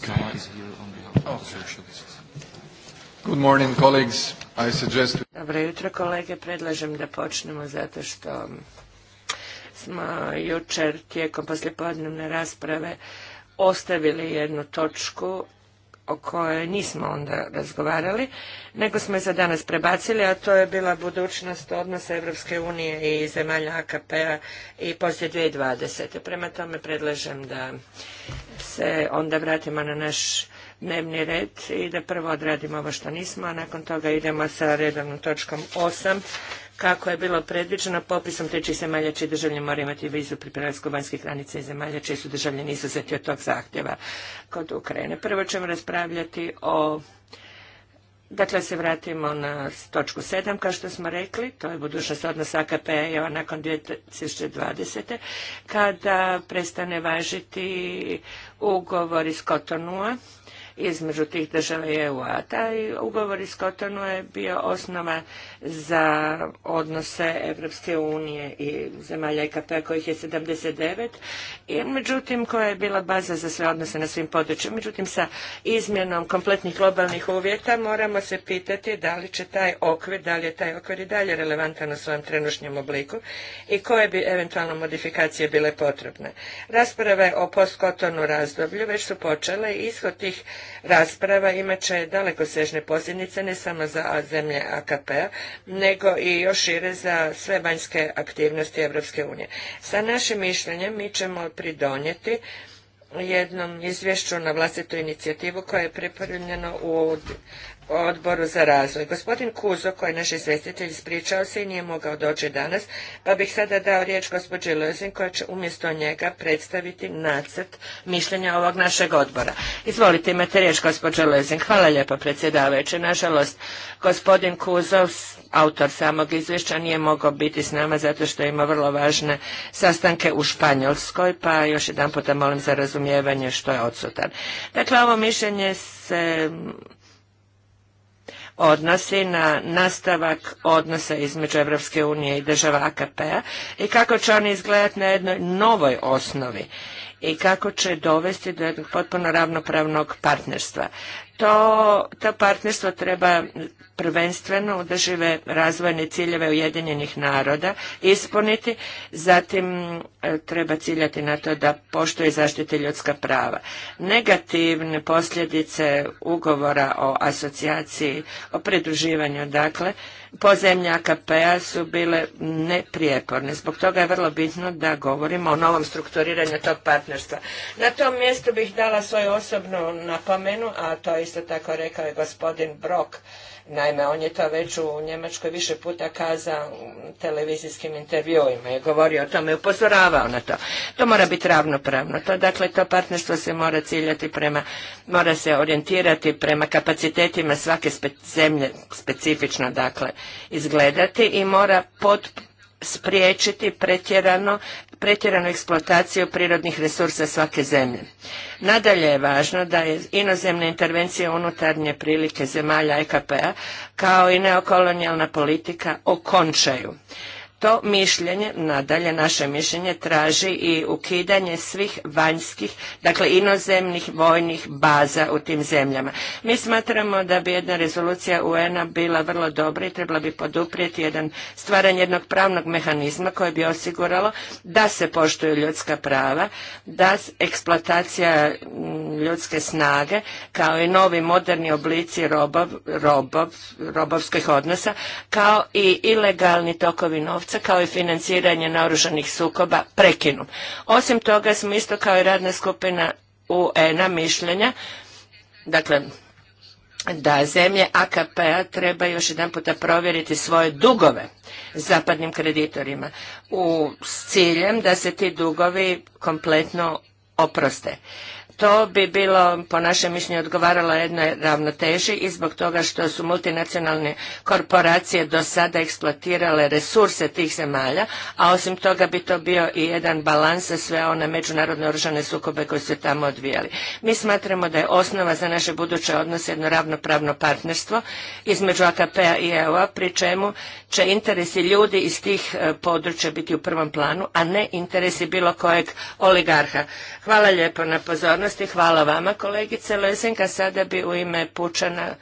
Good Dobro jutro kolege, predlažem da počnemo zato što smo jučer tijekom poslijepodnevne rasprave ostavili jednu točku o kojoj nismo onda razgovarali, nego smo je za danas prebacili, a to je bila budućnost odnosa Evropske unije i zemalja AKP-a i poslije 2020. Prema tome predlažem da se onda vratimo na naš dnevni red i da prvo odradimo ovo što nismo, a nakon toga idemo sa redovnom točkom 8 kako je bilo predviđeno popisom trećih zemalja čiji državljani moraju imati vizu pri prelasku vanjskih granica i zemalja čiji su državljani izuzeti od tog zahtjeva kod Ukrajine. Prvo ćemo raspravljati o Dakle, se vratimo na točku 7, kao što smo rekli, to je budućnost odnosa AKP i nakon 2020. kada prestane važiti ugovor iz Kotonua između tih država i EU-a. Taj ugovor iz Kotonua je bio osnova za odnose Evropske unije i zemalja EKP kojih je 79 i međutim koja je bila baza za sve odnose na svim područjima. Međutim sa izmjenom kompletnih globalnih uvjeta moramo se pitati da li će taj okvir, da li je taj okvir i dalje relevantan u svojem trenušnjem obliku i koje bi eventualno modifikacije bile potrebne. Rasprave o postkotonu razdoblju već su počele i ishod tih rasprava imat će dalekosežne sežne posljedice ne samo za zemlje AKP-a, nego i još šire za sve vanjske aktivnosti Europske unije. Sa našim mišljenjem mi ćemo pridonijeti jednom izvješću na vlastitu inicijativu koja je pripremljena u odboru za razvoj. Gospodin Kuzo, koji je naš izvjestitelj, ispričao se i nije mogao doći danas, pa bih sada dao riječ gospođi Lozin, koja će umjesto njega predstaviti nacrt mišljenja ovog našeg odbora. Izvolite, imate riječ, gospođo Lozin. Hvala lijepo, predsjedavajući. Nažalost, gospodin Kuzo, autor samog izvješća, nije mogao biti s nama zato što ima vrlo važne sastanke u Španjolskoj, pa još jedan puta molim za razumijevanje što je odsutan. Dakle, ovo mišljenje se odnosi na nastavak odnosa između Europske unije i država akp p-a i kako će oni izgledati na jednoj novoj osnovi i kako će dovesti do jednog potpuno ravnopravnog partnerstva to, to partnerstvo treba prvenstveno održive razvojne ciljeve Ujedinjenih naroda ispuniti, zatim e, treba ciljati na to da poštuje zaštite ljudska prava. Negativne posljedice ugovora o asocijaciji, o pridruživanju, dakle, podzemlja AKP-a su bile neprijeporne. Zbog toga je vrlo bitno da govorimo o novom strukturiranju tog partnerstva. Na tom mjestu bih dala svoju osobnu napomenu, a to je isto tako rekao je gospodin Brok Naime, on je to već u Njemačkoj više puta kazao u televizijskim intervjuima je govorio o tome i upozoravao na to. To mora biti ravnopravno. To, dakle, to partnerstvo se mora ciljati prema, mora se orijentirati prema kapacitetima svake zemlje specifično, dakle, izgledati i mora pod spriječiti pretjerano, pretjeranu eksploataciju prirodnih resursa svake zemlje. Nadalje je važno da je inozemna intervencija unutarnje prilike zemalja EKP-a kao i neokolonijalna politika okončaju. To mišljenje, nadalje naše mišljenje, traži i ukidanje svih vanjskih, dakle inozemnih vojnih baza u tim zemljama. Mi smatramo da bi jedna rezolucija UN-a bila vrlo dobra i trebala bi poduprijeti jedan stvaranje jednog pravnog mehanizma koje bi osiguralo da se poštuju ljudska prava, da eksploatacija mm, ljudske snage kao i novi moderni oblici robov, robovskih odnosa, kao i ilegalni tokovi novca novca kao i financiranje naoružanih sukoba prekinu. Osim toga smo isto kao i radna skupina UN-a mišljenja, dakle da zemlje AKP-a treba još jedan puta provjeriti svoje dugove zapadnim kreditorima u, s ciljem da se ti dugovi kompletno oproste. To bi bilo, po našem mišljenju, odgovaralo jednoj ravnoteži i zbog toga što su multinacionalne korporacije do sada eksploatirale resurse tih zemalja, a osim toga bi to bio i jedan balans za sve one međunarodne oružane sukobe koji su tamo odvijali. Mi smatramo da je osnova za naše buduće odnose jedno ravnopravno partnerstvo između AKP-a i EU-a, pri čemu će interesi ljudi iz tih e, područja biti u prvom planu, a ne interesi bilo kojeg oligarha. Hvala lijepo na pozornost Hvala vama, kolegice Lesenka. Sada bi u ime Pučana e,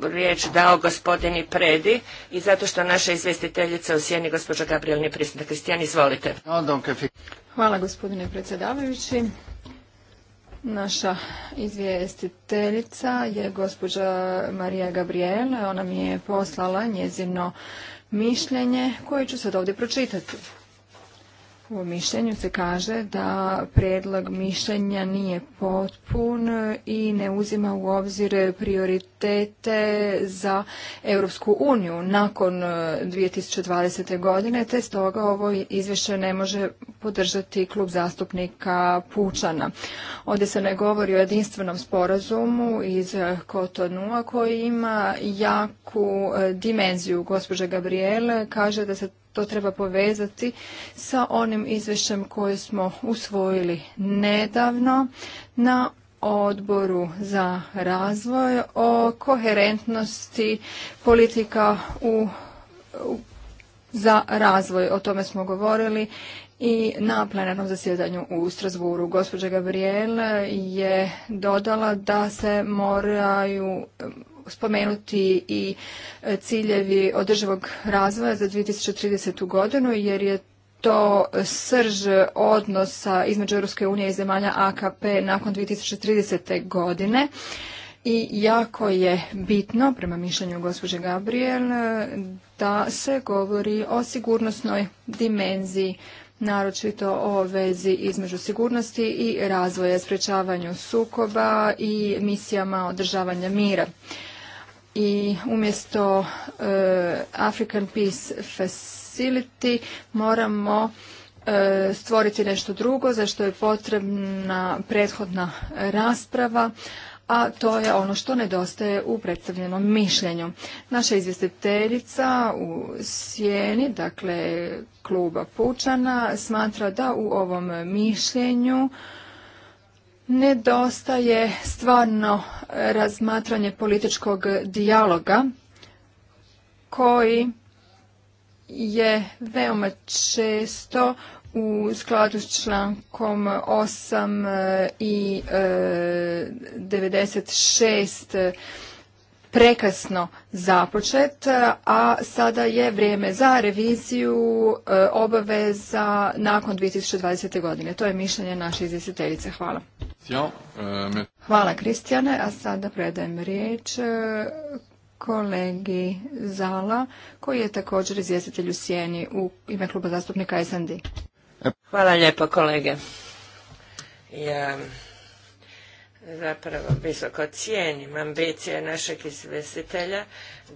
riječ dao gospodini Predi i zato što naša izvjestiteljica u Sjeni, gospođa Gabriel, nije prisutna. Kristijan, izvolite. Hvala gospodine predsjedavajući. Naša izvjestiteljica je gospođa Marija Gabriel. Ona mi je poslala njezino mišljenje koje ću sad ovdje pročitati. U mišljenju se kaže da predlog mišljenja nije potpun i ne uzima u obzir prioritete za Europsku uniju nakon 2020. E, godine, te stoga ovo izvješće ne može podržati klub zastupnika Pučana. Ovdje se ne govori o jedinstvenom sporazumu iz Kotonua koji ima jaku e, dimenziju. Gospođa gabriele kaže da se to treba povezati sa onim izvješćem koje smo usvojili nedavno na odboru za razvoj o koherentnosti politika u, za razvoj. O tome smo govorili i na plenarnom zasjedanju u Strasburu. Gospođa Gabriel je dodala da se moraju spomenuti i e, ciljevi održivog razvoja za 2030. godinu jer je to srž odnosa između Europske unije i zemalja AKP nakon 2030. godine. I jako je bitno, prema mišljenju gospođe Gabriel, e, da se govori o sigurnosnoj dimenziji naročito o vezi između sigurnosti i razvoja, sprečavanju sukoba i misijama održavanja mira. I umjesto eh, African Peace Facility moramo eh, stvoriti nešto drugo za što je potrebna prethodna rasprava a to je ono što nedostaje u predstavljenom mišljenju. Naša izvjestiteljica u sjeni, dakle kluba Pučana, smatra da u ovom mišljenju nedostaje stvarno razmatranje političkog dijaloga koji je veoma često u skladu s člankom 8 e, i 96 e, e, prekasno započet, a sada je vrijeme za reviziju obaveza nakon 2020. godine. To je mišljenje naše izvjestiteljice. Hvala. Hvala Kristijane, a sada predajem riječ kolegi Zala, koji je također izvjestitelj u Sijeni u ime kluba zastupnika SND. Hvala lijepo kolege. Ja zapravo visoko cijenim ambicije našeg izvjestitelja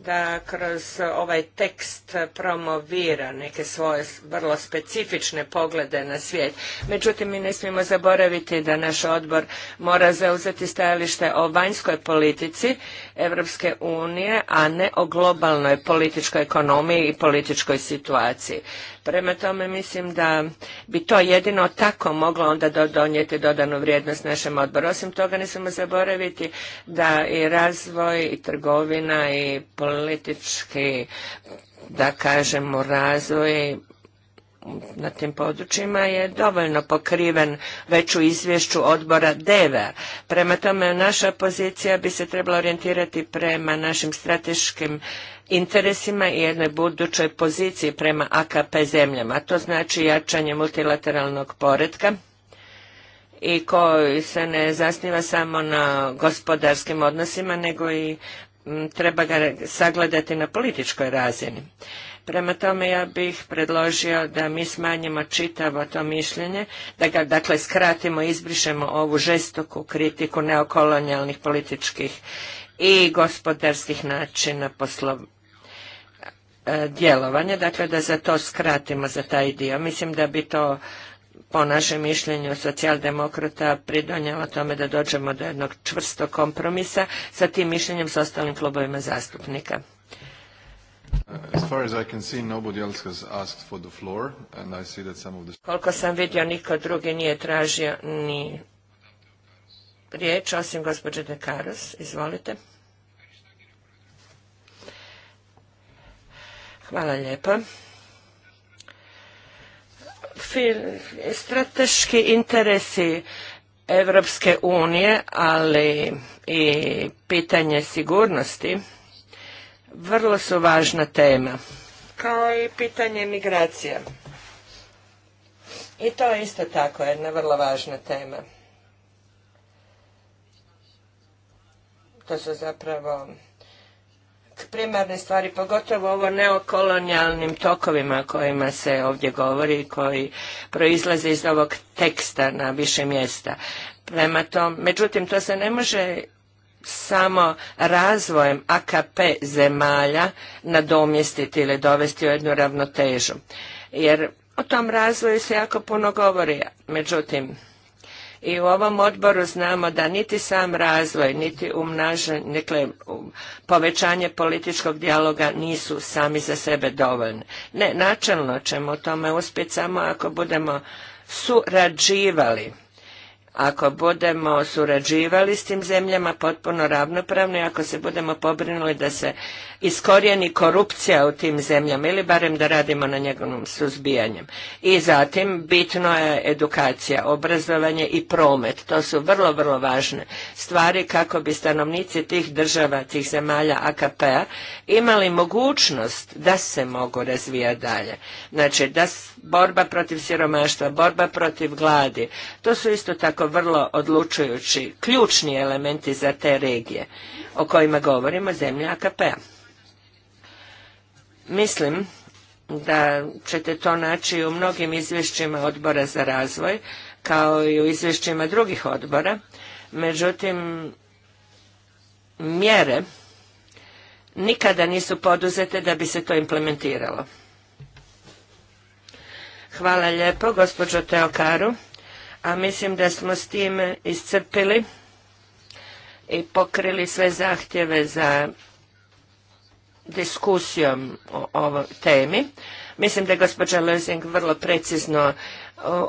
da kroz ovaj tekst promovira neke svoje vrlo specifične poglede na svijet. Međutim, mi ne smijemo zaboraviti da naš odbor mora zauzeti stajalište o vanjskoj politici Europske unije, a ne o globalnoj političkoj ekonomiji i političkoj situaciji. Prema tome mislim da bi to jedino tako moglo onda donijeti dodanu vrijednost našem odboru. Osim toga ne smijemo zaboraviti da i razvoj i trgovina i politički, da kažemo, razvoj na tim područjima je dovoljno pokriven već u izvješću odbora DEVA. Prema tome, naša pozicija bi se trebala orijentirati prema našim strateškim interesima i jednoj budućoj poziciji prema AKP zemljama. To znači jačanje multilateralnog poretka i koji se ne zasniva samo na gospodarskim odnosima, nego i treba ga sagledati na političkoj razini. Prema tome ja bih predložio da mi smanjimo čitavo to mišljenje, da ga dakle skratimo, izbrišemo ovu žestoku kritiku neokolonijalnih političkih i gospodarskih načina poslovanja e, djelovanja, dakle da za to skratimo za taj dio. Mislim da bi to po našem mišljenju socijaldemokrata pridonijela tome da dođemo do jednog čvrstog kompromisa sa tim mišljenjem s ostalim klubovima zastupnika. Koliko sam vidio, niko drugi nije tražio ni riječ, osim gospođe De Karos. Izvolite. Hvala lijepo strateški interesi Evropske unije, ali i pitanje sigurnosti, vrlo su važna tema, kao i pitanje migracija. I to je isto tako jedna vrlo važna tema. To su zapravo primarne stvari, pogotovo ovo neokolonijalnim tokovima kojima se ovdje govori koji proizlaze iz ovog teksta na više mjesta. Prema tom, međutim, to se ne može samo razvojem AKP zemalja nadomjestiti ili dovesti u jednu ravnotežu. Jer o tom razvoju se jako puno govori. Međutim, i u ovom odboru znamo da niti sam razvoj, niti umnažanje, dakle, um, povećanje političkog dijaloga nisu sami za sebe dovoljni. Ne, načelno ćemo tome uspjeti samo ako budemo surađivali ako budemo surađivali s tim zemljama potpuno ravnopravno i ako se budemo pobrinuli da se iskorijeni korupcija u tim zemljama ili barem da radimo na njegovom suzbijanjem. I zatim bitno je edukacija, obrazovanje i promet. To su vrlo, vrlo važne stvari kako bi stanovnici tih država, tih zemalja AKP-a imali mogućnost da se mogu razvijati dalje. Znači da borba protiv siromaštva, borba protiv gladi. To su isto tako vrlo odlučujući, ključni elementi za te regije o kojima govorimo zemlja AKP-a. Mislim da ćete to naći u mnogim izvješćima odbora za razvoj, kao i u izvješćima drugih odbora. Međutim, mjere nikada nisu poduzete da bi se to implementiralo. Hvala lijepo, gospođo Teokaru. A mislim da smo s tim iscrpili i pokrili sve zahtjeve za diskusijom o ovoj temi. Mislim da je gospođa Lezing vrlo precizno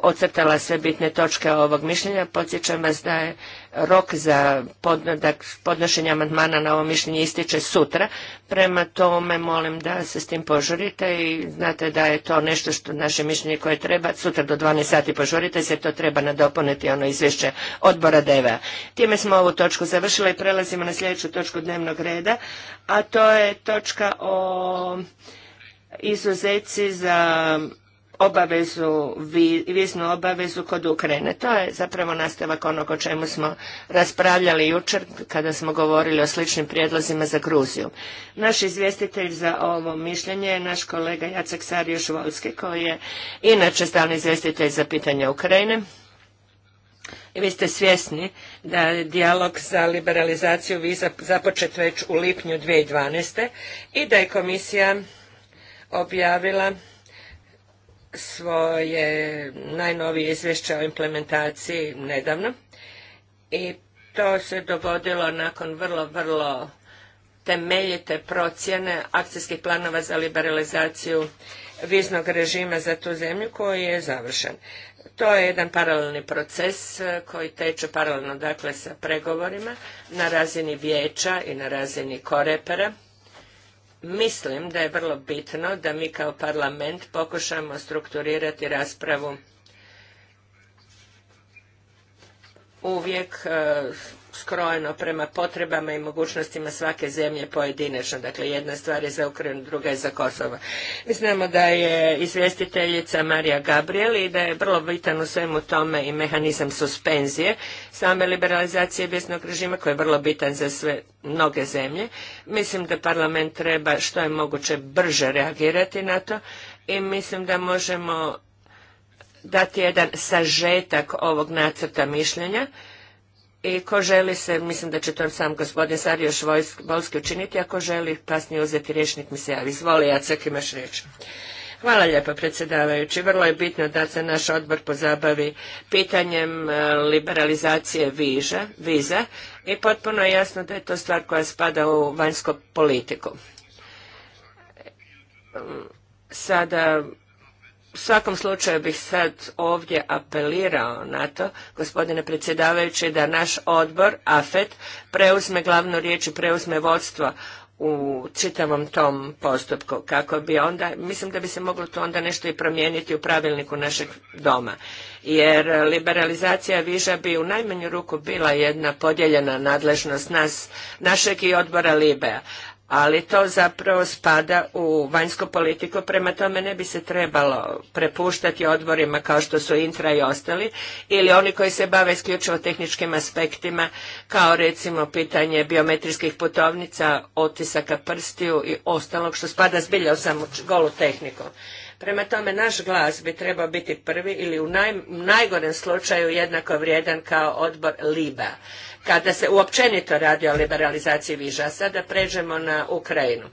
ocrtala sve bitne točke ovog mišljenja. Podsjećam vas da je rok za podnošenje amandmana na ovo mišljenje ističe sutra. Prema tome molim da se s tim požurite i znate da je to nešto što naše mišljenje koje treba. Sutra do 12 sati požurite se, to treba nadopuniti ono izvješće odbora DEVA. Time smo ovu točku završili i prelazimo na sljedeću točku dnevnog reda, a to je točka o izuzeci za obavezu, viznu obavezu kod Ukrajine. To je zapravo nastavak onog o čemu smo raspravljali jučer kada smo govorili o sličnim prijedlozima za Gruziju. Naš izvjestitelj za ovo mišljenje je naš kolega Jacek Sarijuš Volski koji je inače stalni izvjestitelj za pitanje Ukrajine. I vi ste svjesni da je dijalog za liberalizaciju viza započet već u lipnju 2012. i da je komisija objavila svoje najnovije izvješće o implementaciji nedavno i to se dogodilo nakon vrlo, vrlo temeljite procjene akcijskih planova za liberalizaciju viznog režima za tu zemlju koji je završen. To je jedan paralelni proces eh, koji teče paralelno dakle sa pregovorima na razini vijeća i na razini korepera Mislim da je vrlo bitno da mi kao parlament pokušamo strukturirati raspravu uvijek e, skrojeno prema potrebama i mogućnostima svake zemlje pojedinačno. Dakle, jedna stvar je za Ukrajinu, druga je za Kosovo. Mi znamo da je izvjestiteljica Marija Gabriel i da je vrlo bitan u svemu tome i mehanizam suspenzije same liberalizacije vjesnog režima koji je vrlo bitan za sve mnoge zemlje. Mislim da parlament treba što je moguće brže reagirati na to i mislim da možemo dati jedan sažetak ovog nacrta mišljenja i ko želi se, mislim da će to sam gospodin Sarjoš Volski učiniti, ako želi kasnije uzeti rječnik mi se javi. Izvoli, Jacek, imaš riječ. Hvala lijepo predsjedavajući. Vrlo je bitno da se naš odbor pozabavi pitanjem e, liberalizacije viza i potpuno je jasno da je to stvar koja spada u vanjsku politiku. Sada u svakom slučaju bih sad ovdje apelirao na to, gospodine predsjedavajući, da naš odbor, AFET, preuzme glavnu riječ i preuzme vodstvo u čitavom tom postupku kako bi onda, mislim da bi se moglo to onda nešto i promijeniti u pravilniku našeg doma. Jer liberalizacija viža bi u najmanju ruku bila jedna podijeljena nadležnost nas, našeg i odbora Libea ali to zapravo spada u vanjsku politiku, prema tome ne bi se trebalo prepuštati odborima kao što su Intra i ostali, ili oni koji se bave isključivo tehničkim aspektima, kao recimo pitanje biometrijskih putovnica, otisaka prstiju i ostalog što spada zbilja u samu golu tehniku. Prema tome, naš glas bi trebao biti prvi ili u najgorem slučaju jednako vrijedan kao odbor LIBA kada se uopćenito radi o liberalizaciji viža. Sada pređemo na Ukrajinu.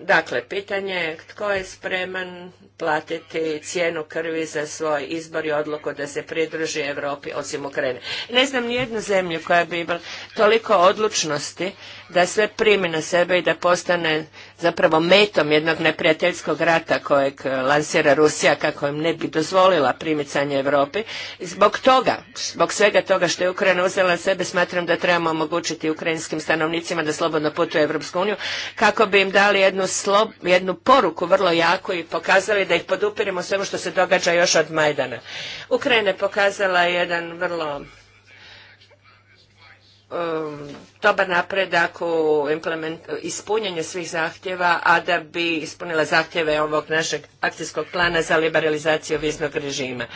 Dakle, pitanje je tko je spreman platiti cijenu krvi za svoj izbor i odluku da se pridruži Europi osim Ukrajine. Ne znam nijednu zemlju koja bi imala toliko odlučnosti da sve primi na sebe i da postane zapravo metom jednog neprijateljskog rata kojeg e, lansira Rusija kako im ne bi dozvolila primicanje Europi. Zbog toga, zbog svega toga što je Ukrajina uzela na sebe, smatram da trebamo omogućiti ukrajinskim stanovnicima da slobodno putuju u Europsku uniju kako bi im dali jednu, slob, jednu poruku vrlo jaku i pokazali da ih podupirimo svemu što se događa još od Majdana. Ukrajina je pokazala jedan vrlo toba um, dobar napredak u ispunjenju svih zahtjeva, a da bi ispunila zahtjeve ovog našeg akcijskog plana za liberalizaciju viznog režima.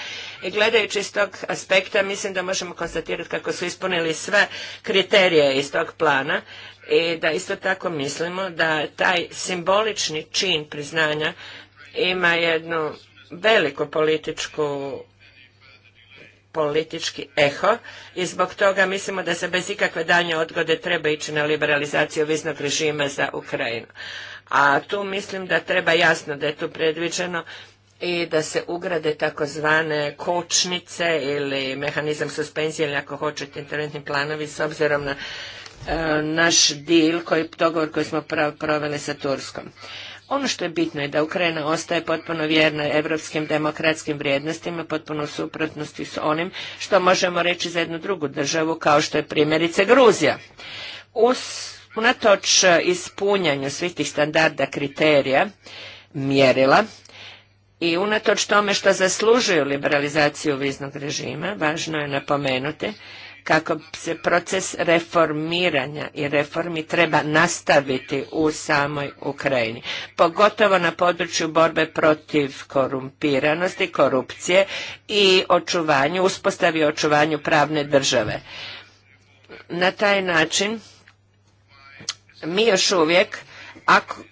I gledajući iz tog aspekta, mislim da možemo konstatirati kako su ispunili sve kriterije iz tog plana i da isto tako mislimo da taj simbolični čin priznanja ima jednu veliku političku politički eho i zbog toga mislimo da se bez ikakve danje odgode treba ići na liberalizaciju viznog režima za Ukrajinu. A tu mislim da treba jasno da je tu predviđeno i da se ugrade takozvane kočnice ili mehanizam suspenzije ili ako hoćete interventni planovi s obzirom na e, naš deal, koji, dogovor koji smo proveli sa Turskom. Ono što je bitno je da Ukrajina ostaje potpuno vjerna evropskim demokratskim vrijednostima, potpuno suprotnosti s onim što možemo reći za jednu drugu državu kao što je primjerice Gruzija. Uz Unatoč ispunjanju svih tih standarda kriterija, mjerila i unatoč tome što zaslužuju liberalizaciju viznog režima, važno je napomenuti kako se proces reformiranja i reformi treba nastaviti u samoj Ukrajini. Pogotovo na području borbe protiv korumpiranosti, korupcije i očuvanju, uspostavi očuvanju pravne države. Na taj način mi još uvijek ako e,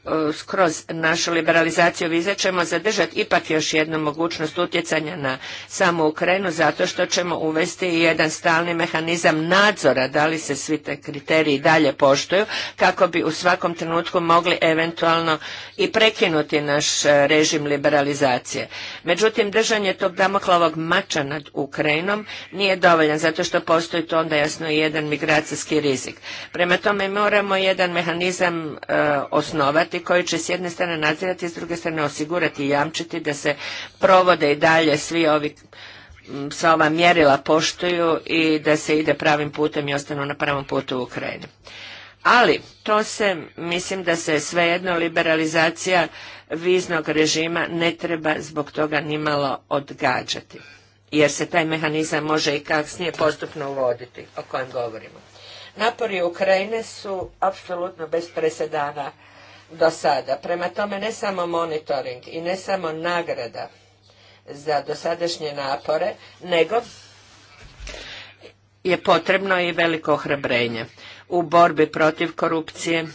kroz našu liberalizaciju vize ćemo zadržati ipak još jednu mogućnost utjecanja na samu Ukrajinu zato što ćemo uvesti i jedan stalni mehanizam nadzora da li se svi te kriteriji dalje poštuju kako bi u svakom trenutku mogli eventualno i prekinuti naš e, režim liberalizacije. Međutim, držanje tog damoklovog mača nad Ukrajinom nije dovoljan, zato što postoji to onda jasno i jedan migracijski rizik. Prema tome moramo jedan mehanizam e, osnovati koji će s jedne strane nadzirati, s druge strane osigurati i jamčiti da se provode i dalje svi ovi sva ova mjerila poštuju i da se ide pravim putem i ostanu na pravom putu u Ukrajini. Ali to se, mislim da se svejedno liberalizacija viznog režima ne treba zbog toga nimalo odgađati, jer se taj mehanizam može i kasnije postupno uvoditi, o kojem govorimo. Napori Ukrajine su apsolutno bez presedana do sada. Prema tome ne samo monitoring i ne samo nagrada za dosadašnje napore, nego je potrebno i veliko ohrabrenje u borbi protiv korupcije,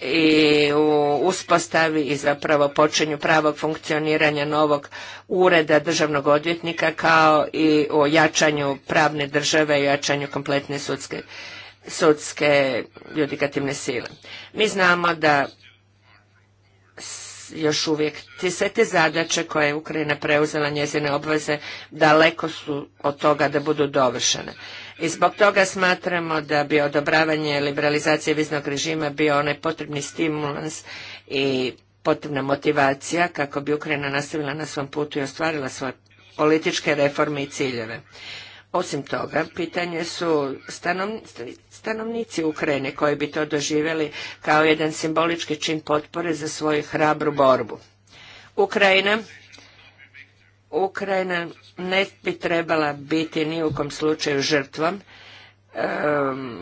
i u uspostavi i zapravo počinju pravog funkcioniranja novog ureda državnog odvjetnika kao i o jačanju pravne države i jačanju kompletne sudske, sudske judikativne sile. Mi znamo da još uvijek sve te zadaće koje je Ukrajina preuzela njezine obveze daleko su od toga da budu dovršene. I zbog toga smatramo da bi odobravanje liberalizacije viznog režima bio onaj potrebni stimulans i potrebna motivacija kako bi Ukrajina nastavila na svom putu i ostvarila svoje političke reforme i ciljeve. Osim toga, pitanje su stanovnici Ukrajine koji bi to doživjeli kao jedan simbolički čin potpore za svoju hrabru borbu. Ukrajina Ukrajina ne bi trebala biti ni u kom slučaju žrtvom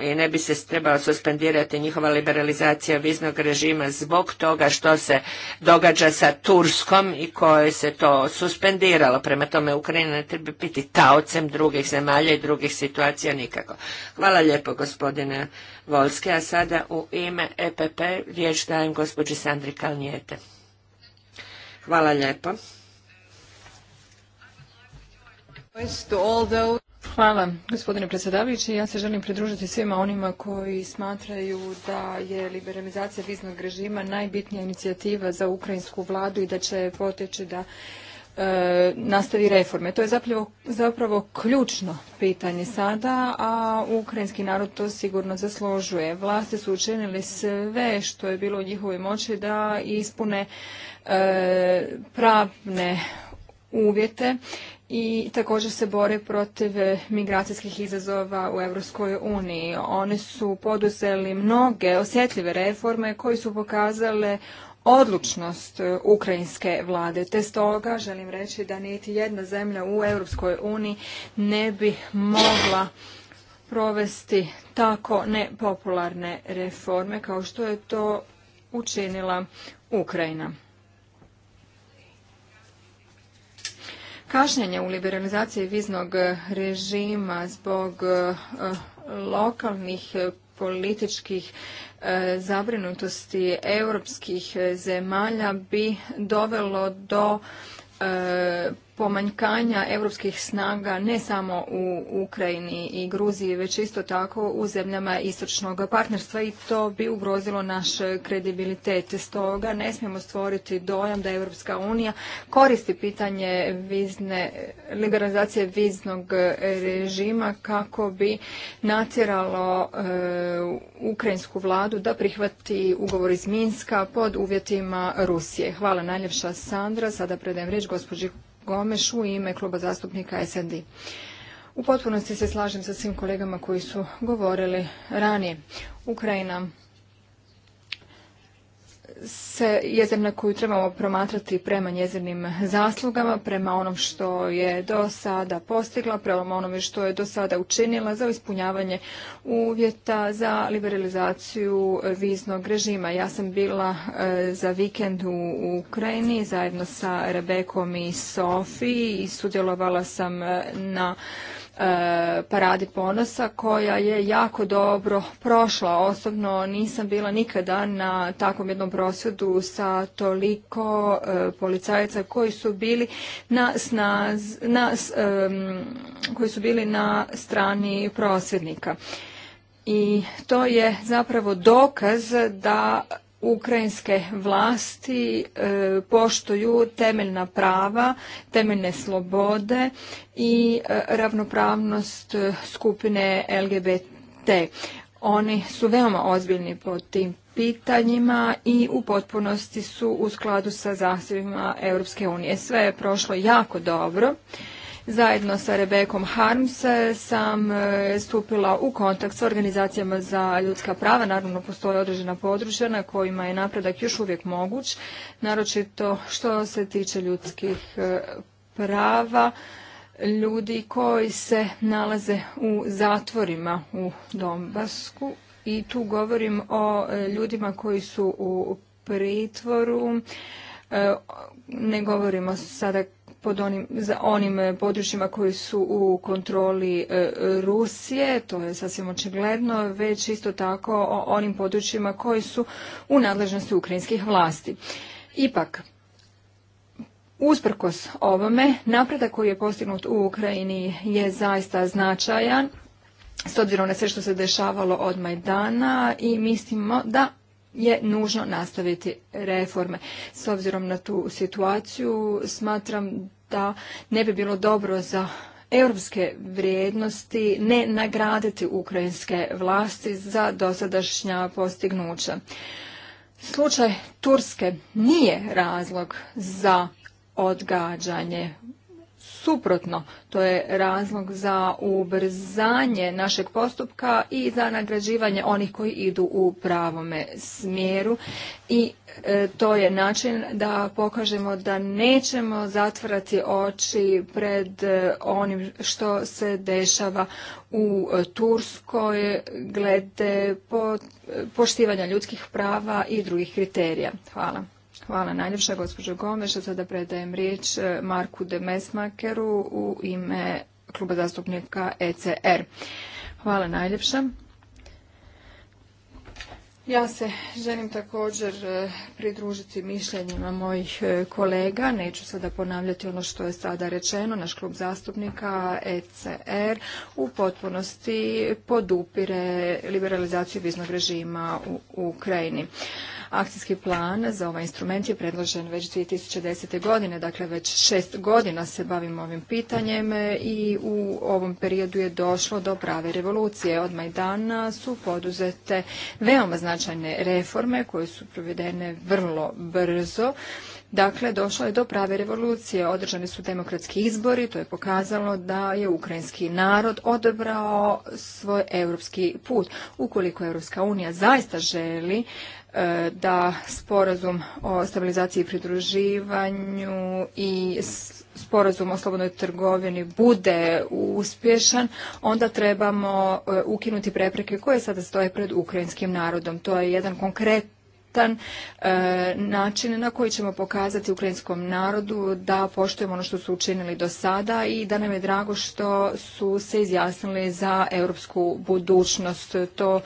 i ne bi se trebala suspendirati njihova liberalizacija viznog režima zbog toga što se događa sa Turskom i koje se to suspendiralo. Prema tome Ukrajina ne treba biti taocem drugih zemalja i drugih situacija nikako. Hvala lijepo gospodine Volske, a sada u ime EPP riječ dajem gospođi Sandri Kalnijete. Hvala lijepo. Hvala, gospodine predsjedavajući. Ja se želim pridružiti svima onima koji smatraju da je liberalizacija viznog režima najbitnija inicijativa za ukrajinsku vladu i da će poteći da e, nastavi reforme. To je zapravo, zapravo ključno pitanje sada, a ukrajinski narod to sigurno zaslužuje. Vlasti su učinili sve što je bilo u njihovoj moći da ispune e, pravne uvjete i također se bore protiv migracijskih izazova u Europskoj uniji. Oni su poduzeli mnoge osjetljive reforme koje su pokazale odlučnost ukrajinske vlade. Te stoga želim reći da niti jedna zemlja u Europskoj uniji ne bi mogla provesti tako nepopularne reforme kao što je to učinila Ukrajina. kašnjenje u liberalizaciji viznog režima zbog e, lokalnih političkih e, zabrinutosti europskih zemalja bi dovelo do e, pomanjkanja europskih snaga ne samo u Ukrajini i Gruziji, već isto tako u zemljama istočnog partnerstva i to bi ugrozilo naš kredibilitet. Stoga ne smijemo stvoriti dojam da Europska unija koristi pitanje vizne, liberalizacije viznog režima kako bi natjeralo e, ukrajinsku vladu da prihvati ugovor iz Minska pod uvjetima Rusije. Hvala najljepša Sandra. Sada predajem riječ gospođi Gomeš u ime kluba zastupnika SND. U potpunosti se slažem sa svim kolegama koji su govorili ranije. Ukrajina se je zemlja koju trebamo promatrati prema njezinim zaslugama, prema onom što je do sada postigla, prema onome što je do sada učinila za ispunjavanje uvjeta za liberalizaciju viznog režima. Ja sam bila e, za vikend u Ukrajini zajedno sa Rebekom i sofi i sudjelovala sam e, na E, paradi ponosa koja je jako dobro prošla. Osobno nisam bila nikada na takvom jednom prosvjedu sa toliko e, policajaca koji su bili na, e, koji su bili na strani prosvjednika. I to je zapravo dokaz da ukrajinske vlasti e, poštuju temeljna prava, temeljne slobode i e, ravnopravnost e, skupine LGBT. Oni su veoma ozbiljni po tim pitanjima i u potpunosti su u skladu sa zahtjevima Europske unije. Sve je prošlo jako dobro Zajedno sa Rebekom Harms e, sam e, stupila u kontakt s organizacijama za ljudska prava. Naravno, postoje određena područja na kojima je napredak još uvijek moguć, naročito što se tiče ljudskih e, prava ljudi koji se nalaze u zatvorima u Dombasku. i tu govorim o ljudima koji su u pritvoru ne govorimo sada pod onim, za onim e, područjima koji su u kontroli e, Rusije, to je sasvim očigledno, već isto tako o onim područjima koji su u nadležnosti ukrajinskih vlasti. Ipak, usprkos ovome, napredak koji je postignut u Ukrajini je zaista značajan, s obzirom na sve što se dešavalo od Majdana i mislimo da je nužno nastaviti reforme. S obzirom na tu situaciju smatram da ne bi bilo dobro za europske vrijednosti ne nagraditi ukrajinske vlasti za dosadašnja postignuća. Slučaj Turske nije razlog za odgađanje suprotno. To je razlog za ubrzanje našeg postupka i za nagrađivanje onih koji idu u pravome smjeru i e, to je način da pokažemo da nećemo zatvarati oči pred e, onim što se dešava u Turskoj glede e, poštivanja ljudskih prava i drugih kriterija. Hvala. Hvala najljepša gospođo što Sada predajem riječ e, Marku Demesmakeru u ime kluba zastupnika ECR. Hvala najljepša. Ja se želim također e, pridružiti mišljenjima mojih e, kolega. Neću sada ponavljati ono što je sada rečeno. Naš klub zastupnika ECR u potpunosti podupire liberalizaciju viznog režima u Ukrajini. Akcijski plan za ovaj instrument je predložen već 2010. godine, dakle već šest godina se bavimo ovim pitanjem i u ovom periodu je došlo do prave revolucije. Od Majdana su poduzete veoma značajne reforme koje su provedene vrlo brzo. Dakle, došlo je do prave revolucije, održani su demokratski izbori, to je pokazalo da je ukrajinski narod odebrao svoj europski put. Ukoliko Europska unija zaista želi da sporazum o stabilizaciji i pridruživanju i sporazum o slobodnoj trgovini bude uspješan, onda trebamo e, ukinuti prepreke koje sada stoje pred ukrajinskim narodom. To je jedan konkretan E, način na koji ćemo pokazati ukrajinskom narodu da poštujemo ono što su učinili do sada i da nam je drago što su se izjasnili za europsku budućnost. To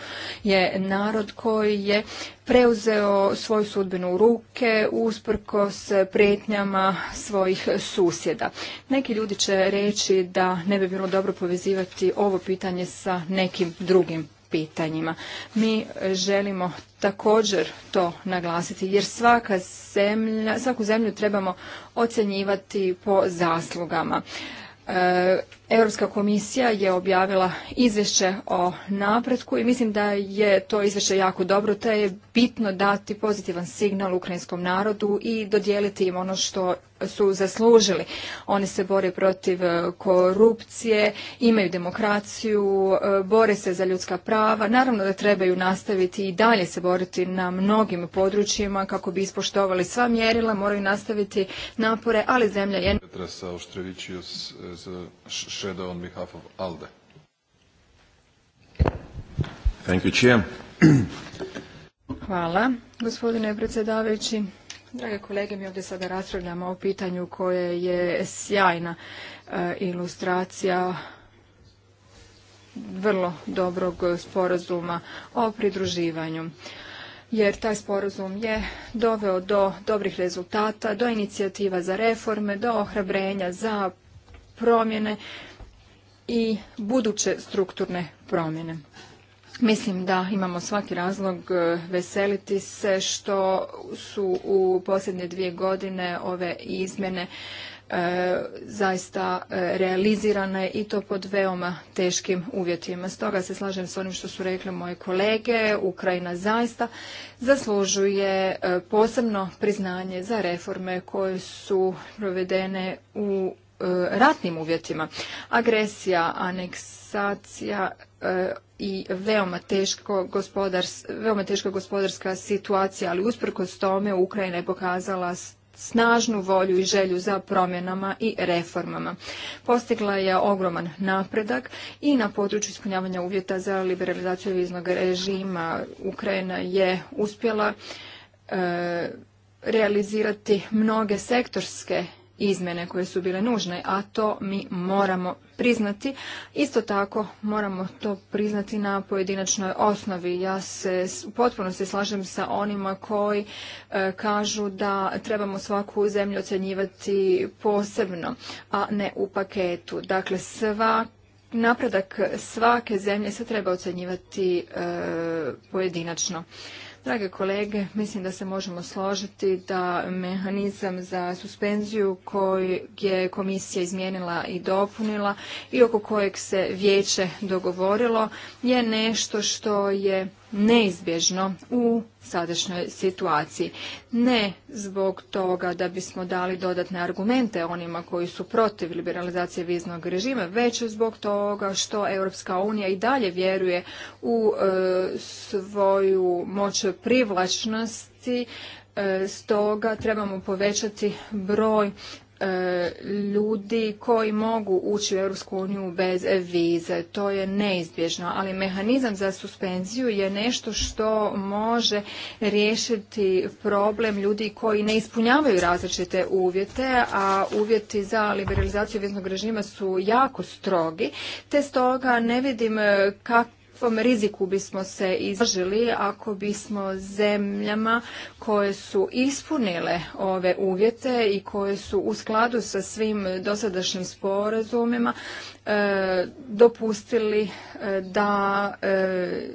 je narod koji je preuzeo svoju sudbinu u ruke usprkos prijetnjama svojih susjeda. Neki ljudi će reći da ne bi bilo dobro povezivati ovo pitanje sa nekim drugim pitanjima. Mi želimo također to naglasiti jer svaka zemlja, svaku zemlju trebamo ocjenjivati po zaslugama. E, Europska komisija je objavila izvješće o napretku i mislim da je to izvješće jako dobro, te je bitno dati pozitivan signal ukrajinskom narodu i dodijeliti im ono što su zaslužili. Oni se bore protiv e, korupcije, imaju demokraciju, e, bore se za ljudska prava. Naravno da trebaju nastaviti i dalje se boriti na mnogim područjima kako bi ispoštovali sva mjerila, moraju nastaviti napore, ali zemlja je... Hvala, gospodine predsjedavajući. Drage kolege, mi ovdje sada raspravljamo o pitanju koje je sjajna e, ilustracija vrlo dobrog sporazuma o pridruživanju jer taj sporazum je doveo do dobrih rezultata, do inicijativa za reforme, do ohrabrenja za promjene i buduće strukturne promjene. Mislim da imamo svaki razlog e, veseliti se što su u posljednje dvije godine ove izmjene e, zaista e, realizirane i to pod veoma teškim uvjetima. Stoga se slažem s onim što su rekli moje kolege. Ukrajina zaista zaslužuje posebno priznanje za reforme koje su provedene u E, ratnim uvjetima. Agresija, aneksacija e, i veoma, teško veoma teška gospodarska situacija, ali usprkos tome Ukrajina je pokazala snažnu volju i želju za promjenama i reformama. Postigla je ogroman napredak i na području ispunjavanja uvjeta za liberalizaciju viznog režima Ukrajina je uspjela e, realizirati mnoge sektorske izmjene koje su bile nužne, a to mi moramo priznati. Isto tako moramo to priznati na pojedinačnoj osnovi. Ja se potpuno se slažem sa onima koji e, kažu da trebamo svaku zemlju ocjenjivati posebno, a ne u paketu. Dakle, sva napredak svake zemlje se treba ocjenjivati e, pojedinačno. Drage kolege, mislim da se možemo složiti da mehanizam za suspenziju koji je komisija izmijenila i dopunila i oko kojeg se vijeće dogovorilo je nešto što je neizbježno u sadašnjoj situaciji. Ne zbog toga da bismo dali dodatne argumente onima koji su protiv liberalizacije viznog režima, već zbog toga što Europska unija i dalje vjeruje u e, svoju moć privlačnosti, e, stoga trebamo povećati broj E, ljudi koji mogu ući u Europsku uniju bez vize. To je neizbježno, ali mehanizam za suspenziju je nešto što može riješiti problem ljudi koji ne ispunjavaju različite uvjete, a uvjeti za liberalizaciju viznog režima su jako strogi, te stoga ne vidim kako kakvom riziku bismo se izražili ako bismo zemljama koje su ispunile ove uvjete i koje su u skladu sa svim dosadašnjim sporazumima e, dopustili e, da e,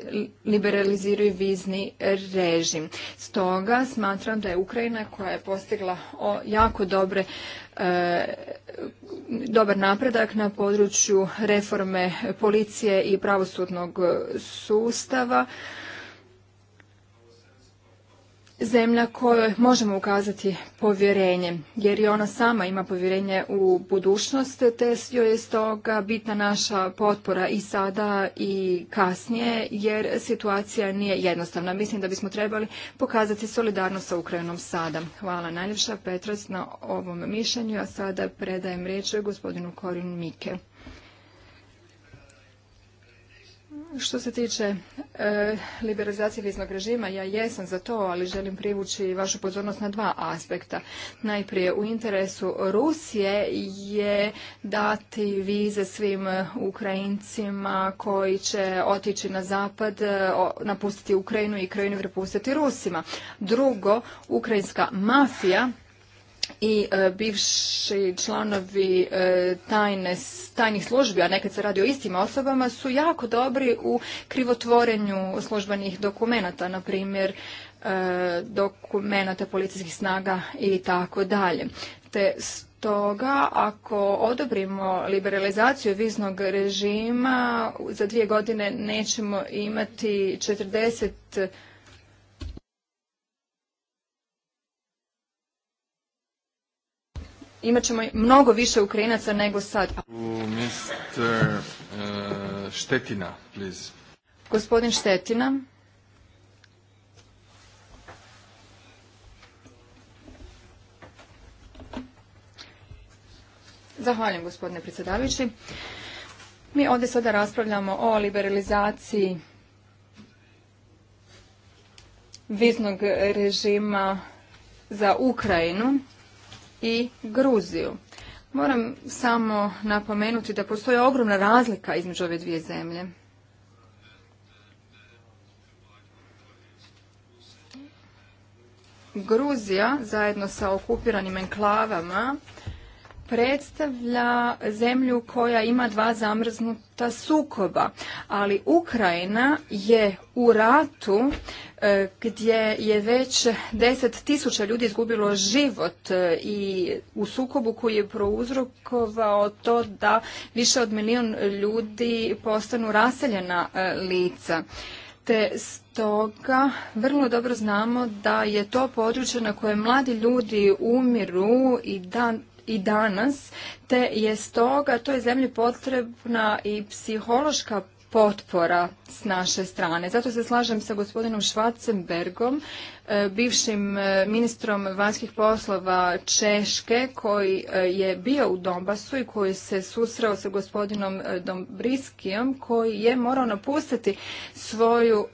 liberaliziraju vizni režim. Stoga smatram da je Ukrajina koja je postigla jako dobre dobar napredak na području reforme policije i pravosudnog sustava zemlja kojoj možemo ukazati povjerenje, jer i ona sama ima povjerenje u budućnost, te joj je stoga bitna naša potpora i sada i kasnije, jer situacija nije jednostavna. Mislim da bismo trebali pokazati solidarnost sa Ukrajinom sada. Hvala najljepša Petrac na ovom mišljenju, a sada predajem riječ gospodinu Korinu Mike. Što se tiče e, liberalizacije viznog režima, ja jesam za to, ali želim privući vašu pozornost na dva aspekta. Najprije u interesu Rusije je dati vize svim e, Ukrajincima koji će otići na zapad, e, napustiti Ukrajinu i Ukrajinu prepustiti Rusima. Drugo, ukrajinska mafija i e, bivši članovi e, tajnih službi, a nekad se radi o istim osobama, su jako dobri u krivotvorenju službenih dokumenata, na primjer dokumenta dokumenata policijskih snaga i tako dalje. Te stoga, ako odobrimo liberalizaciju viznog režima za dvije godine nećemo imati 40 imat ćemo mnogo više Ukrajinaca nego sad. E, Gospodin Štetina. Zahvaljujem gospodine predsjedavajući. Mi ovdje sada raspravljamo o liberalizaciji viznog režima za Ukrajinu i Gruziju. Moram samo napomenuti da postoji ogromna razlika između ove dvije zemlje. Gruzija zajedno sa okupiranim enklavama predstavlja zemlju koja ima dva zamrznuta sukoba, ali Ukrajina je u ratu e, gdje je već deset tisuća ljudi izgubilo život e, i u sukobu koji je prouzrokovao to da više od milijun ljudi postanu raseljena e, lica te stoga vrlo dobro znamo da je to područje na koje mladi ljudi umiru i da i danas, te je stoga toj zemlji potrebna i psihološka potpora s naše strane. Zato se slažem sa gospodinom Schwarzenbergom, e, bivšim e, ministrom vanjskih poslova Češke, koji e, je bio u Donbasu i koji se susreo sa gospodinom Dombriskijom, koji je morao napustiti svoju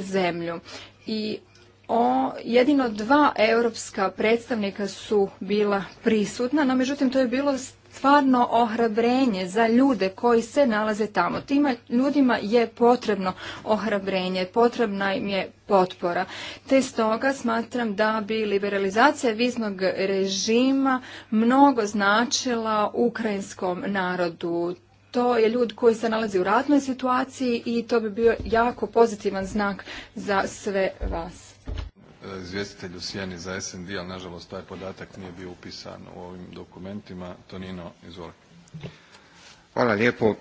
zemlju. I o, jedino dva europska predstavnika su bila prisutna, no međutim to je bilo stvarno ohrabrenje za ljude koji se nalaze tamo. Tima ljudima je potrebno ohrabrenje, potrebna im je potpora. Te stoga smatram da bi liberalizacija viznog režima mnogo značila ukrajinskom narodu. To je ljud koji se nalazi u ratnoj situaciji i to bi bio jako pozitivan znak za sve vas izvjestitelj u sjeni za SND, ali nažalost taj podatak nije bio upisan u ovim dokumentima. Tonino, izvoli. Hvala lijepo.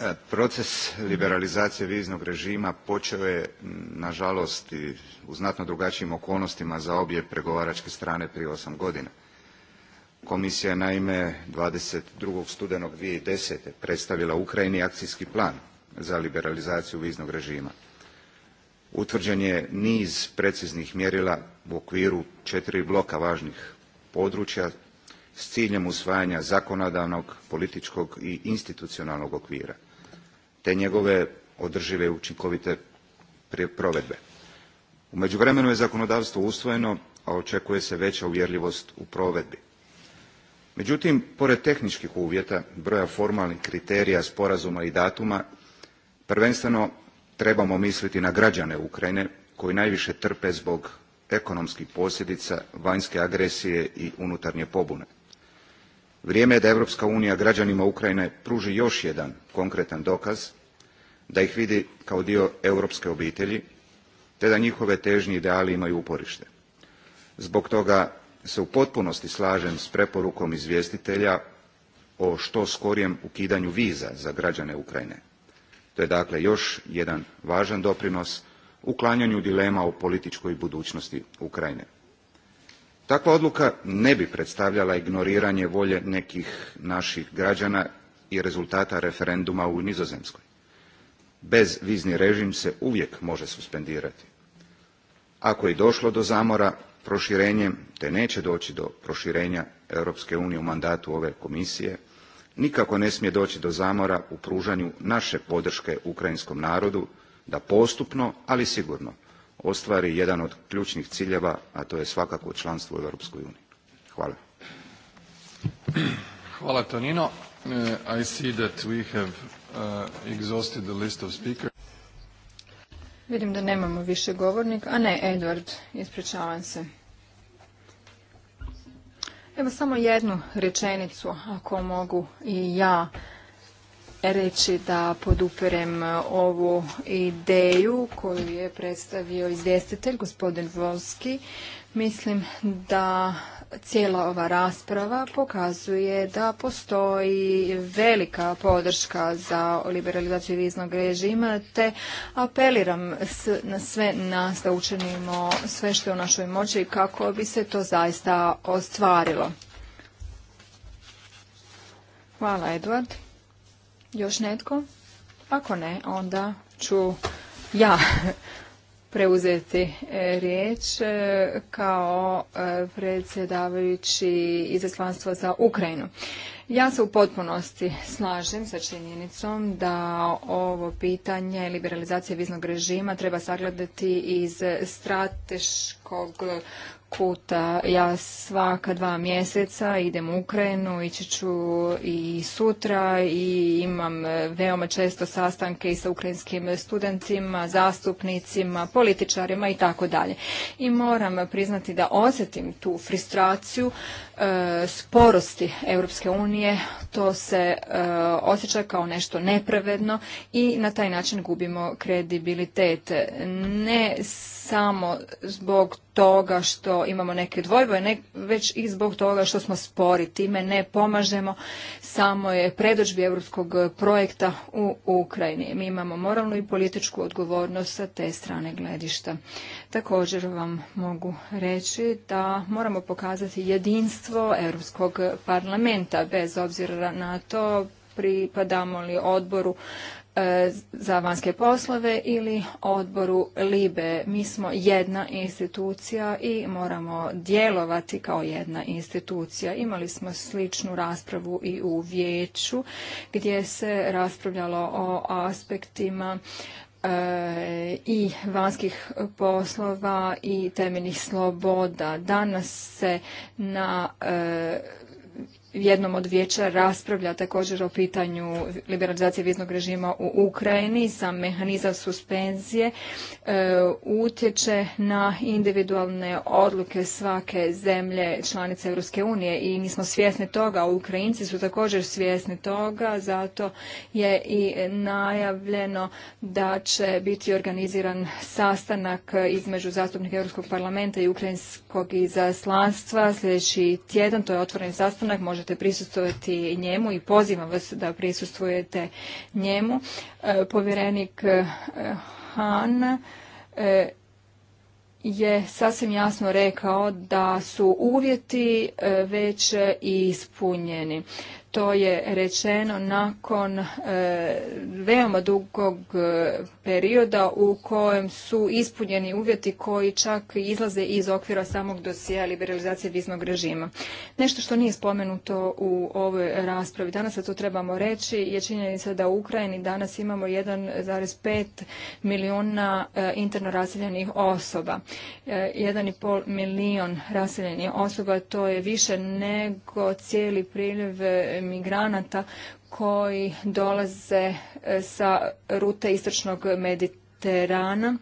E, proces liberalizacije viznog režima počeo je, nažalost, u znatno drugačijim okolnostima za obje pregovaračke strane prije osam godina. Komisija je naime 22. studenog 2010. predstavila Ukrajini akcijski plan za liberalizaciju viznog režima utvrđen je niz preciznih mjerila u okviru četiri bloka važnih područja s ciljem usvajanja zakonodavnog političkog i institucionalnog okvira te njegove održive i učinkovite provedbe. u međuvremenu je zakonodavstvo usvojeno a očekuje se veća uvjerljivost u provedbi. međutim pored tehničkih uvjeta broja formalnih kriterija sporazuma i datuma prvenstveno trebamo misliti na građane Ukrajine koji najviše trpe zbog ekonomskih posljedica vanjske agresije i unutarnje pobune. Vrijeme je da Europska unija građanima Ukrajine pruži još jedan konkretan dokaz da ih vidi kao dio europske obitelji te da njihove težnje i ideali imaju uporište. Zbog toga se u potpunosti slažem s preporukom izvjestitelja o što skorijem ukidanju viza za građane Ukrajine to je dakle još jedan važan doprinos uklanjanju dilema o političkoj budućnosti ukrajine takva odluka ne bi predstavljala ignoriranje volje nekih naših građana i rezultata referenduma u nizozemskoj Bez vizni režim se uvijek može suspendirati ako je došlo do zamora proširenjem te neće doći do proširenja europske unije u mandatu ove komisije nikako ne smije doći do zamora u pružanju naše podrške ukrajinskom narodu da postupno ali sigurno ostvari jedan od ključnih ciljeva a to je svakako članstvo u europskoj uniji. hvala. hvala Tonino. Vidim da nemamo više govornika. A ne, Edward, ispričavam se. Evo samo jednu rečenicu, ako mogu i ja reći da podupirem ovu ideju koju je predstavio izvjestitelj, gospodin Volski. Mislim da cijela ova rasprava pokazuje da postoji velika podrška za liberalizaciju viznog režima te apeliram na sve nas da učinimo sve što je u našoj moći kako bi se to zaista ostvarilo. Hvala, Eduard. Još netko? Ako ne, onda ću ja preuzeti e, riječ e, kao e, predsjedavajući izaslanstva za Ukrajinu. Ja se u potpunosti slažem sa činjenicom da ovo pitanje liberalizacije viznog režima treba sagledati iz strateškog kuta. Ja svaka dva mjeseca idem u Ukrajinu, ići ću i sutra i imam e, veoma često sastanke i sa ukrajinskim studentima, zastupnicima, političarima i tako dalje. I moram priznati da osjetim tu frustraciju e, sporosti Europske unije. To se e, osjeća kao nešto nepravedno i na taj način gubimo kredibilitet. Ne samo zbog toga što imamo neke dvojbe, ne, već i zbog toga što smo spori. Time ne pomažemo samo je predođbi europskog projekta u Ukrajini. Mi imamo moralnu i političku odgovornost sa te strane gledišta. Također vam mogu reći da moramo pokazati jedinstvo Europskog parlamenta bez obzira na to pripadamo li odboru E, za vanjske poslove ili odboru LIBE. Mi smo jedna institucija i moramo djelovati kao jedna institucija. Imali smo sličnu raspravu i u vijeću gdje se raspravljalo o aspektima e, i vanjskih poslova i temeljnih sloboda. Danas se na e, jednom od vijeća raspravlja također o pitanju liberalizacije viznog režima u Ukrajini. Sam mehanizam suspenzije e, utječe na individualne odluke svake zemlje članice Europske unije i mi smo svjesni toga. Ukrajinci su također svjesni toga, zato je i najavljeno da će biti organiziran sastanak između zastupnika Europskog parlamenta i ukrajinskog izaslanstva sljedeći tjedan. To je otvoren sastanak, može možete prisustvovati njemu i pozivam vas da prisustvujete njemu. E, povjerenik e, Han e, je sasvim jasno rekao da su uvjeti već ispunjeni. To je rečeno nakon e, veoma dugog e, perioda u kojem su ispunjeni uvjeti koji čak izlaze iz okvira samog dosija liberalizacije viznog režima. Nešto što nije spomenuto u ovoj raspravi, danas a to trebamo reći, je činjenica da u Ukrajini danas imamo 1,5 milijuna e, interno raseljenih osoba. 1,5 milijun raseljenih osoba, to je više nego cijeli priljev migranata koji dolaze e, sa rute istočnog Mediterana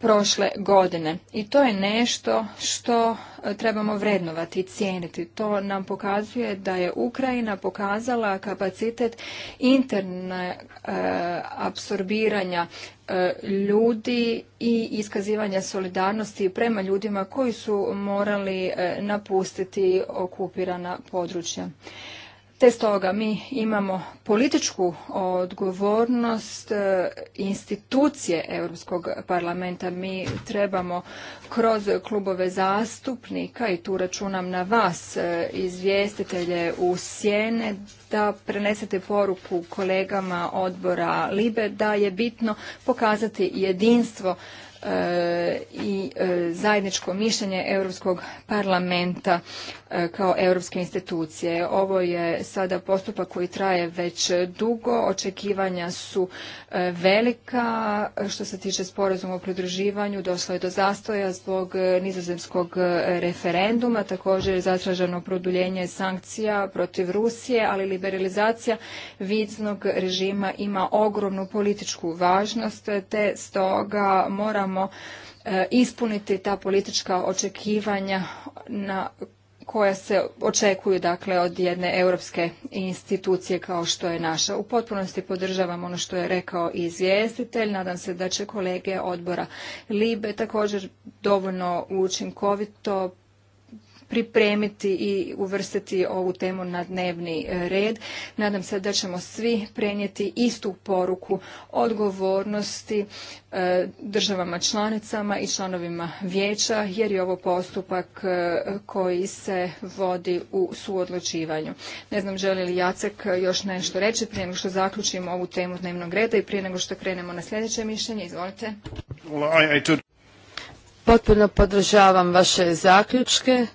prošle godine. I to je nešto što e, trebamo vrednovati i cijeniti. To nam pokazuje da je Ukrajina pokazala kapacitet interne e, apsorbiranja e, ljudi i iskazivanja solidarnosti prema ljudima koji su morali napustiti okupirana područja. Te stoga mi imamo političku odgovornost e, institucije Europskog parlamenta. Mi trebamo kroz klubove zastupnika i tu računam na vas e, izvjestitelje u sjene da prenesete poruku kolegama odbora Libe da je bitno pokazati jedinstvo i e, zajedničko mišljenje Europskog parlamenta e, kao europske institucije. Ovo je sada postupak koji traje već dugo, očekivanja su e, velika. Što se tiče sporazuma o pridruživanju, došlo je do zastoja zbog nizozemskog referenduma, također je zatraženo produljenje sankcija protiv Rusije, ali liberalizacija viznog režima ima ogromnu političku važnost, te stoga moramo moramo e, ispuniti ta politička očekivanja na koja se očekuju dakle od jedne europske institucije kao što je naša. U potpunosti podržavam ono što je rekao izvjestitelj. Nadam se da će kolege odbora LIBE također dovoljno učinkovito pripremiti i uvrstiti ovu temu na dnevni red. Nadam se da ćemo svi prenijeti istu poruku odgovornosti e, državama članicama i članovima vijeća jer je ovo postupak e, koji se vodi u suodlučivanju. Ne znam želi li Jacek još nešto reći prije nego što zaključimo ovu temu dnevnog reda i prije nego što krenemo na sljedeće mišljenje. Izvolite. Potpuno podržavam vaše zaključke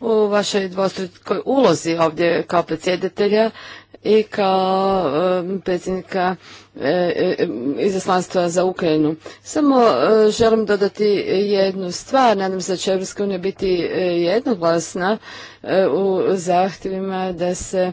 u vašoj dvostrukoj ulozi ovdje kao predsjedatelja i kao predsjednika e, e, izaslanstva za Ukrajinu. Samo e, želim dodati jednu stvar. Nadam se da će Evropska unija biti jednoglasna u zahtjevima da se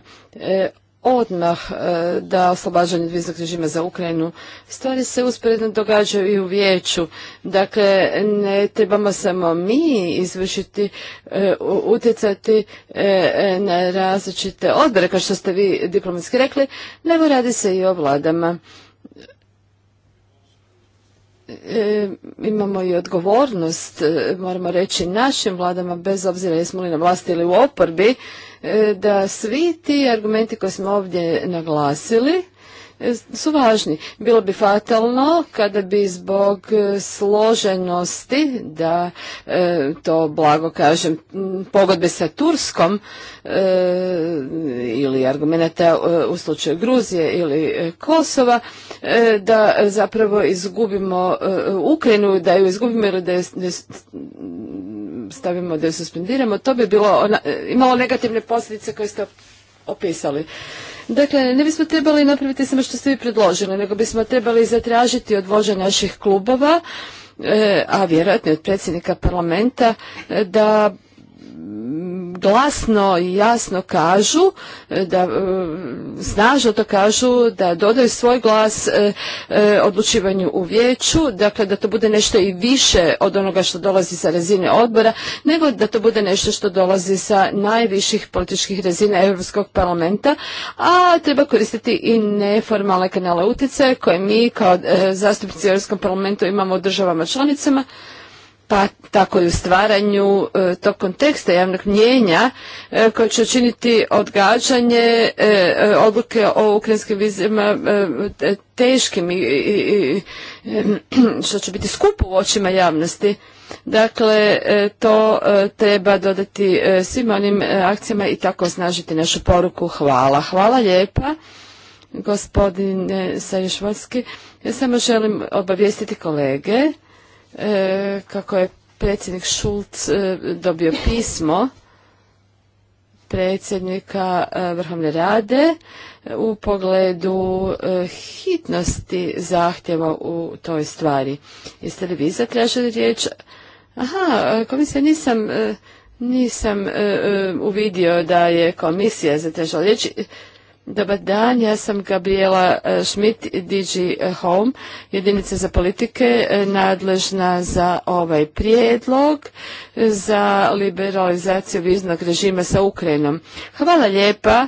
odmah e, da oslobađanje dviznog režima za Ukrajinu. Stvari se usporedno događaju i u vijeću. Dakle, ne trebamo samo mi izvršiti, e, utjecati e, na različite odbore, kao što ste vi diplomatski rekli, nego radi se i o vladama. imamo i odgovornost, moramo reći našim vladama, bez obzira jesmo li na vlasti ili u oporbi, E, da svi ti argumenti koje smo ovdje naglasili E, su važni. Bilo bi fatalno kada bi zbog e, složenosti, da e, to blago kažem, pogodbe sa Turskom ili argumenta u slučaju Gruzije ili Kosova, da zapravo izgubimo Ukrajinu, da ju izgubimo ili da ju stavimo, da ju suspendiramo, to bi bilo imalo negativne posljedice koje ste opisali. Dakle, ne bismo trebali napraviti samo što ste vi predložili, nego bismo trebali zatražiti od vođa naših klubova, e, a vjerojatno i od predsjednika parlamenta, e, da glasno i jasno kažu, e, da e, snažno to kažu, da dodaju svoj glas e, odlučivanju u vijeću, dakle da to bude nešto i više od onoga što dolazi sa razine odbora, nego da to bude nešto što dolazi sa najviših političkih razina Europskog parlamenta, a treba koristiti i neformalne kanale utjecaje koje mi kao zastupnici u Europskom parlamentu imamo u državama članicama, pa tako i u stvaranju e, tog konteksta javnog mnjenja e, koje će učiniti odgađanje e, e, odluke o ukrajinskim vizima teškim i, što će biti skupo u očima javnosti. Dakle, to treba dodati svim onim akcijama i tako osnažiti našu poruku. Hvala. Hvala lijepa gospodine Sajušvolski. Ja samo želim obavijestiti kolege E, kako je predsjednik Šulc e, dobio pismo predsjednika e, Vrhovne rade u pogledu hitnosti zahtjeva u toj stvari. Jeste li vi zatražili riječ? Aha, komisija nisam, nisam uvidio da je komisija zatražila riječ. Dobar dan, ja sam Gabriela e, Schmidt, DG e, Home, jedinica za politike, e, nadležna za ovaj prijedlog za liberalizaciju viznog režima sa Ukrajinom. Hvala lijepa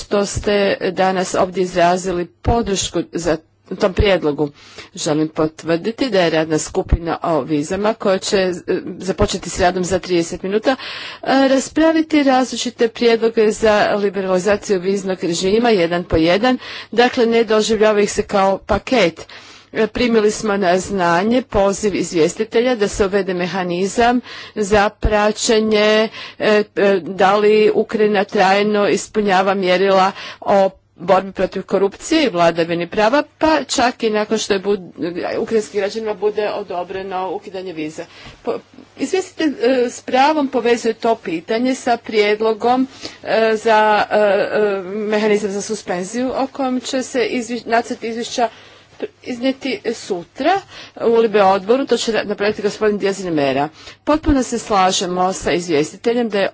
što ste danas ovdje izrazili podršku za tom prijedlogu. Želim potvrditi da je radna skupina o vizama koja će e, započeti s radom za 30 minuta e, raspraviti različite prijedloge za liberalizaciju viznog režima jedan po jedan. Dakle, ne doživljava ih se kao paket. E, primili smo na znanje poziv izvjestitelja da se uvede mehanizam za praćenje da li Ukrajina trajno ispunjava mjerila o borbi protiv korupcije i vladavini prava, pa čak i nakon što je ukrajinskim građanima bude odobreno ukidanje vize. Izvijestite e, s pravom povezuje to pitanje sa prijedlogom e, za e, mehanizam za suspenziju o kojem će se nacrt izvješća iznijeti sutra u Libe odboru, to će napraviti gospodin Dijazin Mera. Potpuno se slažemo sa izvjestiteljem da je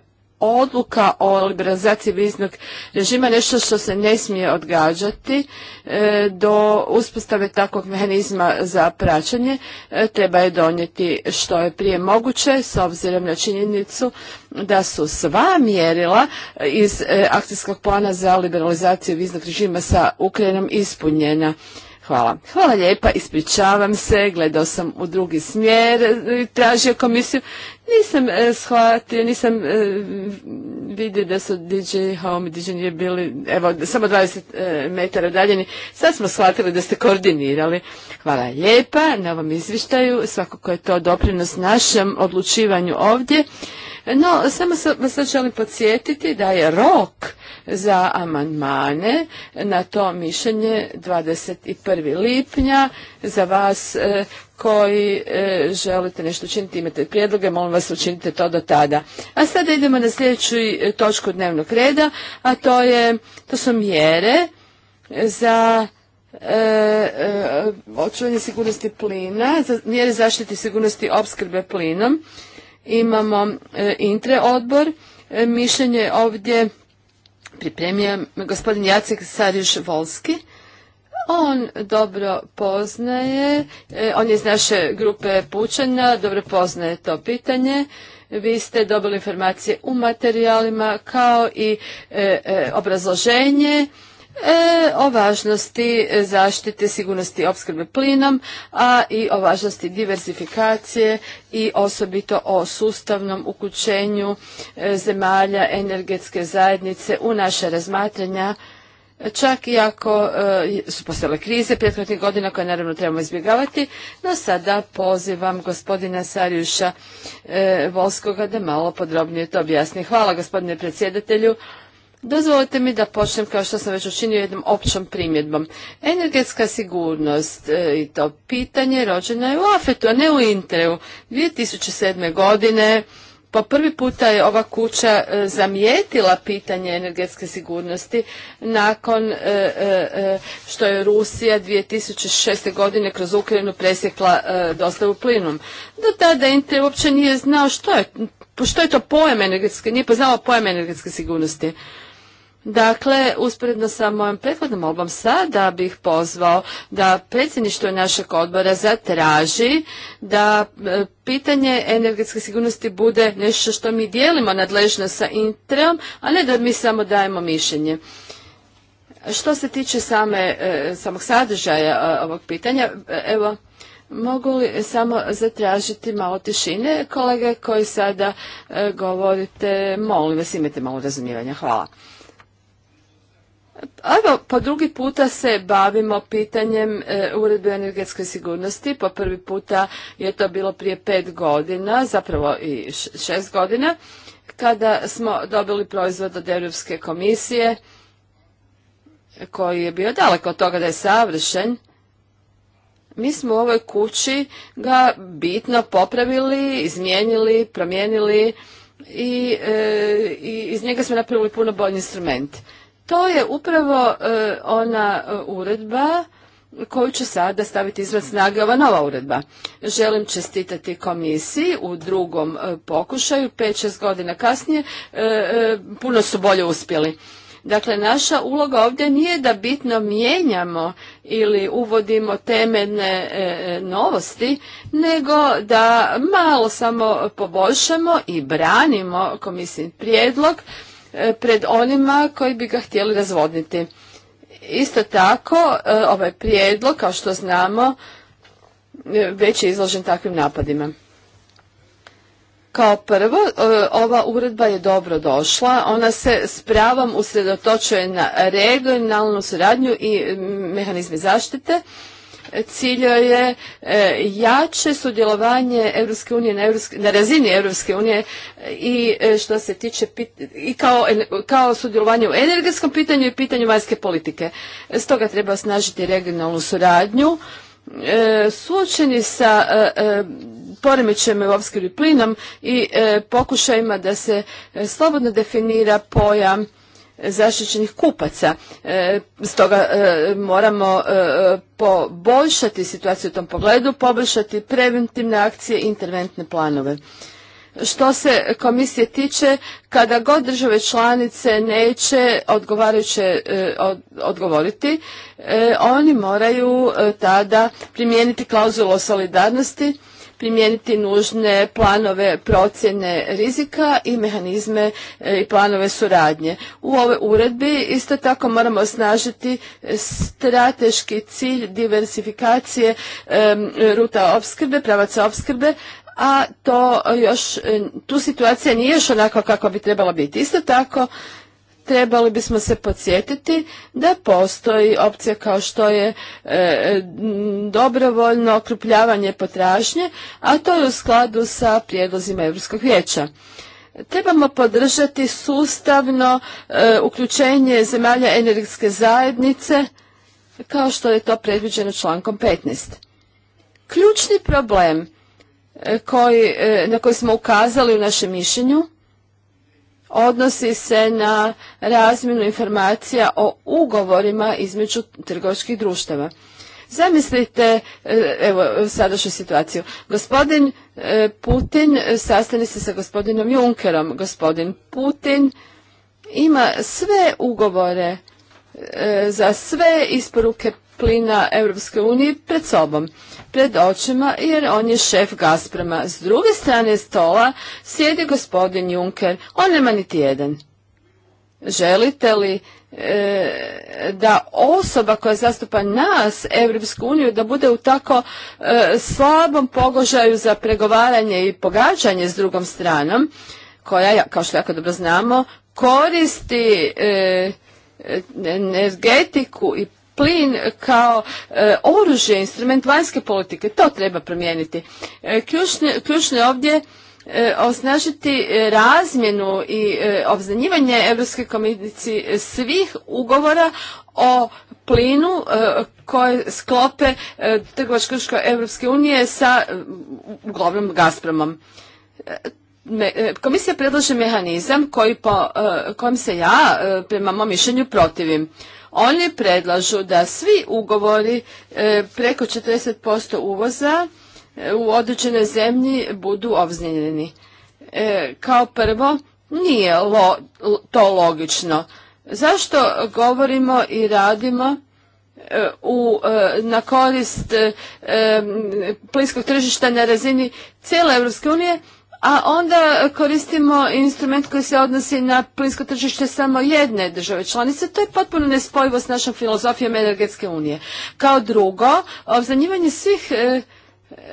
odluka o liberalizaciji viznog režima nešto što se ne smije odgađati e, do uspostave takvog mehanizma za praćenje. E, treba je donijeti što je prije moguće s obzirom na činjenicu da su sva mjerila e, iz akcijskog plana za liberalizaciju viznog režima sa Ukrajinom ispunjena. Hvala. Hvala lijepa, ispričavam se, gledao sam u drugi smjer, e, tražio komisiju. Nisam e, shvatio, nisam e, vidio da su DJ Home i DJ nije bili, evo, samo 20 metara daljeni. Sad smo shvatili da ste koordinirali. Hvala lijepa na ovom izvištaju, svakako je to doprinos našem odlučivanju ovdje. No, samo sad želim podsjetiti da je rok za amandmane na to mišljenje 21. lipnja. Za vas e, koji e, želite nešto učiniti, imate prijedloge, molim vas učinite to do tada. A sada idemo na sljedeću e, točku dnevnog reda, a to, je, to su mjere za očuvanje sigurnosti plina, za, mjere zaštite sigurnosti opskrbe plinom imamo e, intre odbor. E, mišljenje ovdje pripremio gospodin Jacek Sariš-Volski. On dobro poznaje, e, on je iz naše grupe Pučana, dobro poznaje to pitanje. Vi ste dobili informacije u materijalima kao i obrazloženje E, o važnosti e, zaštite sigurnosti opskrbe plinom, a i o važnosti diversifikacije i osobito o sustavnom uključenju e, zemalja energetske zajednice u naše razmatranja čak i ako su postale krize prethodnih godina koje naravno trebamo izbjegavati, no sada pozivam gospodina Sarjuša Volskoga da malo podrobnije to objasni. Hvala gospodine predsjedatelju. Dozvolite mi da počnem kao što sam već učinio jednom općom primjedbom. Energetska sigurnost e, i to pitanje rođena je u Afetu, a ne u tisuće 2007. godine po prvi puta je ova kuća e, zamijetila pitanje energetske sigurnosti nakon e, što je Rusija 2006. godine kroz Ukrajinu presjekla dostavu plinom. Do tada Inter uopće nije znao što je, što je to pojam energetske, nije poznao pojam energetske sigurnosti. Dakle, usporedno sa mojom prethodnom molbom sada bih pozvao da predsjedništvo našeg odbora zatraži da e, pitanje energetske sigurnosti bude nešto što mi dijelimo nadležno sa intrem, a ne da mi samo dajemo mišljenje. Što se tiče same, e, samog sadržaja e, ovog pitanja, evo, mogu li samo zatražiti malo tišine? Kolege koji sada govorite, molim vas imajte malo razumijevanja. Hvala. Evo, po drugi puta se bavimo pitanjem e, uredbe o energetskoj sigurnosti. Po prvi puta je to bilo prije pet godina, zapravo i šest godina, kada smo dobili proizvod od Europske komisije koji je bio daleko od toga da je savršen. Mi smo u ovoj kući ga bitno popravili, izmijenili, promijenili i, e, i iz njega smo napravili puno bolji instrument. To je upravo e, ona e, uredba koju će sada staviti izvan snage ova nova uredba. Želim čestitati komisiji u drugom e, pokušaju, 5-6 godina kasnije, puno su bolje uspjeli. Dakle, naša uloga ovdje nije da bitno mijenjamo ili uvodimo temeljne novosti, nego da malo samo poboljšamo i branimo komisijski prijedlog E, pred onima koji bi ga htjeli razvodniti. Isto tako, e, ovaj prijedlog, kao što znamo, e, već je izložen takvim napadima. Kao prvo, ova uredba je dobro došla. Ona se s pravom usredotočuje na regionalnu suradnju i mehanizme zaštite cilj je e, jače sudjelovanje Europske unije na, razini Europske unije e, i e, što se tiče i kao, sudjelovanje u energetskom pitanju i pitanju vanjske politike. Stoga treba osnažiti regionalnu suradnju. Suočeni sa poremećajem u opskrbi plinom i pokušajima da se slobodno definira pojam zaštićenih kupaca. E, stoga e, moramo e, poboljšati situaciju u tom pogledu, poboljšati preventivne akcije i interventne planove. Što se komisije tiče, kada god države članice neće odgovarajuće odgovoriti, oni moraju tada primijeniti klauzulu o solidarnosti primijeniti nužne planove procjene rizika i mehanizme e, i planove suradnje. U ovoj uredbi isto tako moramo osnažiti strateški cilj diversifikacije ruta opskrbe, pravaca opskrbe, a to još, e, tu situacija nije još onako kako bi trebala biti. Isto tako trebali bismo se podsjetiti da postoji opcija kao što je e, dobrovoljno okrupljavanje potražnje, a to je u skladu sa prijedlozima Europskog vijeća. Trebamo podržati sustavno e, uključenje zemalja energetske zajednice kao što je to predviđeno člankom 15. Ključni problem e, koji, na koji smo ukazali u našem mišljenju odnosi se na razmjenu informacija o ugovorima između trgovačkih društava. Zamislite, e, evo, sadašnju situaciju. Gospodin e, Putin sastane se sa gospodinom Junkerom. Gospodin Putin ima sve ugovore e, za sve isporuke plina Europske unije pred sobom, pred očima, jer on je šef Gazprama. S druge strane stola sjedi gospodin Juncker, on nema niti jedan. Želite li e, da osoba koja zastupa nas, Europsku uniju, da bude u tako e, slabom pogožaju za pregovaranje i pogađanje s drugom stranom, koja, kao što jako dobro znamo, koristi e, energetiku i plin kao e, oružje, instrument vanjske politike. To treba promijeniti. E, ključno je ovdje e, osnažiti razmjenu i obznanjivanje Europske komisije svih ugovora o plinu koje sklope trgovačko Europske unije sa uglavnom Gazpromom. Komisija predlaže mehanizam koji po, se ja prema mom mišljenju protivim. Oni predlažu da svi ugovori e, preko 40% uvoza e, u određenoj zemlji budu obznanjeni. E, kao prvo, nije to logično. Zašto govorimo i radimo na korist plinskog tržišta na razini cijele Europske unije a onda koristimo instrument koji se odnosi na plinsko tržište samo jedne države članice. To je potpuno nespojivo s našom filozofijom energetske unije. Kao drugo, obzanjivanje svih e,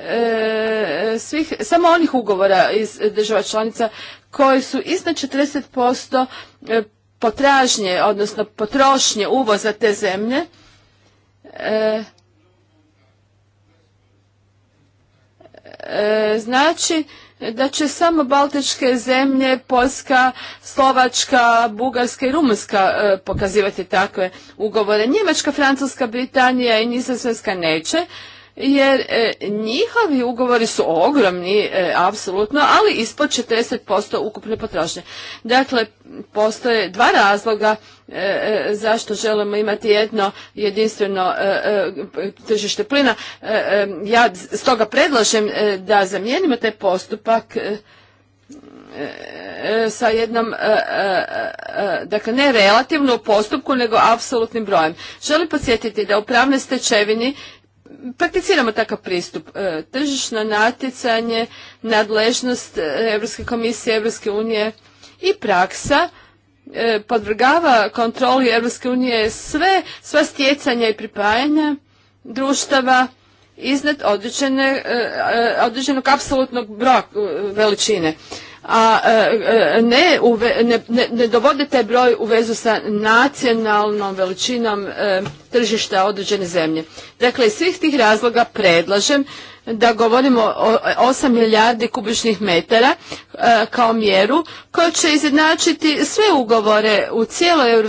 e, svih, samo onih ugovora iz država članica koji su iznad 40% e, potražnje, odnosno potrošnje uvoza te zemlje, znači da će samo baltičke zemlje, Poljska, Slovačka, Bugarska i Rumunska e, pokazivati takve ugovore. Njemačka, Francuska, Britanija i Nizozemska neće jer e, njihovi ugovori su ogromni, e, apsolutno, ali ispod 40% ukupne potrošnje. Dakle, postoje dva razloga e, zašto želimo imati jedno jedinstveno tržište plina. Ja stoga predlažem da zamijenimo taj postupak sa jednom, dakle ne relativno u postupku, nego apsolutnim brojem. Želim podsjetiti da u pravnoj stečevini prakticiramo takav pristup. E, tržišno natjecanje, nadležnost e, Europske komisije, Europske unije i praksa e, podvrgava kontroli Europske unije sve, sva stjecanja i pripajanja društava iznad određene, određenog apsolutnog broja veličine a e, e, ne, ne, ne dovode taj broj u vezu sa nacionalnom veličinom e, tržišta određene zemlje. Dakle, iz svih tih razloga predlažem da govorimo o 8 milijardi kubičnih metara kao mjeru koja će izjednačiti sve ugovore u cijeloj EU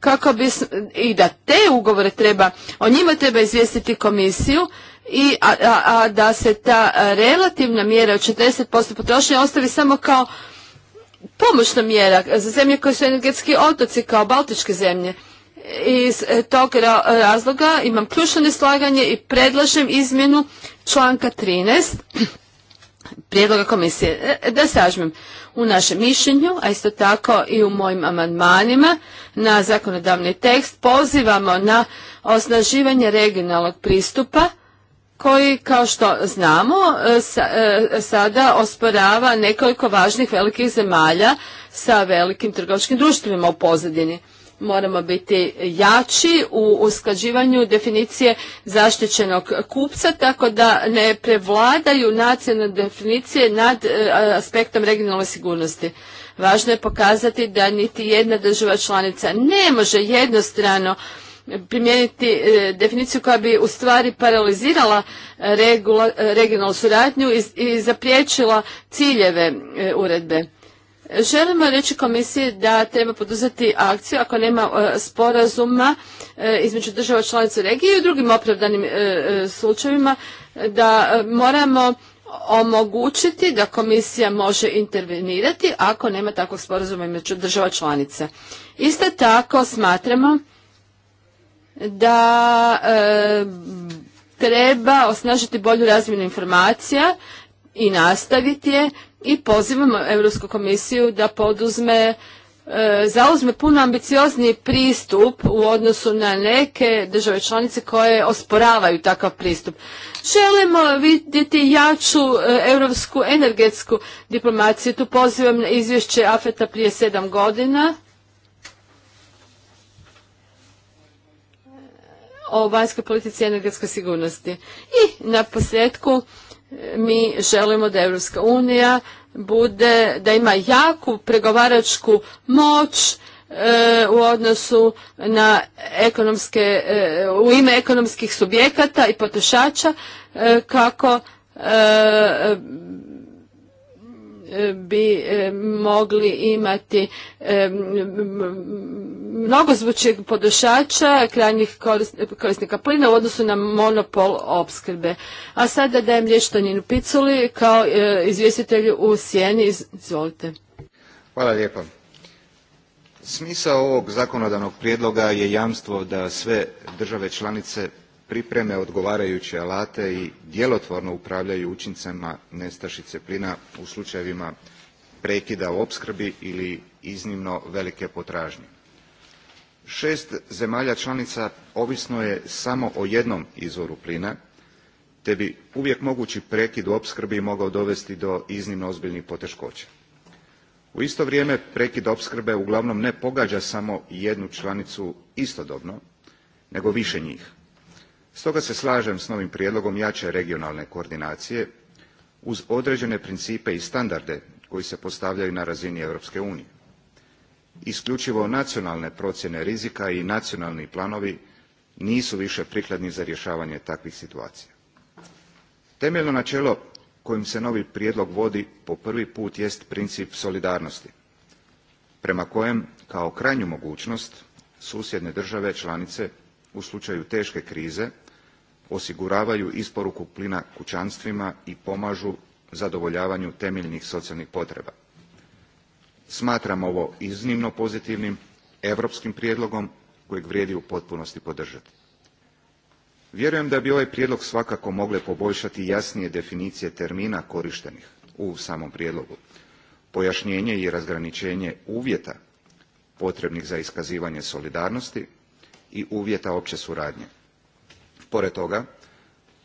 kako bi i da te ugovore treba, o njima treba izvijestiti komisiju i a, da se ta relativna mjera od 40% potrošnje ostavi samo kao pomoćna mjera za zemlje koje su energetski otoci kao baltičke zemlje. Iz e, tog razloga imam ključno neslaganje i predlažem izmjenu članka 13 prijedloga komisije. E, da sažmem, u našem mišljenju, a isto tako i u mojim amandmanima na zakonodavni tekst pozivamo na osnaživanje regionalnog pristupa koji, kao što znamo, e, e, sada osporava nekoliko važnih velikih zemalja sa velikim trgovačkim društvima u pozadini. Moramo biti jači u usklađivanju definicije zaštićenog kupca, tako da ne prevladaju nacionalne definicije nad e, aspektom regionalne sigurnosti. Važno je pokazati da niti jedna država članica ne može jednostrano primijeniti e, definiciju koja bi u stvari paralizirala e, e, regionalnu suradnju i, zapriječila ciljeve uredbe. Želimo reći komisiji da treba poduzeti akciju ako nema sporazuma između država članica regije i u drugim opravdanim slučajevima da moramo omogućiti da komisija može intervenirati ako nema takvog sporazuma između država članica. Isto tako smatramo da e, treba osnažiti bolju razmjenu informacija i nastaviti je i pozivamo Europsku komisiju da poduzme e, zauzme puno ambiciozniji pristup u odnosu na neke države članice koje osporavaju takav pristup. Želimo vidjeti jaču e, europsku energetsku diplomaciju. Tu pozivam na izvješće AFETA prije sedam godina o vanjskoj politici i energetskoj sigurnosti. I na posljedku e, mi želimo da Europska unija bude, da ima jaku pregovaračku moć e, u odnosu na ekonomske, e, u ime ekonomskih subjekata i potrošača kako bi e, mogli imati e, mnogo zvučeg podošača krajnjih korisnika plina u odnosu na monopol opskrbe. A sada dajem riječ Toninu Piculi kao e, izvjestitelju u Sjeni. Izvolite. Hvala lijepo. Smisao ovog zakonodavnog prijedloga je jamstvo da sve države članice pripreme odgovarajuće alate i djelotvorno upravljaju učincima nestašice plina u slučajevima prekida u opskrbi ili iznimno velike potražnje. Šest zemalja članica ovisno je samo o jednom izvoru plina, te bi uvijek mogući prekid u opskrbi mogao dovesti do iznimno ozbiljnih poteškoća. U isto vrijeme prekid opskrbe uglavnom ne pogađa samo jednu članicu istodobno, nego više njih stoga se slažem s novim prijedlogom jače regionalne koordinacije uz određene principe i standarde koji se postavljaju na razini europske unije isključivo nacionalne procjene rizika i nacionalni planovi nisu više prikladni za rješavanje takvih situacija temeljno načelo kojim se novi prijedlog vodi po prvi put jest princip solidarnosti prema kojem kao krajnju mogućnost susjedne države članice u slučaju teške krize osiguravaju isporuku plina kućanstvima i pomažu zadovoljavanju temeljnih socijalnih potreba. Smatram ovo iznimno pozitivnim europskim prijedlogom kojeg vrijedi u potpunosti podržati. Vjerujem da bi ovaj prijedlog svakako mogle poboljšati jasnije definicije termina korištenih u samom prijedlogu, pojašnjenje i razgraničenje uvjeta potrebnih za iskazivanje solidarnosti i uvjeta opće suradnje pored toga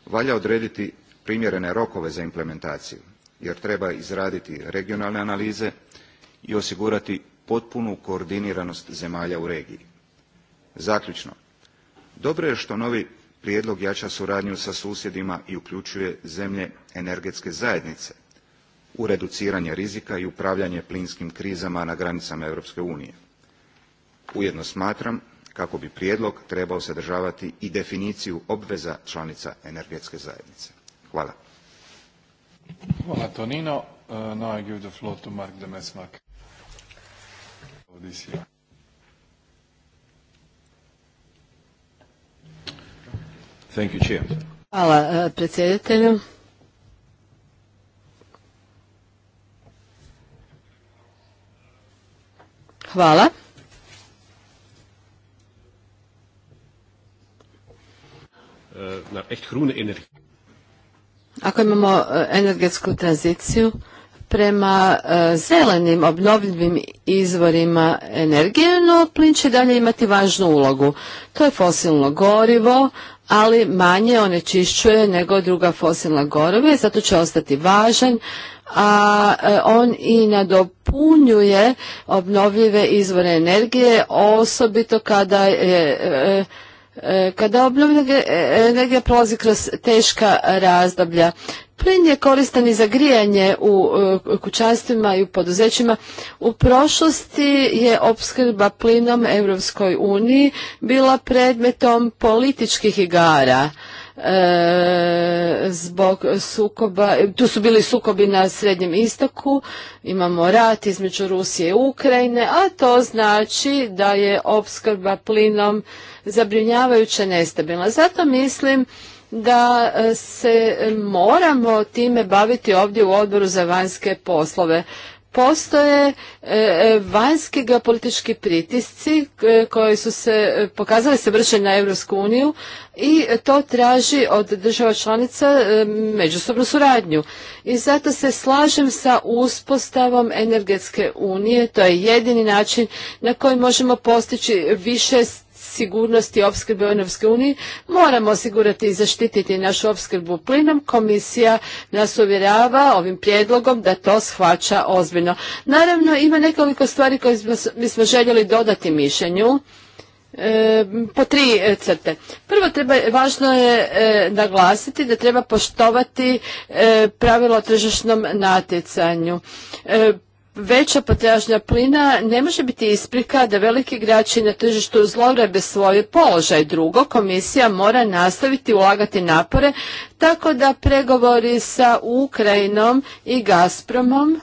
valja odrediti primjerene rokove za implementaciju jer treba izraditi regionalne analize i osigurati potpunu koordiniranost zemalja u regiji. zaključno dobro je što novi prijedlog jača suradnju sa susjedima i uključuje zemlje energetske zajednice u reduciranje rizika i upravljanje plinskim krizama na granicama europske unije. ujedno smatram kako bi prijedlog trebao sadržavati i definiciju obveza članica energetske zajednice. Hvala. Hvala Tonino. E, now I give the floor to Mark de Thank you, Chair. Hvala uh, predsjedatelju. Hvala. Eh, naar echt groene energie. Ako imamo eh, energetsku tranziciju prema eh, zelenim obnovljivim izvorima energije, no plin će dalje imati važnu ulogu. To je fosilno gorivo, ali manje onečišćuje nego druga fosilna goriva, zato će ostati važan, a on i nadopunjuje obnovljive izvore energije, osobito kada je E, kada obnovna energija prolazi kroz teška razdoblja, plin je koristan i za grijanje u e, kućanstvima i u poduzećima. U prošlosti je opskrba plinom Europskoj uniji bila predmetom političkih igara E, zbog sukoba, tu su bili sukobi na Srednjem istoku, imamo rat između Rusije i Ukrajine, a to znači da je opskrba plinom zabrinjavajuće nestabilna. Zato mislim da e, se moramo time baviti ovdje u odboru za vanjske poslove postoje e, e, vanjski geopolitički pritisci e, koji su se pokazali se vrše na Europsku uniju i to traži od država članica međusobnu suradnju. I zato se slažem sa uspostavom energetske unije, to je jedini način na koji možemo postići više sigurnosti opskrbe u EU moramo osigurati i zaštititi našu opskrbu plinom. Komisija nas uvjerava ovim prijedlogom da to shvaća ozbiljno. Naravno ima nekoliko stvari koje bismo željeli dodati mišljenju. E, po tri crte. Prvo treba, važno je e, naglasiti da treba poštovati e, pravilo o tržišnom natjecanju veća potražnja plina ne može biti isprika da veliki igrači na tržištu zlorebe svoj položaj. Drugo, komisija mora nastaviti ulagati napore tako da pregovori sa Ukrajinom i Gazpromom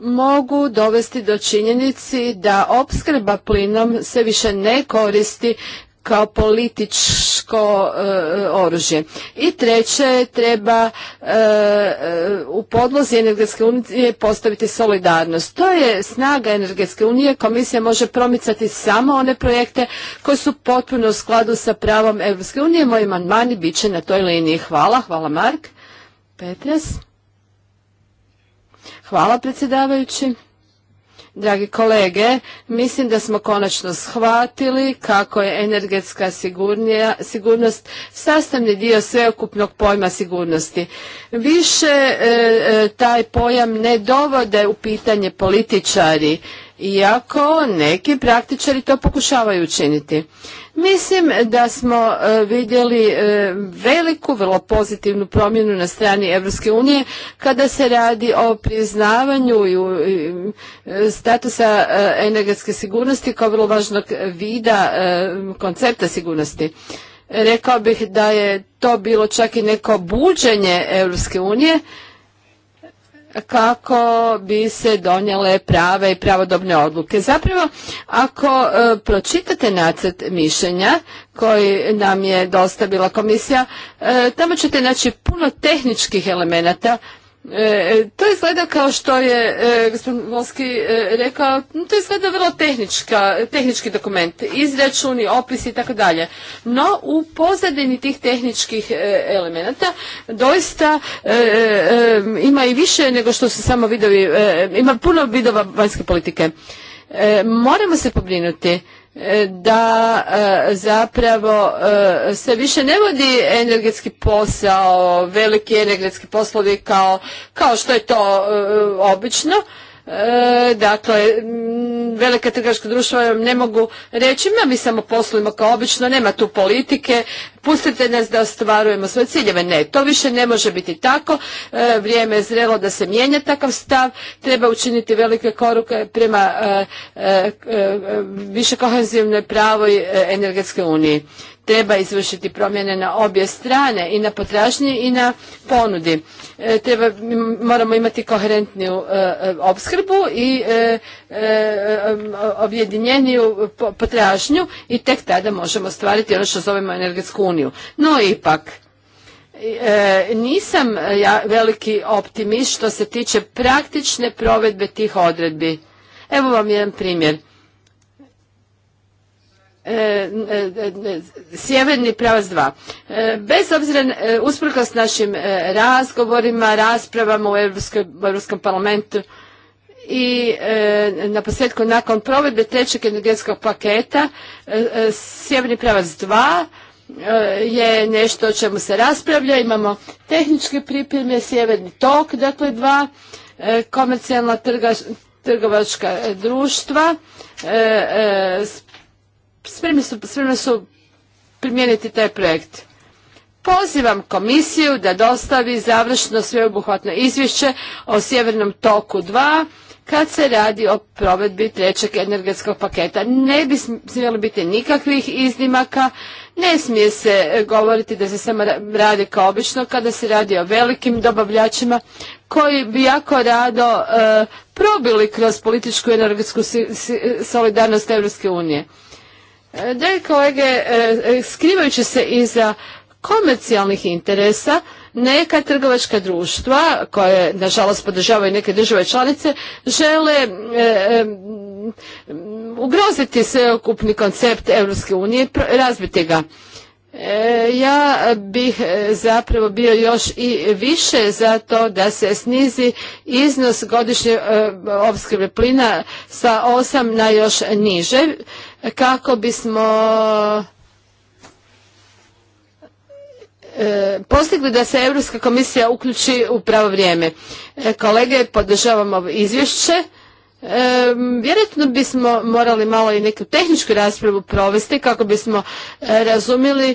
mogu dovesti do činjenici da opskrba plinom se više ne koristi kao političko eh, oružje. I treće, treba eh, u podlozi energetske unije postaviti solidarnost. To je snaga energetske unije. Komisija može promicati samo one projekte koji su potpuno u skladu sa pravom Europske unije. Moji manmani bit će na toj liniji. Hvala. Hvala Mark. Petres. Hvala predsjedavajući. Dragi kolege, mislim da smo konačno shvatili kako je energetska sigurnost sastavni dio sveokupnog pojma sigurnosti. Više e, e, taj pojam ne dovode u pitanje političari iako neki praktičari to pokušavaju učiniti. Mislim da smo e, vidjeli e, veliku, vrlo pozitivnu promjenu na strani Europske unije kada se radi o priznavanju e, statusa energetske sigurnosti kao vrlo važnog vida koncepta sigurnosti. Rekao bih da je to bilo čak i neko buđenje Europske unije, kako bi se donijele prave i pravodobne odluke. Zapravo, ako e, pročitate nacrt mišljenja koji nam je dostavila komisija, e, tamo ćete naći puno tehničkih elemenata E, e, to izgleda kao što je e, gospodin Volski e, rekao, to izgleda vrlo tehnički dokument, izračuni, opisi i tako dalje. No u pozadini tih tehničkih elemenata doista ima i više nego što su samo vidovi, ima puno vidova vanjske politike. Moramo se pobrinuti da e, zapravo e, se više ne vodi energetski posao, veliki energetski poslovi kao, što je to e, obično, E, dakle, velika trgovačka društva vam ne mogu reći, ma mi samo poslujemo kao obično, nema tu politike, pustite nas da ostvarujemo svoje ciljeve. Ne, to više ne može biti tako. E, vrijeme je zrelo da se mijenja takav stav. Treba učiniti velike koruke prema e, više kohezivnoj pravoj energetske uniji treba izvršiti promjene na obje strane i na potražnji i na ponudi. E, treba, moramo imati koherentniju e, e, opskrbu i objedinjeniju potražnju i tek tada možemo stvariti ono što zovemo energetsku uniju. No ipak, nisam ja veliki optimist što se tiče praktične provedbe tih odredbi. Evo vam jedan primjer. E, e, e, sjeverni pravac 2. Bez obzira, usprkos našim razgovorima, raspravama u Europskom parlamentu i na posljedku nakon provedbe trećeg energetskog paketa, sjeverni pravac 2 je nešto o čemu se raspravlja. Imamo tehničke pripreme, sjeverni tok, dakle dva, komercijalna trgovačka društva, spremni su, primijeniti taj projekt. Pozivam komisiju da dostavi završno sveobuhvatno izvješće o sjevernom toku 2 kad se radi o provedbi trećeg energetskog paketa. Ne bi smjelo biti nikakvih iznimaka, ne smije se govoriti da se samo radi kao obično kada se radi o velikim dobavljačima koji bi jako rado e, probili kroz političku energetsku solidarnost Europske unije. E, dragi kolege, e, e, skrivajući se iza komercijalnih interesa, neka trgovačka društva, koje nažalost podržavaju neke države članice, žele ugroziti sveokupni koncept Europske unije i razbiti ga. ja bih zapravo bio još i više za to da se snizi iznos godišnje opskrbe plina sa 8 na još niže kako bismo e, postigli da se Europska komisija uključi u pravo vrijeme. E, kolege, podržavam ovo izvješće. E, vjerojatno bismo morali malo i neku tehničku raspravu provesti kako bismo razumjeli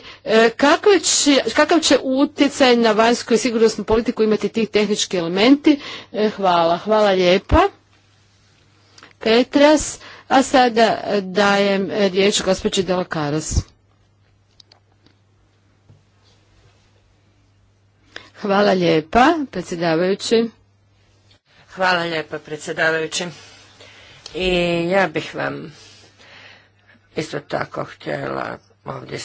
kakav će, utjecaj na vanjsku i sigurnosnu politiku imati ti tehnički elementi. Hvala, hvala lijepa. Petras, a sada eh, dajem eh, riječ gospođi Delakaros. Hvala lijepa, predsjedavajući. Hvala lijepa, predsjedavajući. I ja bih vam isto tako htjela ovdje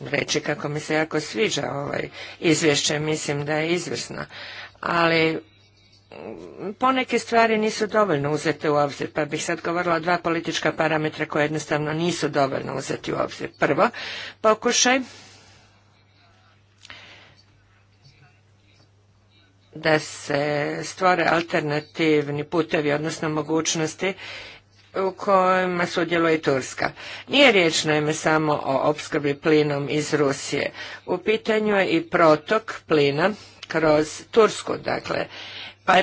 reći kako mi se jako sviđa ovaj izvješće, mislim da je izvrsno, ali poneke stvari nisu dovoljno uzete u obzir, pa bih sad govorila o dva politička parametra koje jednostavno nisu dovoljno uzeti u obzir. Prvo, pokušaj da se stvore alternativni putevi, odnosno mogućnosti u kojima sudjeluje Turska. Nije riječ naime samo o opskrbi plinom iz Rusije. U pitanju je i protok plina kroz Tursku, dakle,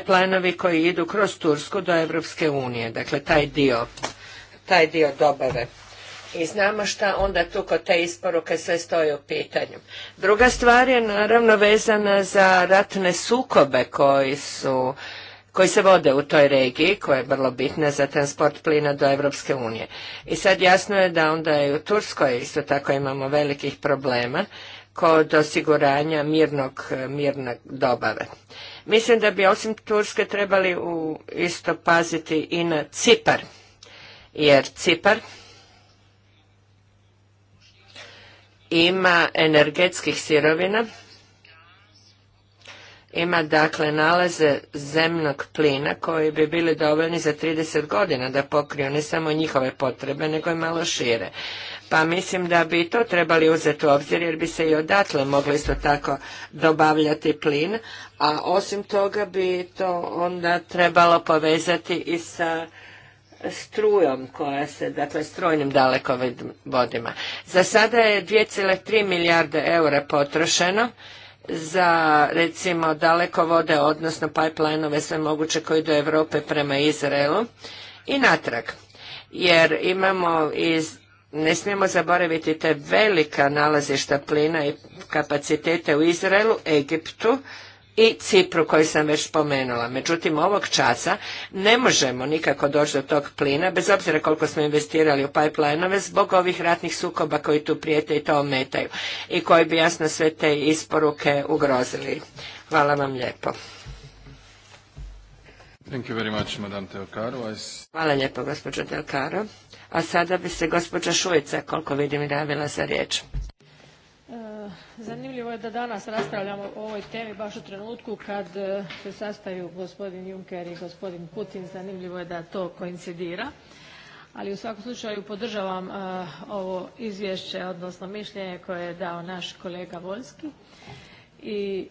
planovi koji idu kroz Tursku do Europske unije, dakle taj dio, taj dio dobave. I znamo šta onda tu kod te isporuke sve stoji u pitanju. Druga stvar je naravno vezana za ratne sukobe koji su koji se vode u toj regiji, koja je vrlo bitna za transport plina do Europske unije. I sad jasno je da onda i u Turskoj isto tako imamo velikih problema kod osiguranja mirnog, mirne dobave. Mislim da bi osim Turske trebali u isto paziti i na Cipar, jer Cipar ima energetskih sirovina ima dakle nalaze zemnog plina koji bi bili dovoljni za 30 godina da pokriju ne samo njihove potrebe nego i malo šire. Pa mislim da bi to trebali uzeti u obzir jer bi se i odatle mogli isto tako dobavljati plin, a osim toga bi to onda trebalo povezati i sa strujom koja se, dakle strojnim dalekovodima. Za sada je 2,3 milijarde eura potrošeno za recimo dalekovode, odnosno pipeline sve moguće koji do Europe prema Izraelu i natrag. Jer imamo i ne smijemo zaboraviti te velika nalazišta plina i kapacitete u Izraelu, Egiptu, i Cipru koju sam već spomenula. Međutim, ovog časa ne možemo nikako doći do tog plina, bez obzira koliko smo investirali u pipeline zbog ovih ratnih sukoba koji tu prijete i to ometaju i koji bi jasno sve te isporuke ugrozili. Hvala vam lijepo. Hvala lijepo, gospođo Delcaro. A sada bi se gospođa Šujica, koliko vidim, javila za riječ zanimljivo je da danas raspravljamo o ovoj temi baš u trenutku kad e, se sastaju gospodin Juncker i gospodin Putin. Zanimljivo je da to koincidira. Ali u svakom slučaju podržavam e, ovo izvješće, odnosno mišljenje koje je dao naš kolega Volski. I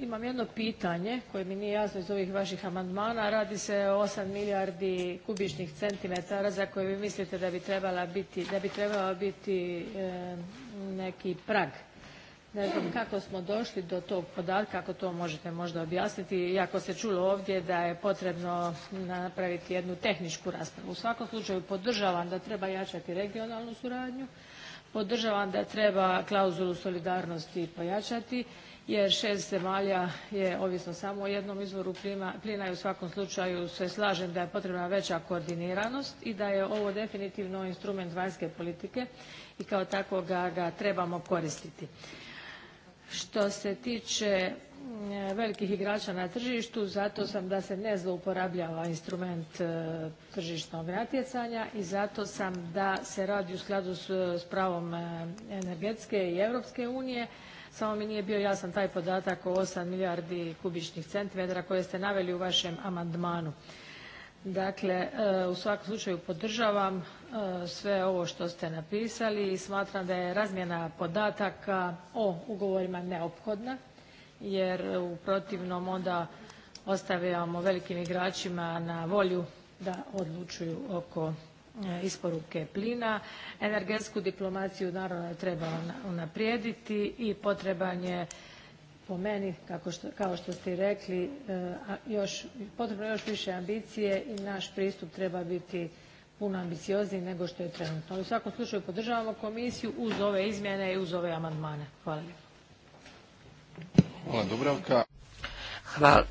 imam jedno pitanje koje mi nije jasno iz ovih vaših amandmana. Radi se o 8 milijardi kubičnih centimetara za koje vi mislite da bi trebala biti, da bi trebala biti e, neki prag. Ne znam kako smo došli do tog podatka, ako to možete možda objasniti iako se čulo ovdje da je potrebno napraviti jednu tehničku raspravu. U svakom slučaju podržavam da treba jačati regionalnu suradnju, podržavam da treba klauzulu solidarnosti pojačati jer šest zemalja je ovisno samo o jednom izvoru plina i u svakom slučaju se slažem da je potrebna veća koordiniranost i da je ovo definitivno instrument vanjske politike i kao takvoga ga trebamo koristiti što se tiče mm, velikih igrača na tržištu zato sam da se ne zlouporabljava instrument e, tržišnog natjecanja i zato sam da se radi u skladu s pravom e, energetske i Europske unije, samo mi nije bio jasan taj podatak o 8 milijardi kubičnih centimetara koje ste naveli u vašem amandmanu. Dakle, e, u svakom slučaju podržavam E, sve ovo što ste napisali i smatram da je razmjena podataka o ugovorima neophodna jer u protivnom onda ostavljamo velikim igračima na volju da odlučuju oko e, isporuke plina. Energetsku diplomaciju naravno treba unaprijediti i potreban je po meni kao što ste i rekli e, potrebno je još više ambicije i naš pristup treba biti puno ambiciozniji nego što je trenutno. Ali u svakom slučaju podržavamo komisiju uz ove izmjene i uz ove amandmane. Hvala. Hvala Dubravka. Hvala.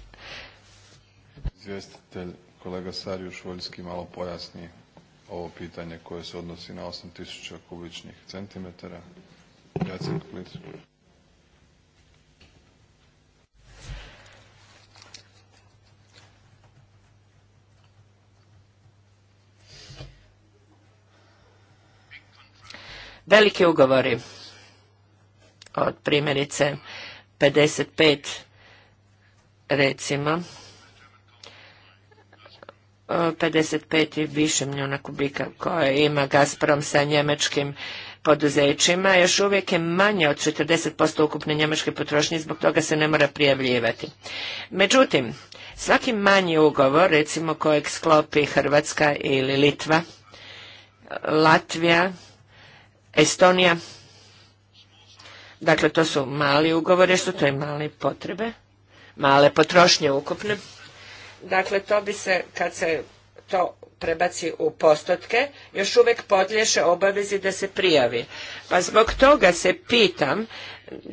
Izvjestitelj kolega Sarjuš malo pojasni ovo pitanje koje se odnosi na 8000 kubičnih centimetara. Veliki ugovori od primjerice 55 recimo 55 e, i više milijuna kubika koje ima Gazprom sa njemačkim poduzećima, još uvijek je manje od 40% ukupne njemačke potrošnje zbog toga se ne mora prijavljivati. Međutim, svaki manji ugovor, recimo kojeg sklopi Hrvatska ili Litva, Latvija, Estonija. Dakle, to su mali ugovori, što su to i male potrebe, male potrošnje ukupne. Dakle, to bi se, kad se to prebaci u postotke, još uvijek podlješe obavezi da se prijavi. Pa zbog toga se pitam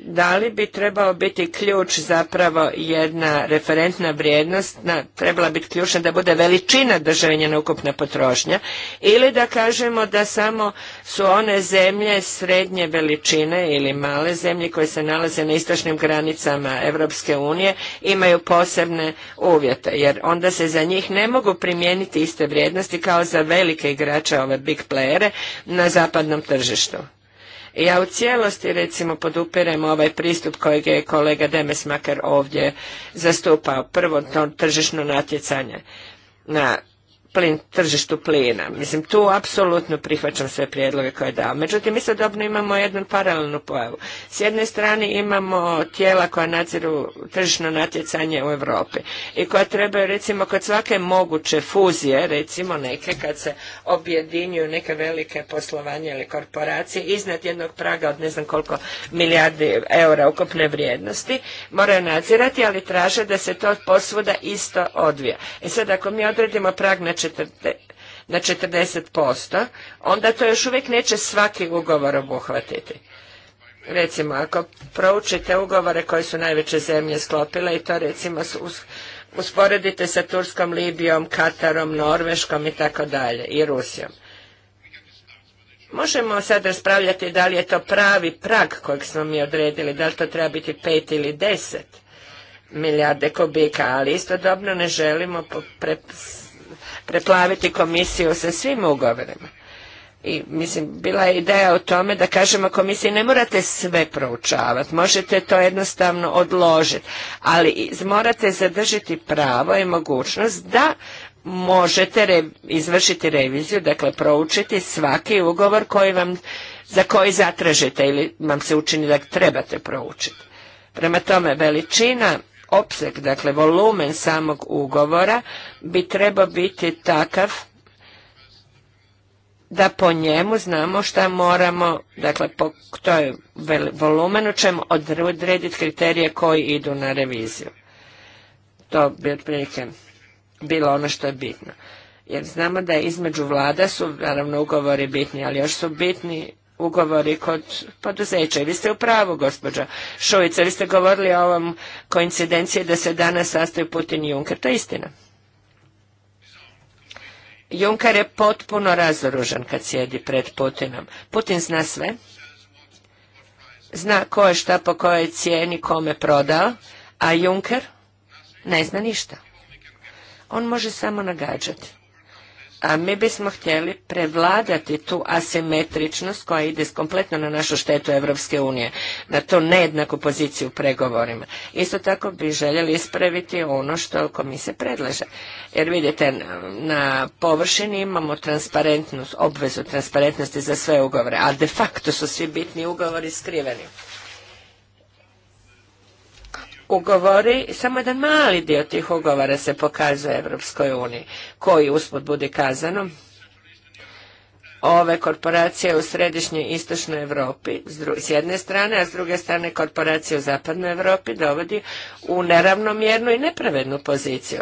da li bi trebao biti ključ zapravo jedna referentna vrijednost, trebala biti ključna da bude veličina države njena ukupna potrošnja ili da kažemo da samo su one zemlje srednje veličine ili male zemlje koje se nalaze na istočnim granicama Europske unije imaju posebne uvjete jer onda se za njih ne mogu primijeniti iste vrijednosti kao za velike igrače, ove big playere na zapadnom tržištu. Ja u cijelosti recimo podupirem ovaj pristup kojeg je kolega Demesmaker ovdje zastupao. Prvo to tržišno natjecanje na plin, tržištu plina. Mislim, tu apsolutno prihvaćam sve prijedloge koje je dao. Međutim, istodobno imamo jednu paralelnu pojavu. S jedne strane imamo tijela koja nadziru tržišno natjecanje u Europi i koja trebaju, recimo, kod svake moguće fuzije, recimo neke kad se objedinjuju neke velike poslovanje ili korporacije iznad jednog praga od ne znam koliko milijardi eura ukupne vrijednosti, moraju nadzirati, ali traže da se to posvuda isto odvija. I e sad, ako mi odredimo prag na na 40%, onda to još uvijek neće svaki ugovor obuhvatiti. Recimo, ako proučite ugovore koje su najveće zemlje sklopile i to recimo usporedite sa Turskom, Libijom, Katarom, Norveškom i tako dalje i Rusijom. Možemo sad raspravljati da li je to pravi prag kojeg smo mi odredili, da li to treba biti pet ili deset milijarde kubika, ali istodobno ne želimo preplaviti komisiju sa svim ugovorima. I mislim, bila je ideja o tome da kažemo komisiji ne morate sve proučavati, možete to jednostavno odložiti, ali morate zadržiti pravo i mogućnost da možete izvršiti reviziju, dakle proučiti svaki ugovor koji vam, za koji zatražite ili vam se učini da trebate proučiti. Prema tome, veličina opseg, dakle volumen samog ugovora bi trebao biti takav da po njemu znamo šta moramo, dakle po toj volumenu ćemo odrediti kriterije koji idu na reviziju. To bi otprilike bilo ono što je bitno. Jer znamo da između vlada su naravno ugovori bitni, ali još su bitni ugovori kod poduzeća. vi ste u pravu, gospođa Šuica. vi ste govorili o ovom koincidenciji da se danas sastoji Putin i Juncker. To je istina. Juncker je potpuno razoružan kad sjedi pred Putinom. Putin zna sve. Zna ko je šta po kojoj cijeni kome prodao, a Juncker ne zna ništa. On može samo nagađati a mi bismo htjeli prevladati tu asimetričnost koja ide kompletno na našu štetu Evropske unije, na to nejednaku poziciju u pregovorima. Isto tako bi željeli ispraviti ono što komisija predlaže. Jer vidite, na površini imamo transparentnost, obvezu transparentnosti za sve ugovore, a de facto su svi bitni ugovori skriveni ugovori, samo jedan mali dio tih ugovora se pokazuje Evropskoj uniji, koji usput budi kazano. Ove korporacije u središnjoj i istočnoj Europi s jedne strane, a s druge strane korporacije u zapadnoj Europi dovodi u neravnomjernu i nepravednu poziciju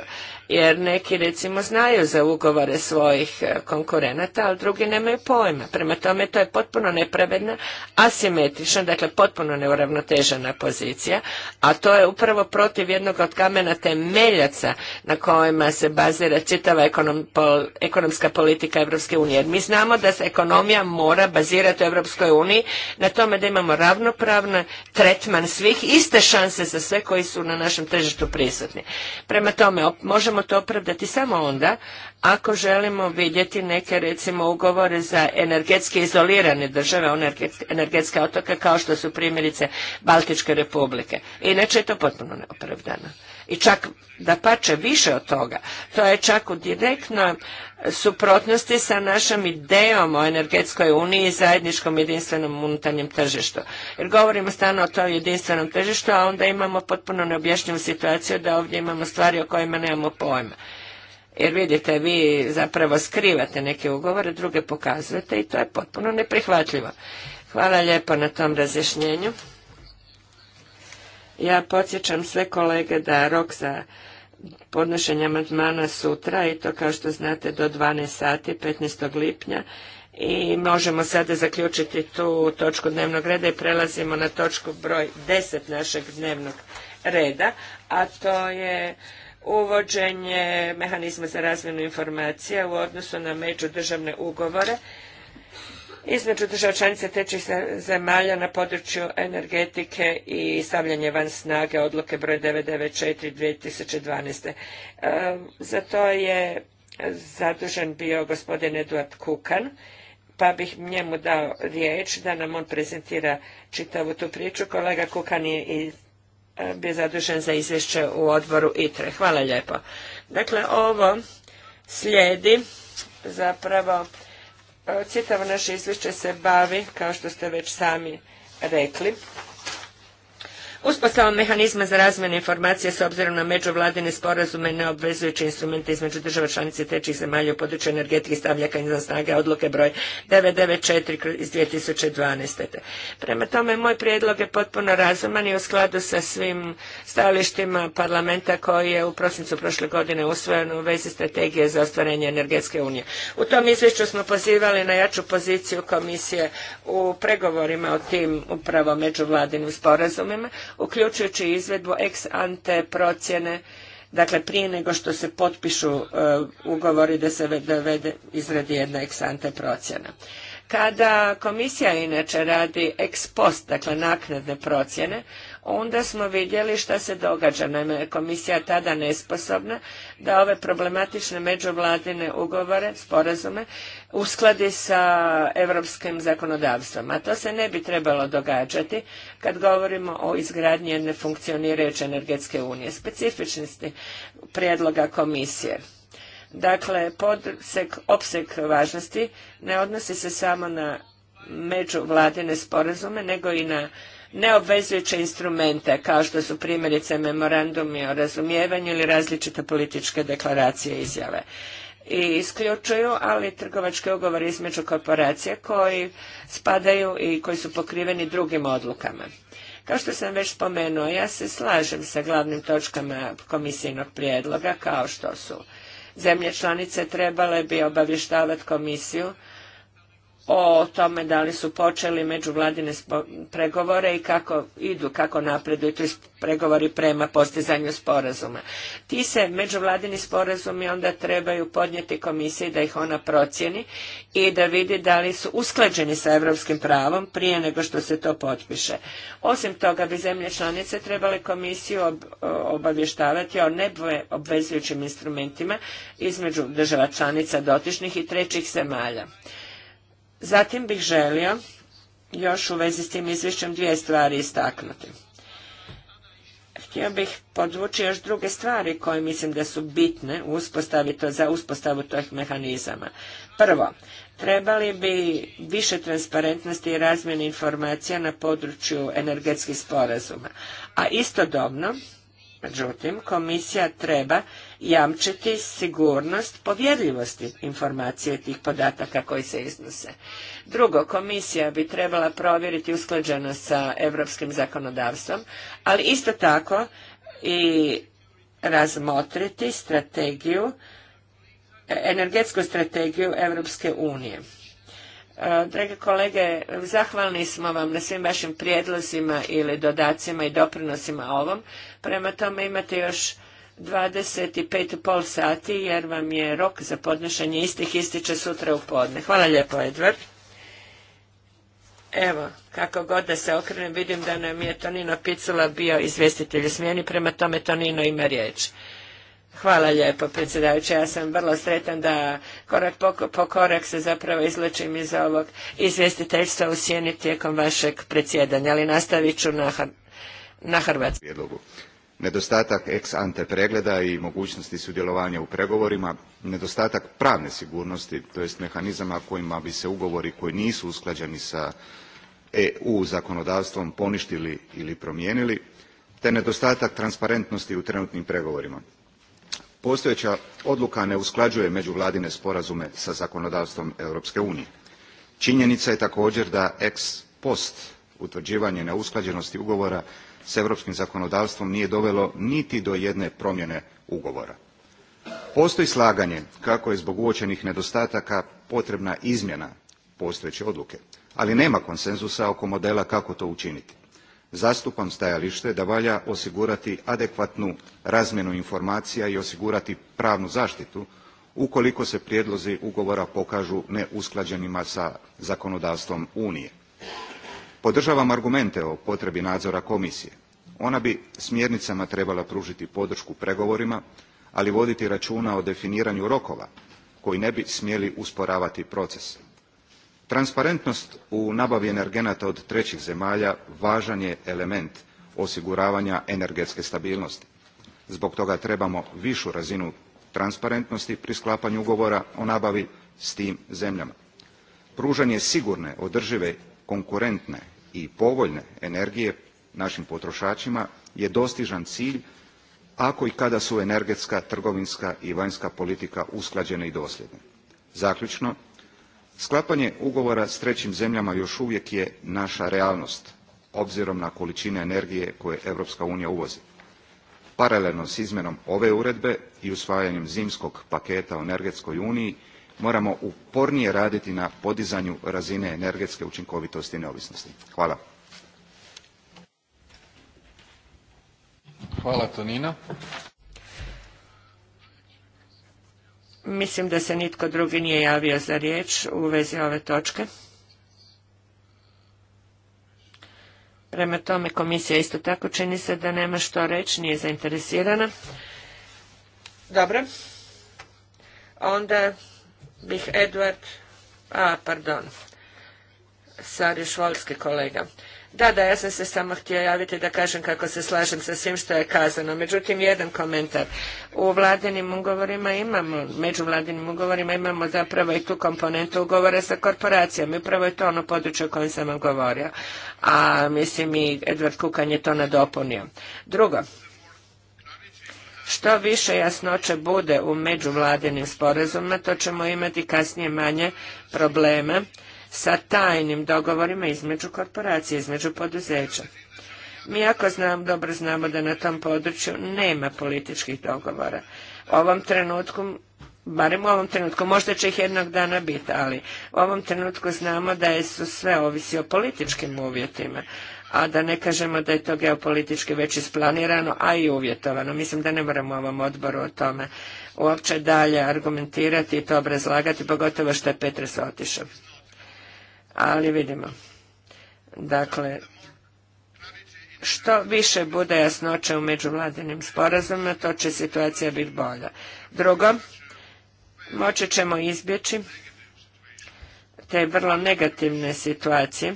jer neki recimo znaju za ugovore svojih e, konkurenata, ali drugi nemaju pojma. Prema tome to je potpuno nepravedna, asimetrična, dakle potpuno neuravnotežena pozicija, a to je upravo protiv jednog od kamena temeljaca na kojima se bazira čitava ekonom, ekonomska politika Evropske unije. Jer mi znamo da se ekonomija mora bazirati u Evropskoj uniji na tome da imamo ravnopravno tretman svih, iste šanse za sve koji su na našem tržištu prisutni. Prema tome, možemo možemo to opravdati samo onda ako želimo vidjeti neke recimo ugovore za energetski izolirane države, energetske otoke kao što su primjerice Baltičke republike. Inače je to potpuno neopravdano i čak da pače više od toga. To je čak u direktno suprotnosti sa našom idejom o energetskoj uniji i zajedničkom jedinstvenom unutarnjem tržištu. Jer govorimo stalno o toj jedinstvenom tržištu, a onda imamo potpuno neobjašnjivu situaciju da ovdje imamo stvari o kojima nemamo pojma. Jer vidite, vi zapravo skrivate neke ugovore, druge pokazujete i to je potpuno neprihvatljivo. Hvala lijepo na tom razjašnjenju. Ja podsjećam sve kolege da rok za podnošenje amandmana sutra i to kao što znate do 12 sati 15. lipnja i možemo sada zaključiti tu točku dnevnog reda i prelazimo na točku broj 10 našeg dnevnog reda, a to je uvođenje mehanizma za razmjenu informacija u odnosu na međudržavne ugovore između država članica trećih zemalja na području energetike i stavljanje van snage odluke broj 994 2012. Ehm, za to je zadužen bio gospodin Eduard Kukan, pa bih njemu dao riječ da nam on prezentira čitavu tu priču. Kolega Kukan je i e, bio zadužen za izvješće u odboru ITRE. Hvala lijepo. Dakle, ovo slijedi zapravo E, čitavo naše izvješće se bavi, kao što ste već sami rekli, uspostavom mehanizma za razmjene informacije s obzirom na međuvladine sporazume neobvezujuće instrumente između država članice trećih zemalja u području energetike stavljaka za snage odluke broj 994 iz 2012. Prema tome, moj prijedlog je potpuno razuman i u skladu sa svim stajalištima parlamenta koji je u prosincu prošle godine usvojen u vezi strategije za ostvarenje energetske unije. U tom izvješću smo pozivali na jaču poziciju komisije u pregovorima o tim upravo međuvladinim sporazumima, uključujući izvedbu ex ante procjene dakle prije nego što se potpišu e, ugovori da se dovede, izradi jedna ex ante procjena. Kada komisija inače radi ex post, dakle naknadne procjene, onda smo vidjeli šta se događa. Naime, komisija je tada nesposobna da ove problematične međuvladine ugovore, sporazume, uskladi sa europskim zakonodavstvom. A to se ne bi trebalo događati kad govorimo o izgradnji jedne funkcionirajuće energetske unije. Specifičnosti prijedloga komisije. Dakle, podsek, opseg važnosti ne odnosi se samo na međuvladine sporazume, nego i na neobvezujuće instrumente kao što su primjerice memorandumi o razumijevanju ili različite političke deklaracije i izjave i isključuju, ali trgovački ugovori između korporacije koji spadaju i koji su pokriveni drugim odlukama. Kao što sam već spomenuo, ja se slažem sa glavnim točkama komisijnog prijedloga, kao što su zemlje članice trebale bi obavještavati komisiju o tome da li su počeli međuvladine pregovore i kako idu, kako napreduju pregovori prema postizanju sporazuma. Ti se međuvladini sporazumi onda trebaju podnijeti komisiji da ih ona procjeni i da vidi da li su usklađeni sa europskim pravom prije nego što se to potpiše. Osim toga bi zemlje članice trebale komisiju obavještavati o obvezujućim instrumentima između država članica dotičnih i trećih zemalja. Zatim bih želio još u vezi s tim izvješćem dvije stvari istaknuti. Htio bih podvući još druge stvari koje mislim da su bitne za uspostavu tih mehanizama. Prvo, trebali bi više transparentnosti i razmjene informacija na području energetskih sporazuma, a istodobno Međutim, komisija treba jamčiti sigurnost povjerljivosti informacije tih podataka koji se iznose. Drugo, komisija bi trebala provjeriti usklađenost sa europskim zakonodavstvom, ali isto tako i razmotriti strategiju, energetsku strategiju Europske unije. Drage kolege, zahvalni smo vam na svim vašim prijedlozima ili dodacima i doprinosima ovom. Prema tome imate još 25,5 sati jer vam je rok za podnošenje istih ističe sutra u podne. Hvala lijepo, Edvard. Evo, kako god da se okrenem, vidim da nam je Tonino Picula bio izvjestitelj smjeni, prema tome Tonino ima riječ. Hvala lijepo, predsjedavajući. Ja sam vrlo sretan da korak po, korak se zapravo izlačim iz ovog izvjestiteljstva u sjeni tijekom vašeg predsjedanja, ali nastavit ću na, na Hrvatsku. Nedostatak ex ante pregleda i mogućnosti sudjelovanja u pregovorima, nedostatak pravne sigurnosti, to jest mehanizama kojima bi se ugovori koji nisu usklađeni sa EU zakonodavstvom poništili ili promijenili, te nedostatak transparentnosti u trenutnim pregovorima postojeća odluka ne usklađuje međuvladine sporazume sa zakonodavstvom europske unije. činjenica je također da ex post utvrđivanje neusklađenosti ugovora s europskim zakonodavstvom nije dovelo niti do jedne promjene ugovora. postoji slaganje kako je zbog uočenih nedostataka potrebna izmjena postojeće odluke ali nema konsenzusa oko modela kako to učiniti zastupam stajalište da valja osigurati adekvatnu razmjenu informacija i osigurati pravnu zaštitu ukoliko se prijedlozi ugovora pokažu neusklađenima sa zakonodavstvom unije. podržavam argumente o potrebi nadzora komisije ona bi smjernicama trebala pružiti podršku pregovorima ali voditi računa o definiranju rokova koji ne bi smjeli usporavati proces transparentnost u nabavi energenata od trećih zemalja važan je element osiguravanja energetske stabilnosti zbog toga trebamo višu razinu transparentnosti pri sklapanju ugovora o nabavi s tim zemljama pružanje sigurne održive konkurentne i povoljne energije našim potrošačima je dostižan cilj ako i kada su energetska trgovinska i vanjska politika usklađene i dosljedne zaključno sklapanje ugovora s trećim zemljama još uvijek je naša realnost obzirom na količine energije koje europska unija uvozi paralelno s izmjenom ove uredbe i usvajanjem zimskog paketa o energetskoj uniji moramo upornije raditi na podizanju razine energetske učinkovitosti i neovisnosti hvala hvala Mislim da se nitko drugi nije javio za riječ u vezi ove točke. Prema tome komisija isto tako čini se da nema što reći, nije zainteresirana. Dobro. Onda bih Edward, a pardon, Sariš Volski kolega. Da, da, ja sam se samo htio javiti da kažem kako se slažem sa svim što je kazano. Međutim, jedan komentar. U vladinim ugovorima imamo, među vladinim ugovorima imamo zapravo i tu komponentu ugovora sa korporacijama. Upravo je to ono područje o kojem sam vam govorio. A mislim i Edward Kukan je to nadopunio. Drugo, što više jasnoće bude u međuvladinim sporazumima, to ćemo imati kasnije manje probleme sa tajnim dogovorima između korporacije, između poduzeća. Mi jako znam, dobro znamo da na tom području nema političkih dogovora. U ovom trenutku, barem u ovom trenutku, možda će ih jednog dana biti, ali u ovom trenutku znamo da su sve ovisi o političkim uvjetima a da ne kažemo da je to geopolitički već isplanirano, a i uvjetovano. Mislim da ne moramo ovom odboru o tome uopće dalje argumentirati i to obrazlagati, pogotovo što je Petres otišao ali vidimo. Dakle, što više bude jasnoće u međuvladinim sporazumima, to će situacija biti bolja. Drugo, moći ćemo izbjeći te vrlo negativne situacije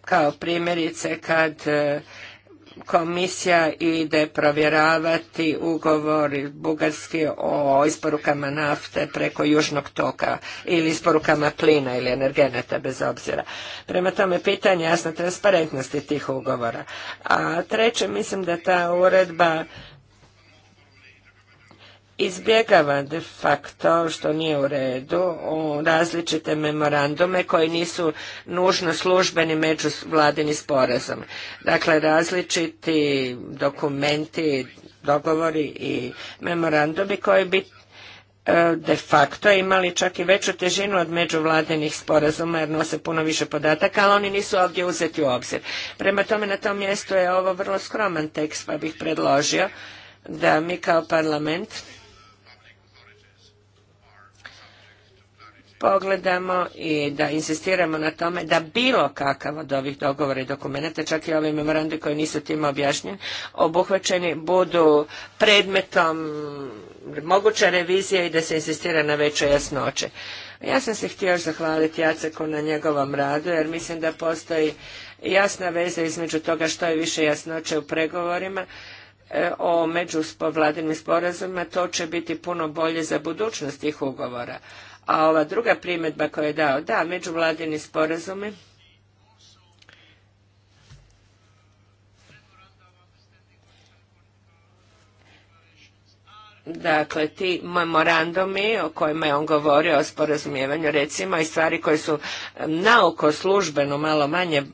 kao primjerice kad eh, komisija ide provjeravati ugovor bugarski o isporukama nafte preko južnog toka ili isporukama plina ili energenata bez obzira. Prema tome pitanje jasno transparentnosti tih ugovora. A treće, mislim da ta uredba izbjegava de facto, što nije u redu, u različite memorandume koji nisu nužno službeni međuvladini sporazum. Dakle, različiti dokumenti, dogovori i memorandumi koji bi e, de facto imali čak i veću težinu od međuvladinih sporazuma jer nose puno više podataka, ali oni nisu ovdje uzeti u obzir. Prema tome na tom mjestu je ovo vrlo skroman tekst pa bih predložio da mi kao parlament pogledamo i da insistiramo na tome da bilo kakav od ovih dogovora i dokumenta, čak i ovi memorandi koji nisu tim objašnjeni, obuhvaćeni budu predmetom moguće revizije i da se insistira na veće jasnoće. Ja sam se htio zahvaliti Jaceku na njegovom radu jer mislim da postoji jasna veza između toga što je više jasnoće u pregovorima e, o međuspovladinim sporazumima, to će biti puno bolje za budućnost tih ugovora. A ova druga primjedba koju je dao, da, međuvladini sporazumi, Dakle, ti memorandumi o kojima je on govorio o sporazumijevanju, recimo, i stvari koje su naoko službeno malo manje mm,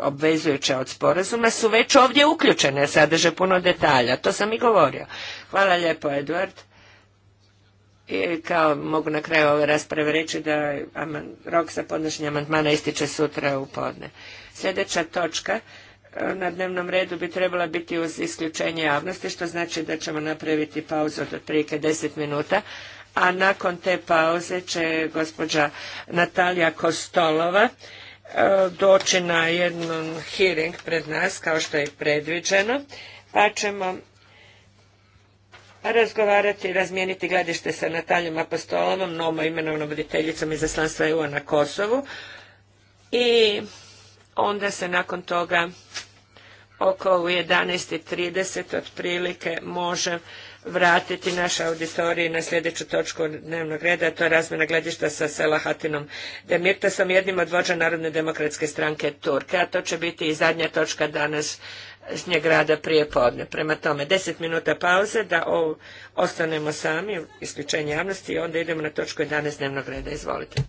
obvezujuće od sporazuma, su već ovdje uključene, sadrže puno detalja. To sam i govorio. Hvala lijepo, Eduard. I kao mogu na kraju ove rasprave reći da rok za podnošenje amandmana ističe sutra u podne. Sljedeća točka e, na dnevnom redu bi trebala biti uz isključenje javnosti, što znači da ćemo napraviti pauzu od otprilike 10 minuta, a nakon te pauze će gospođa Natalija Kostolova e, doći na jedan hearing pred nas, kao što je predviđeno, pa ćemo razgovarati i razmijeniti gledište sa Nataljom Apostolovom, novom imenovnom voditeljicom izaslanstva EU na Kosovu. I onda se nakon toga oko u 11.30 otprilike može vratiti naš auditoriji na sljedeću točku dnevnog reda, a to je razmjena gledišta sa Selahatinom Demirtasom, jednim od vođa Narodne demokratske stranke Turke, a to će biti i zadnja točka danas snjeg rada prije podne. Prema tome, deset minuta pauze da ostanemo sami, isključenje javnosti i onda idemo na točku 11 dnevnog reda. Izvolite.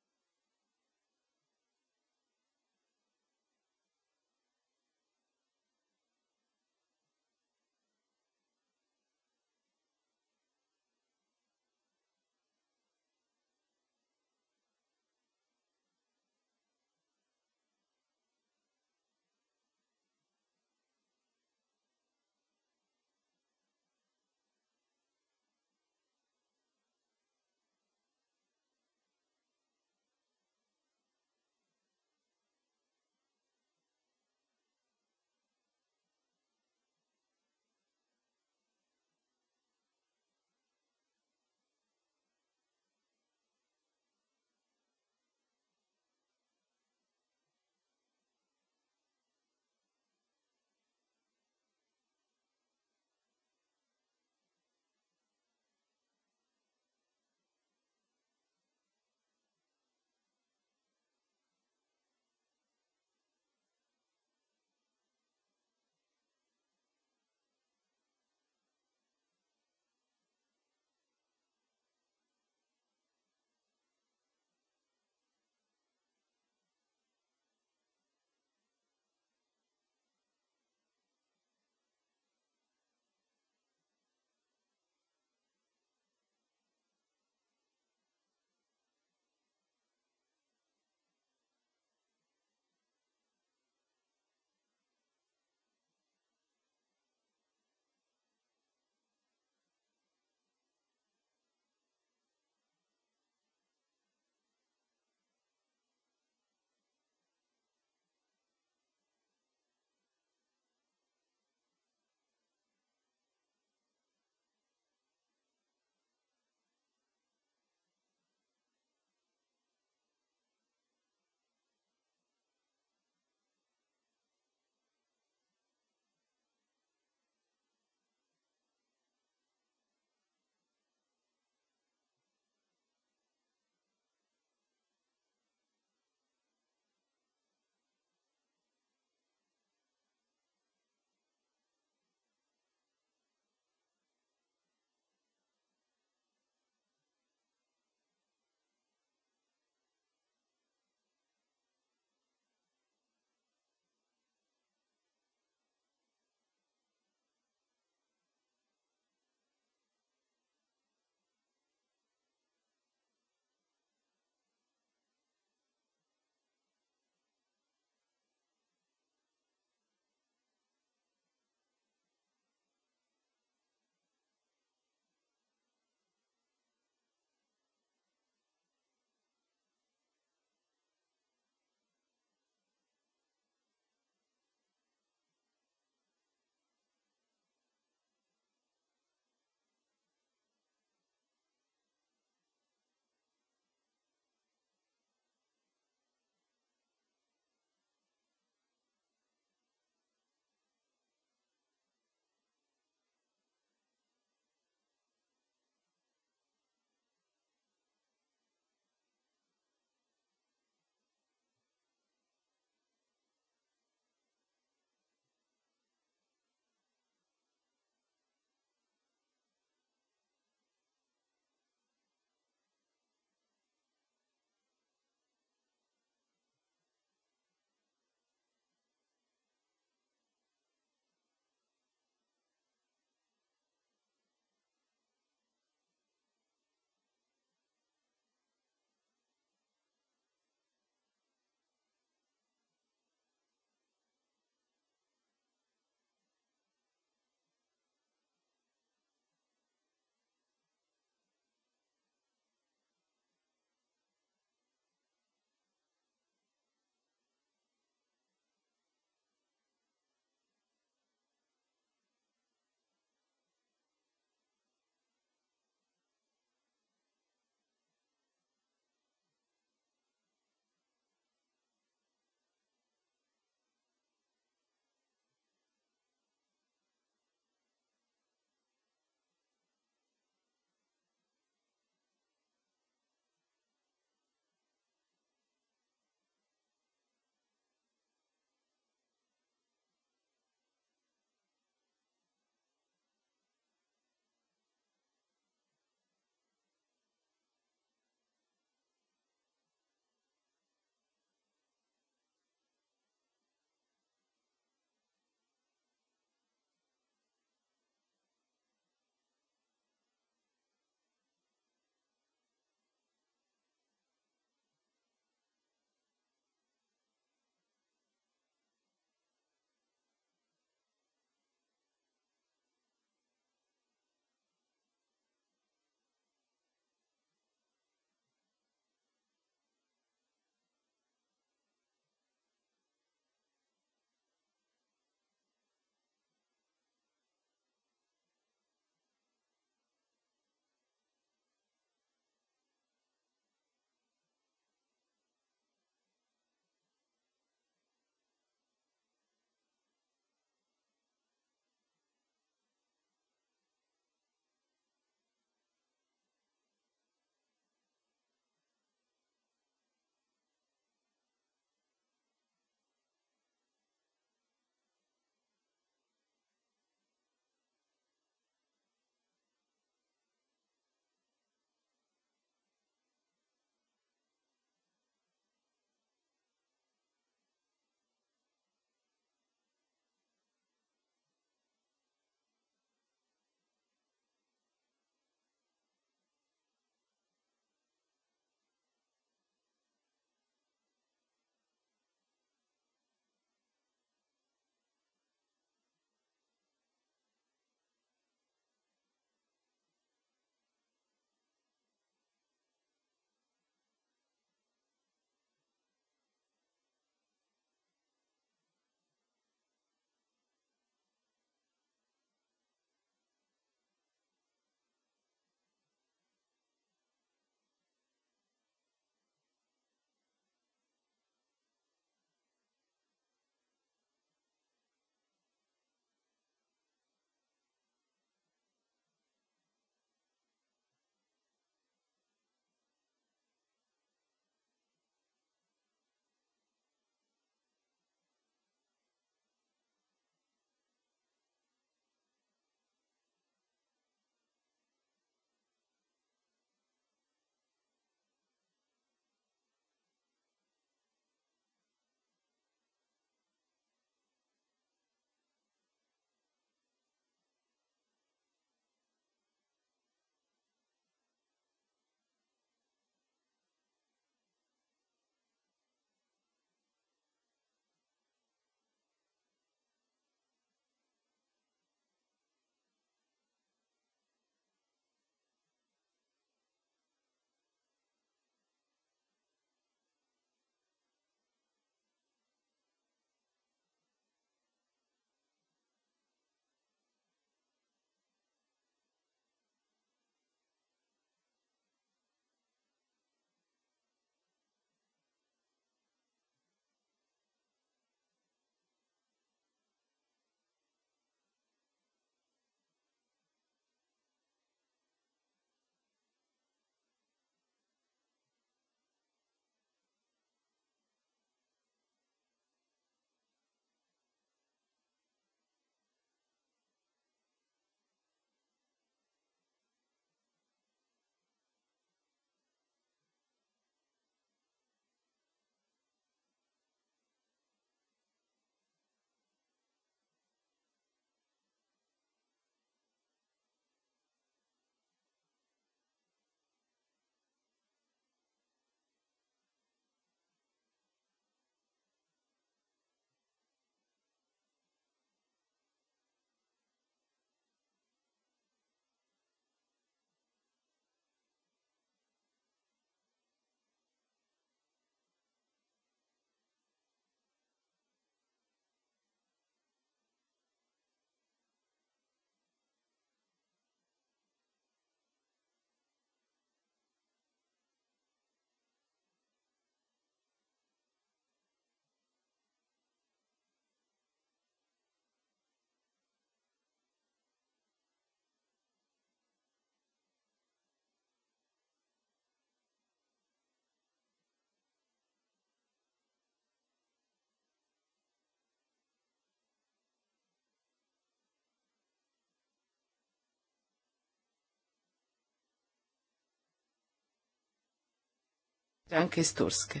stranke iz Turske.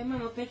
Imamo pet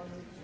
od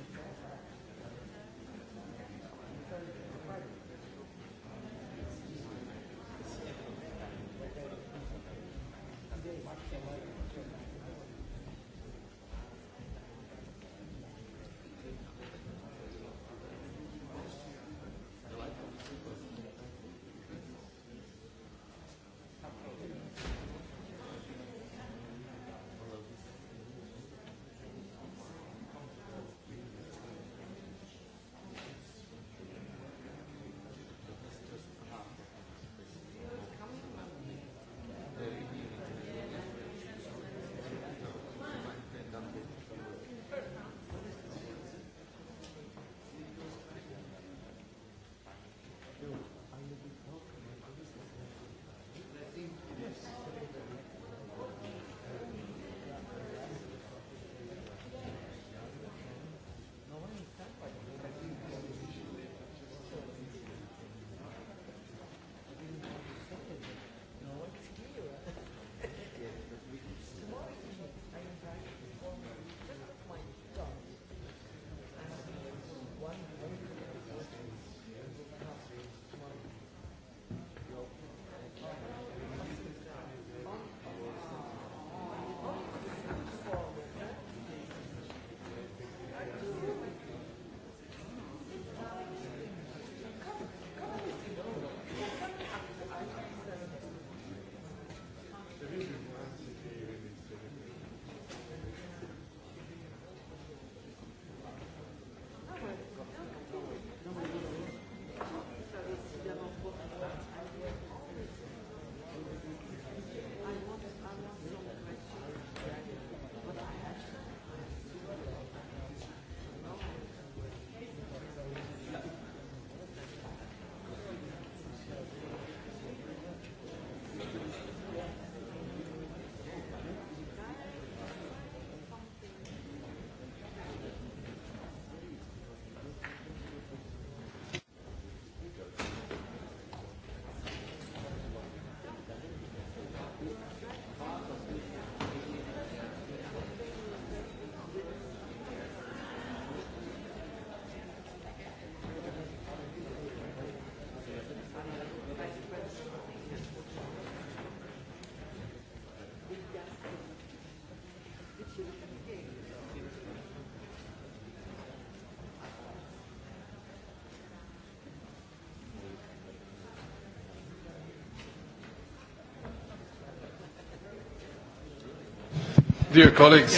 Dear colleagues,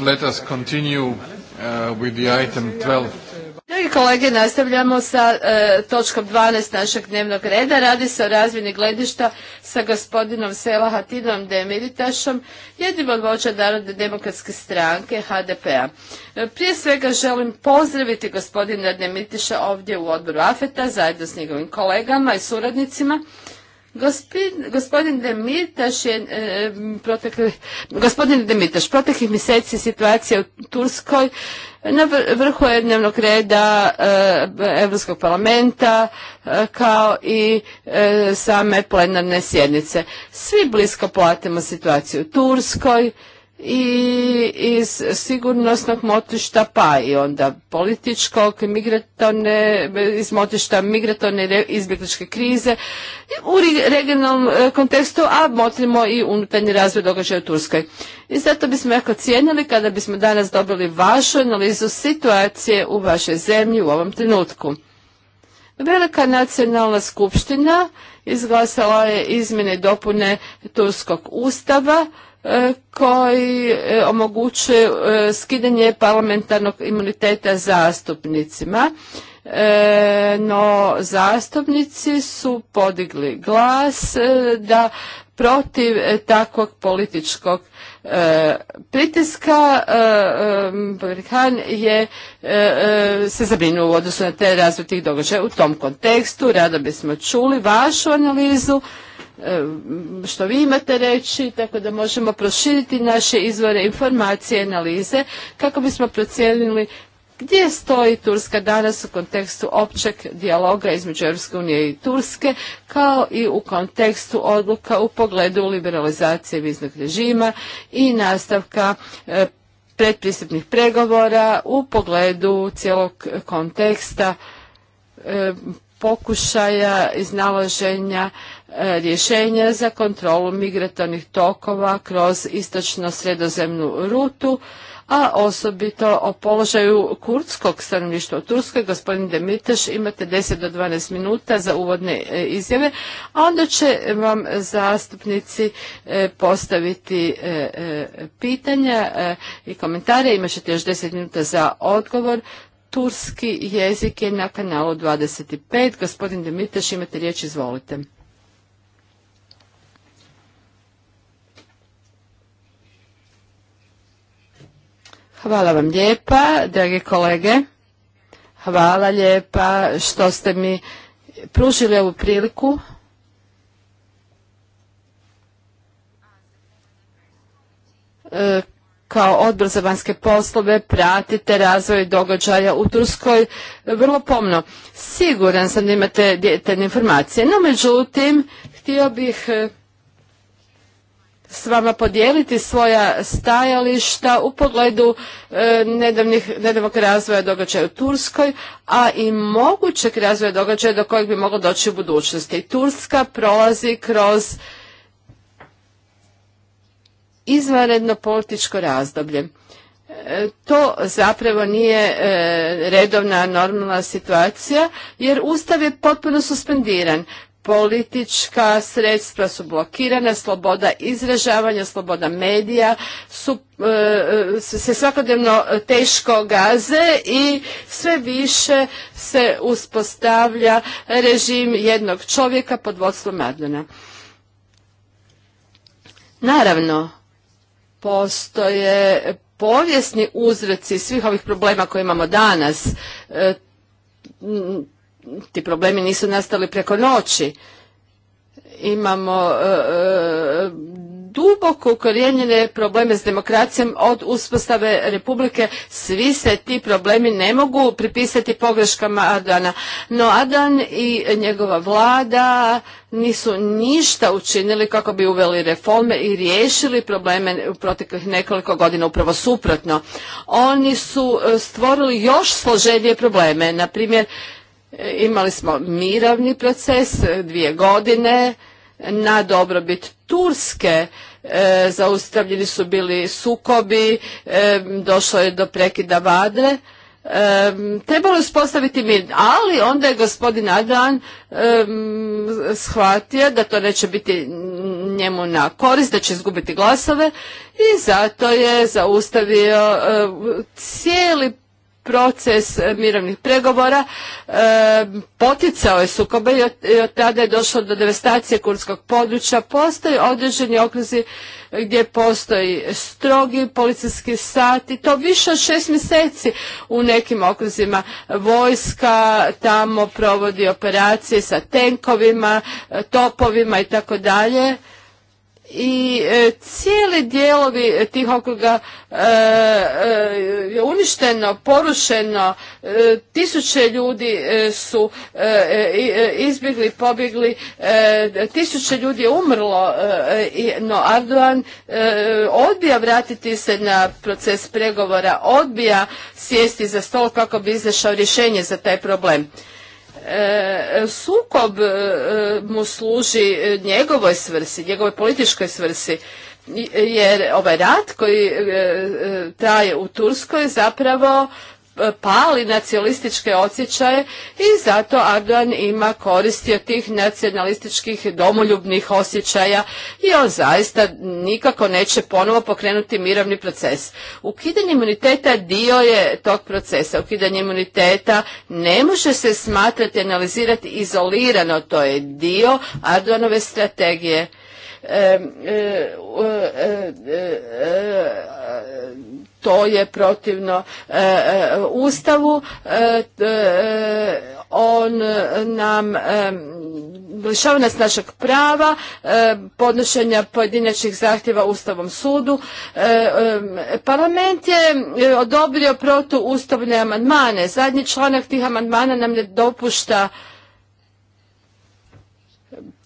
let us continue uh, with the item 12. Dragi kolege, nastavljamo sa uh, točkom 12 našeg dnevnog reda. Radi se o razvini gledišta sa gospodinom Sela Hatinom Demiritašom, jednim od vođa Narodne demokratske stranke HDP-a. Prije svega želim pozdraviti gospodina Demiritaša ovdje u odboru AFETA zajedno s njegovim kolegama i suradnicima. Gospodin, Demitaš je e, gospodin Demitaš, proteklih mjeseci situacija u Turskoj na vrhu je dnevnog reda Europskog parlamenta e, kao i e, same plenarne sjednice. Svi blisko platimo situaciju u Turskoj, i iz sigurnosnog motišta pa i onda političkog, iz motišta migratorne izbjegličke krize u regionalnom e, kontekstu, a motrimo i unutarnji razvoj događaja u Turskoj. I zato bismo jako cijenili kada bismo danas dobili vašu analizu situacije u vašoj zemlji u ovom trenutku. Velika nacionalna skupština izglasala je izmjene i dopune Turskog ustava, koji e, omogućuje e, skidanje parlamentarnog imuniteta zastupnicima. E, no zastupnici su podigli glas da protiv takvog političkog pritiska je se zabrinuo u odnosu na te razvoj tih događaja. U tom kontekstu rado bismo čuli vašu analizu E, što vi imate reći, tako da možemo proširiti naše izvore informacije i analize kako bismo procijenili gdje stoji Turska danas u kontekstu općeg dijaloga između EU unije i Turske, kao i u kontekstu odluka u pogledu liberalizacije viznog režima i nastavka e, predpristupnih pregovora u pogledu cijelog konteksta e, pokušaja iznalaženja e, rješenja za kontrolu migratornih tokova kroz istočno sredozemnu rutu, a osobito o položaju kurdskog stanovništva u Turskoj. Gospodin Demiteš, imate 10 do 12 minuta za uvodne e, izjave, a onda će vam zastupnici e, postaviti pitanja i komentare. Imaćete još 10 minuta za odgovor turski jezik je na kanalu 25. Gospodin Demiteš, imate riječ, izvolite. Hvala vam lijepa, drage kolege. Hvala lijepa što ste mi pružili ovu priliku. E, kao odbor za vanjske poslove pratite razvoj događaja u Turskoj vrlo pomno. Siguran sam da imate detaljne informacije, no međutim htio bih e, s vama podijeliti svoja stajališta u pogledu e, nedavnog razvoja događaja u Turskoj, a i mogućeg razvoja događaja do kojeg bi moglo doći u budućnosti. Turska prolazi kroz izvanredno političko razdoblje. E, to zapravo nije e, redovna normalna situacija jer Ustav je potpuno suspendiran. Politička sredstva su blokirana, sloboda izražavanja, sloboda medija su, e, se svakodnevno teško gaze i sve više se uspostavlja režim jednog čovjeka pod vodstvom Adnana. Naravno, postoje povijesni uzreci svih ovih problema koje imamo danas. E, ti problemi nisu nastali preko noći. Imamo e, e, duboko ukorijenjene probleme s demokracijom od uspostave Republike. Svi se ti problemi ne mogu pripisati pogreškama Adana. No Adan i njegova vlada nisu ništa učinili kako bi uveli reforme i riješili probleme u proteklih nekoliko godina, upravo suprotno. Oni su e, stvorili još složenije probleme. Na primjer, e, imali smo miravni proces e, dvije godine, na dobrobit Turske. E, zaustavljeni su bili sukobi, e, došlo je do prekida vadre. E, trebalo je uspostaviti mir, ali onda je gospodin Adan shvatio da to neće biti njemu na korist, da će izgubiti glasove i zato je zaustavio cijeli proces e, mirovnih pregovora e, poticao je sukobe i od tada je došlo do devastacije kurdskog područja. Postoje određeni okruzi gdje postoji strogi policijski sat i to više od šest mjeseci u nekim okruzima. Vojska tamo provodi operacije sa tenkovima, e, topovima i tako dalje i e, cijeli dijelovi tih okruga e, e, je uništeno, porušeno, tisuće ljudi su izbjegli, pobjegli, tisuće ljudi je umrlo, no Arduan odbija vratiti se na proces pregovora, odbija sjesti za stol kako bi izašao rješenje za taj problem. E, sukob e, mu služi njegovoj svrsi, njegovoj političkoj svrsi e, jer ovaj rat koji traje u Turskoj zapravo pali nacionalističke osjećaje i zato Ardoan ima koristi od tih nacionalističkih domoljubnih osjećaja i on zaista nikako neće ponovo pokrenuti mirovni proces. Ukidanje imuniteta dio je tog procesa. Ukidanje imuniteta ne može se smatrati, analizirati izolirano. To je dio Ardoanove strategije. E, e, e, e to je protivno e, e, Ustavu. E, on nam lišava nas našeg prava, podnošenja pojedinačnih zahtjeva Ustavom sudu. Parlament je odobrio protuustavne amandmane. Zadnji članak tih amandmana nam ne dopušta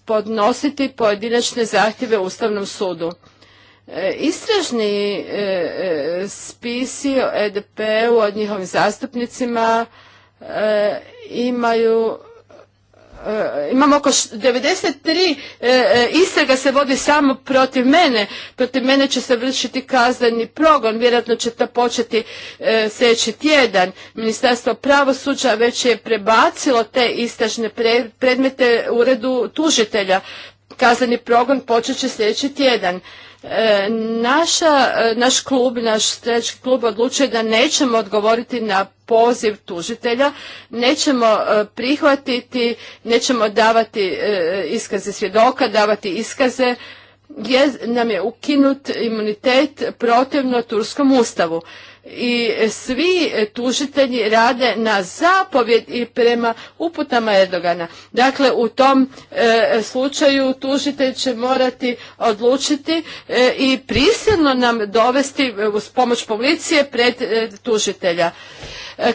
podnositi pojedinačne zahtjeve Ustavnom sudu. E, istražni e, e, spisi o EDP-u od njihovim zastupnicima imaju imamo oko 93 istraga se vodi samo protiv mene. Protiv mene će se vršiti kazneni progon. Vjerojatno će to početi sljedeći tjedan. Ministarstvo pravosuđa već je prebacilo te istražne predmete uredu tužitelja. Kazneni progon počet će sljedeći tjedan. E, naša, e, naš klub, naš strečki klub odlučuje da nećemo odgovoriti na poziv tužitelja, nećemo e, prihvatiti, nećemo davati iskaze svjedoka, davati iskaze gdje nam je ukinut imunitet protivno turskom ustavu i svi tužitelji rade na zapovjed i prema uputama Erdogana. Dakle, u tom e, slučaju tužitelj će morati odlučiti e, i prisilno nam dovesti e, uz pomoć policije pred e, tužitelja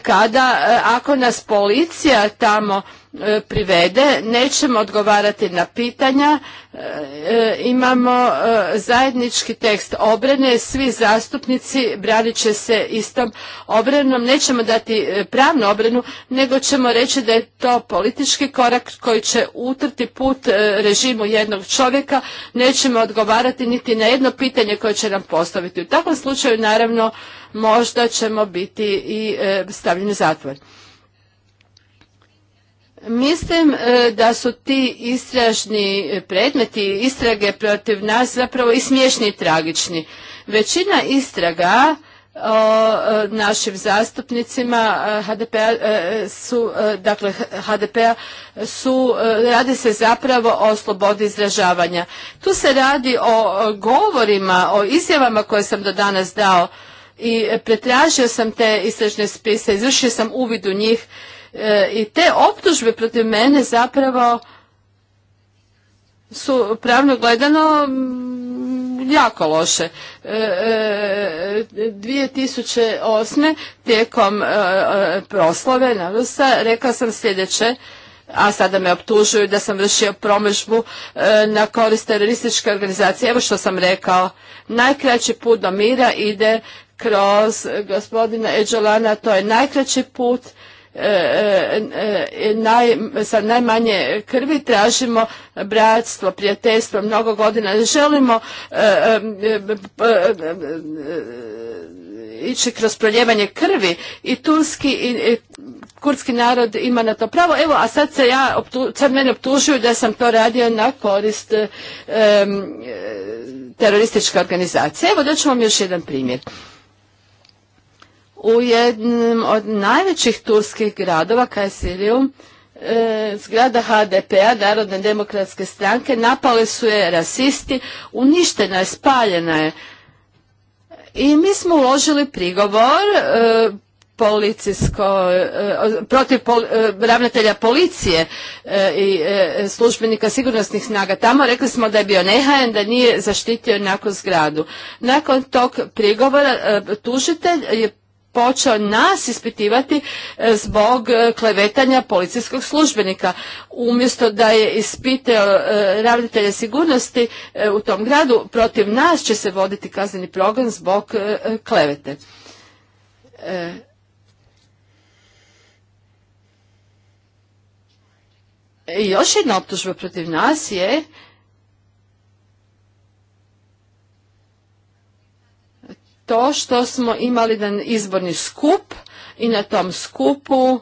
kada e, ako nas policija tamo e, privede, nećemo odgovarati na pitanja. E, imamo zajednički tekst obrane, svi zastupnici branit će se istom obranom, nećemo dati pravnu obranu, nego ćemo reći da je to politički korak koji će utrti put režimu jednog čovjeka, nećemo odgovarati niti na jedno pitanje koje će nam postaviti. U takvom slučaju naravno možda ćemo biti i e, stavljeni zatvor. Mislim e, da su ti istražni predmeti, istrage protiv nas zapravo i smiješni i tragični. Većina istraga o e, našim zastupnicima HDP-a su, dakle hdp p-a su, radi se zapravo o slobodi izražavanja. Tu se radi o govorima, o izjavama koje sam do danas dao i pretražio sam te istražne spise, izvršio sam uvid u njih e, i te optužbe protiv mene zapravo su pravno gledano mm, jako loše. 2008. E, e, tijekom proslove Narusa rekao sam sljedeće, a sada me optužuju da sam vršio promežbu na korist terorističke organizacije. Evo što sam rekao, najkraći put do mira ide kroz gospodina Eđolana, to je najkraći put e, e, e, sa najmanje krvi tražimo bratstvo, prijateljstvo, mnogo godina. Želimo ići kroz proljevanje krvi i turski i, kurski kurdski narod ima na to pravo. Evo, a sad se ja, sad mene optužuju da sam to radio na korist terorističke organizacije. Evo, da ću vam još jedan primjer u jednom od najvećih turskih gradova, Kajsiriju, e, zgrada HDP-a, Narodne demokratske stranke, napali su je rasisti, uništena je, spaljena je. I mi smo uložili prigovor e, e, protiv ravnatelja policije i službenika sigurnosnih snaga tamo. Rekli smo da je bio nehajan, da nije zaštitio nakon zgradu. Nakon tog prigovora tužitelj je počeo nas ispitivati e, zbog e, klevetanja policijskog službenika. Umjesto da je ispitao e, ravnitelja sigurnosti u tom gradu, protiv nas će se voditi kazneni progon zbog klevete. Još jedna optužba protiv nas je to što smo imali jedan izborni skup i na tom skupu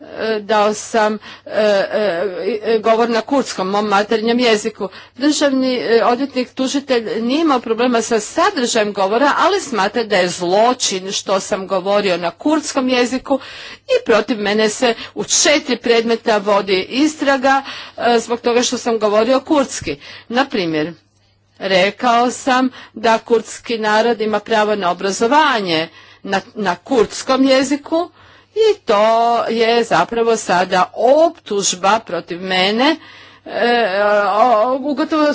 e, dao sam e, e, govor na kurdskom, mom maternjem jeziku. Državni odvjetnik tužitelj nije imao problema sa sadržajem govora, ali smatra da je zločin što sam govorio na kurdskom jeziku i protiv mene se u četiri predmeta vodi istraga zbog toga što sam govorio kurdski. Naprimjer, Rekao sam da kurdski narod ima pravo na obrazovanje na, na kurdskom jeziku i to je zapravo sada optužba protiv mene u e, gotovo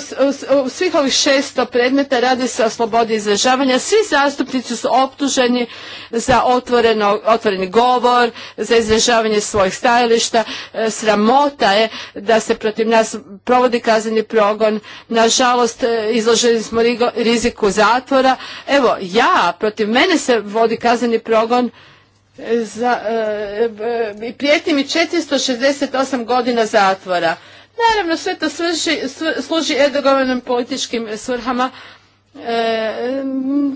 svih ovih šesto predmeta radi se o slobodi izražavanja. Svi zastupnici su optuženi za otvoreni govor, za izražavanje svojih stajališta. E, sramota je da se protiv nas provodi kazneni progon. Nažalost, e, izloženi smo riziku zatvora. Evo, ja, protiv mene se vodi kazneni progon za, prijeti mi 468 godina zatvora. Naravno, sve to služi, služi političkim svrhama. E,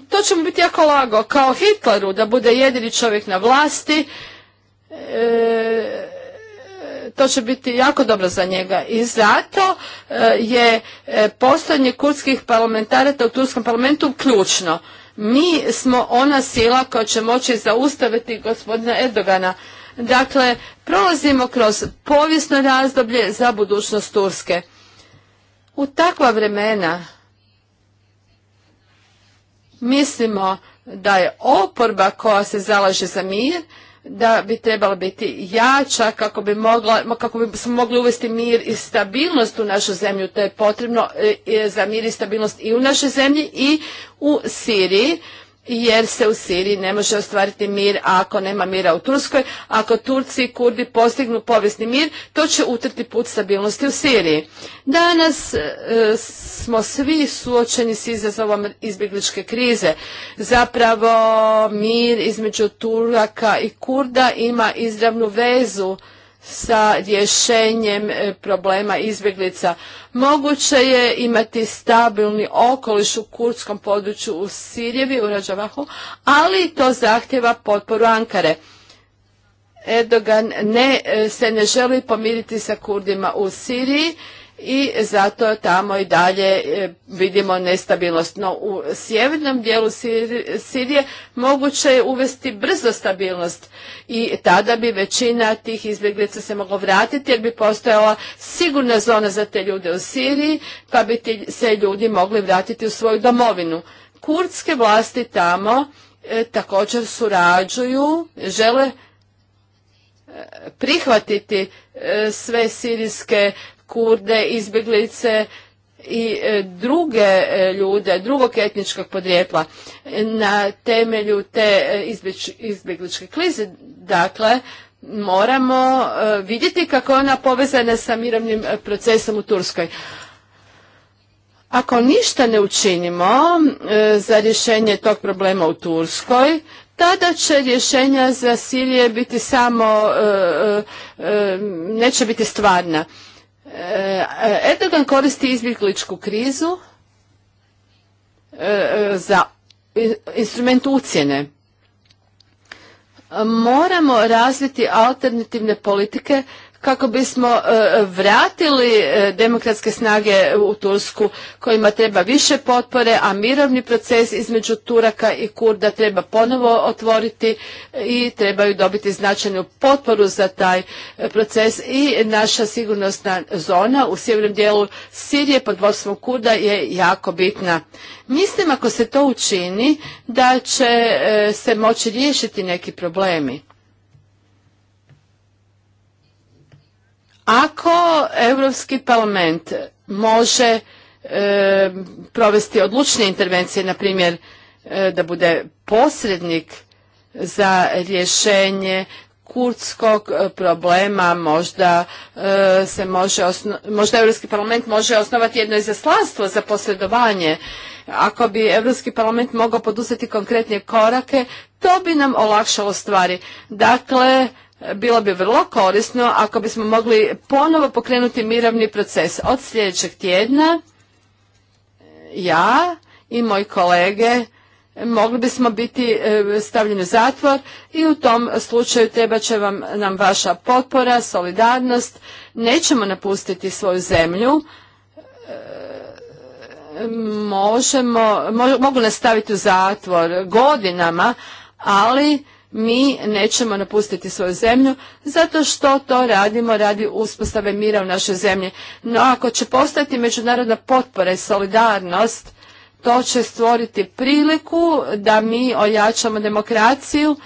to će mu biti jako lago. Kao Hitleru, da bude jedini čovjek na vlasti, e, to će biti jako dobro za njega. I zato e, je postojanje kurdskih parlamentarata u turskom parlamentu ključno. Mi smo ona sila koja će moći zaustaviti gospodina Erdogana. Dakle, prolazimo kroz povijesno razdoblje za budućnost Turske. U takva vremena mislimo da je oporba koja se zalaže za mir, da bi trebala biti jača kako bi, kako bi smo mogli uvesti mir i stabilnost u našu zemlju. To je potrebno e, e, za mir i stabilnost i u našoj zemlji i u Siriji jer se u Siriji ne može ostvariti mir ako nema mira u Turskoj. Ako Turci i Kurdi postignu povijesni mir, to će utrti put stabilnosti u Siriji. Danas e, smo svi suočeni s izazovom izbjegličke krize. Zapravo mir između Turaka i Kurda ima izravnu vezu sa rješenjem e, problema izbjeglica. Moguće je imati stabilni okoliš u kurdskom području u Sirjevi, u Rađavahu, ali to zahtjeva potporu Ankare. Erdogan ne, e, se ne želi pomiriti sa Kurdima u Siriji i zato tamo i dalje e, vidimo nestabilnost. No u sjevernom dijelu Sirije moguće je uvesti brzo stabilnost i tada bi većina tih izbjeglica se mogla vratiti jer bi postojala sigurna zona za te ljude u Siriji pa bi se ljudi mogli vratiti u svoju domovinu. Kurdske vlasti tamo e, također surađuju, žele e, prihvatiti sve sirijske kurde, izbjeglice i e, druge e, ljude, drugog etničkog podrijetla na temelju te e, izbjegličke klize. Dakle, moramo vidjeti kako je ona povezana sa mirovnim procesom u Turskoj. Ako ništa ne učinimo za rješenje tog problema u Turskoj, tada će rješenja za Sirije biti samo, neće biti stvarna. E, Erdogan koristi izbjegličku krizu e, e, za instrument ucjene. Moramo razviti alternativne politike kako bismo e, vratili e, demokratske snage u Tursku kojima treba više potpore, a mirovni proces između Turaka i Kurda treba ponovo otvoriti e, i trebaju dobiti značajnu potporu za taj proces i naša sigurnosna zona u sjevernom dijelu Sirije pod vodstvom Kurda je jako bitna. Mislim ako se to učini da će se moći riješiti neki problemi. Ako Europski parlament može e, provesti odlučne intervencije, na primjer e, da bude posrednik za rješenje kurdskog problema, možda e, se može, možda Europski parlament može osnovati jedno izaslanstvo za posredovanje. Ako bi Europski parlament mogao poduzeti konkretne korake, to bi nam olakšalo stvari. Dakle, bilo bi vrlo korisno ako bismo mogli ponovo pokrenuti mirovni proces. Od sljedećeg tjedna e, ja i moji kolege e, mogli bismo biti e, stavljeni u zatvor i u tom slučaju treba će vam, nam vaša potpora, solidarnost. Nećemo napustiti svoju zemlju. Možemo, mogu nastaviti u zatvor godinama, ali mi nećemo napustiti svoju zemlju zato što to radimo radi uspostave mira u našoj zemlji. No ako će postati međunarodna potpora i solidarnost, to će stvoriti priliku da mi ojačamo demokraciju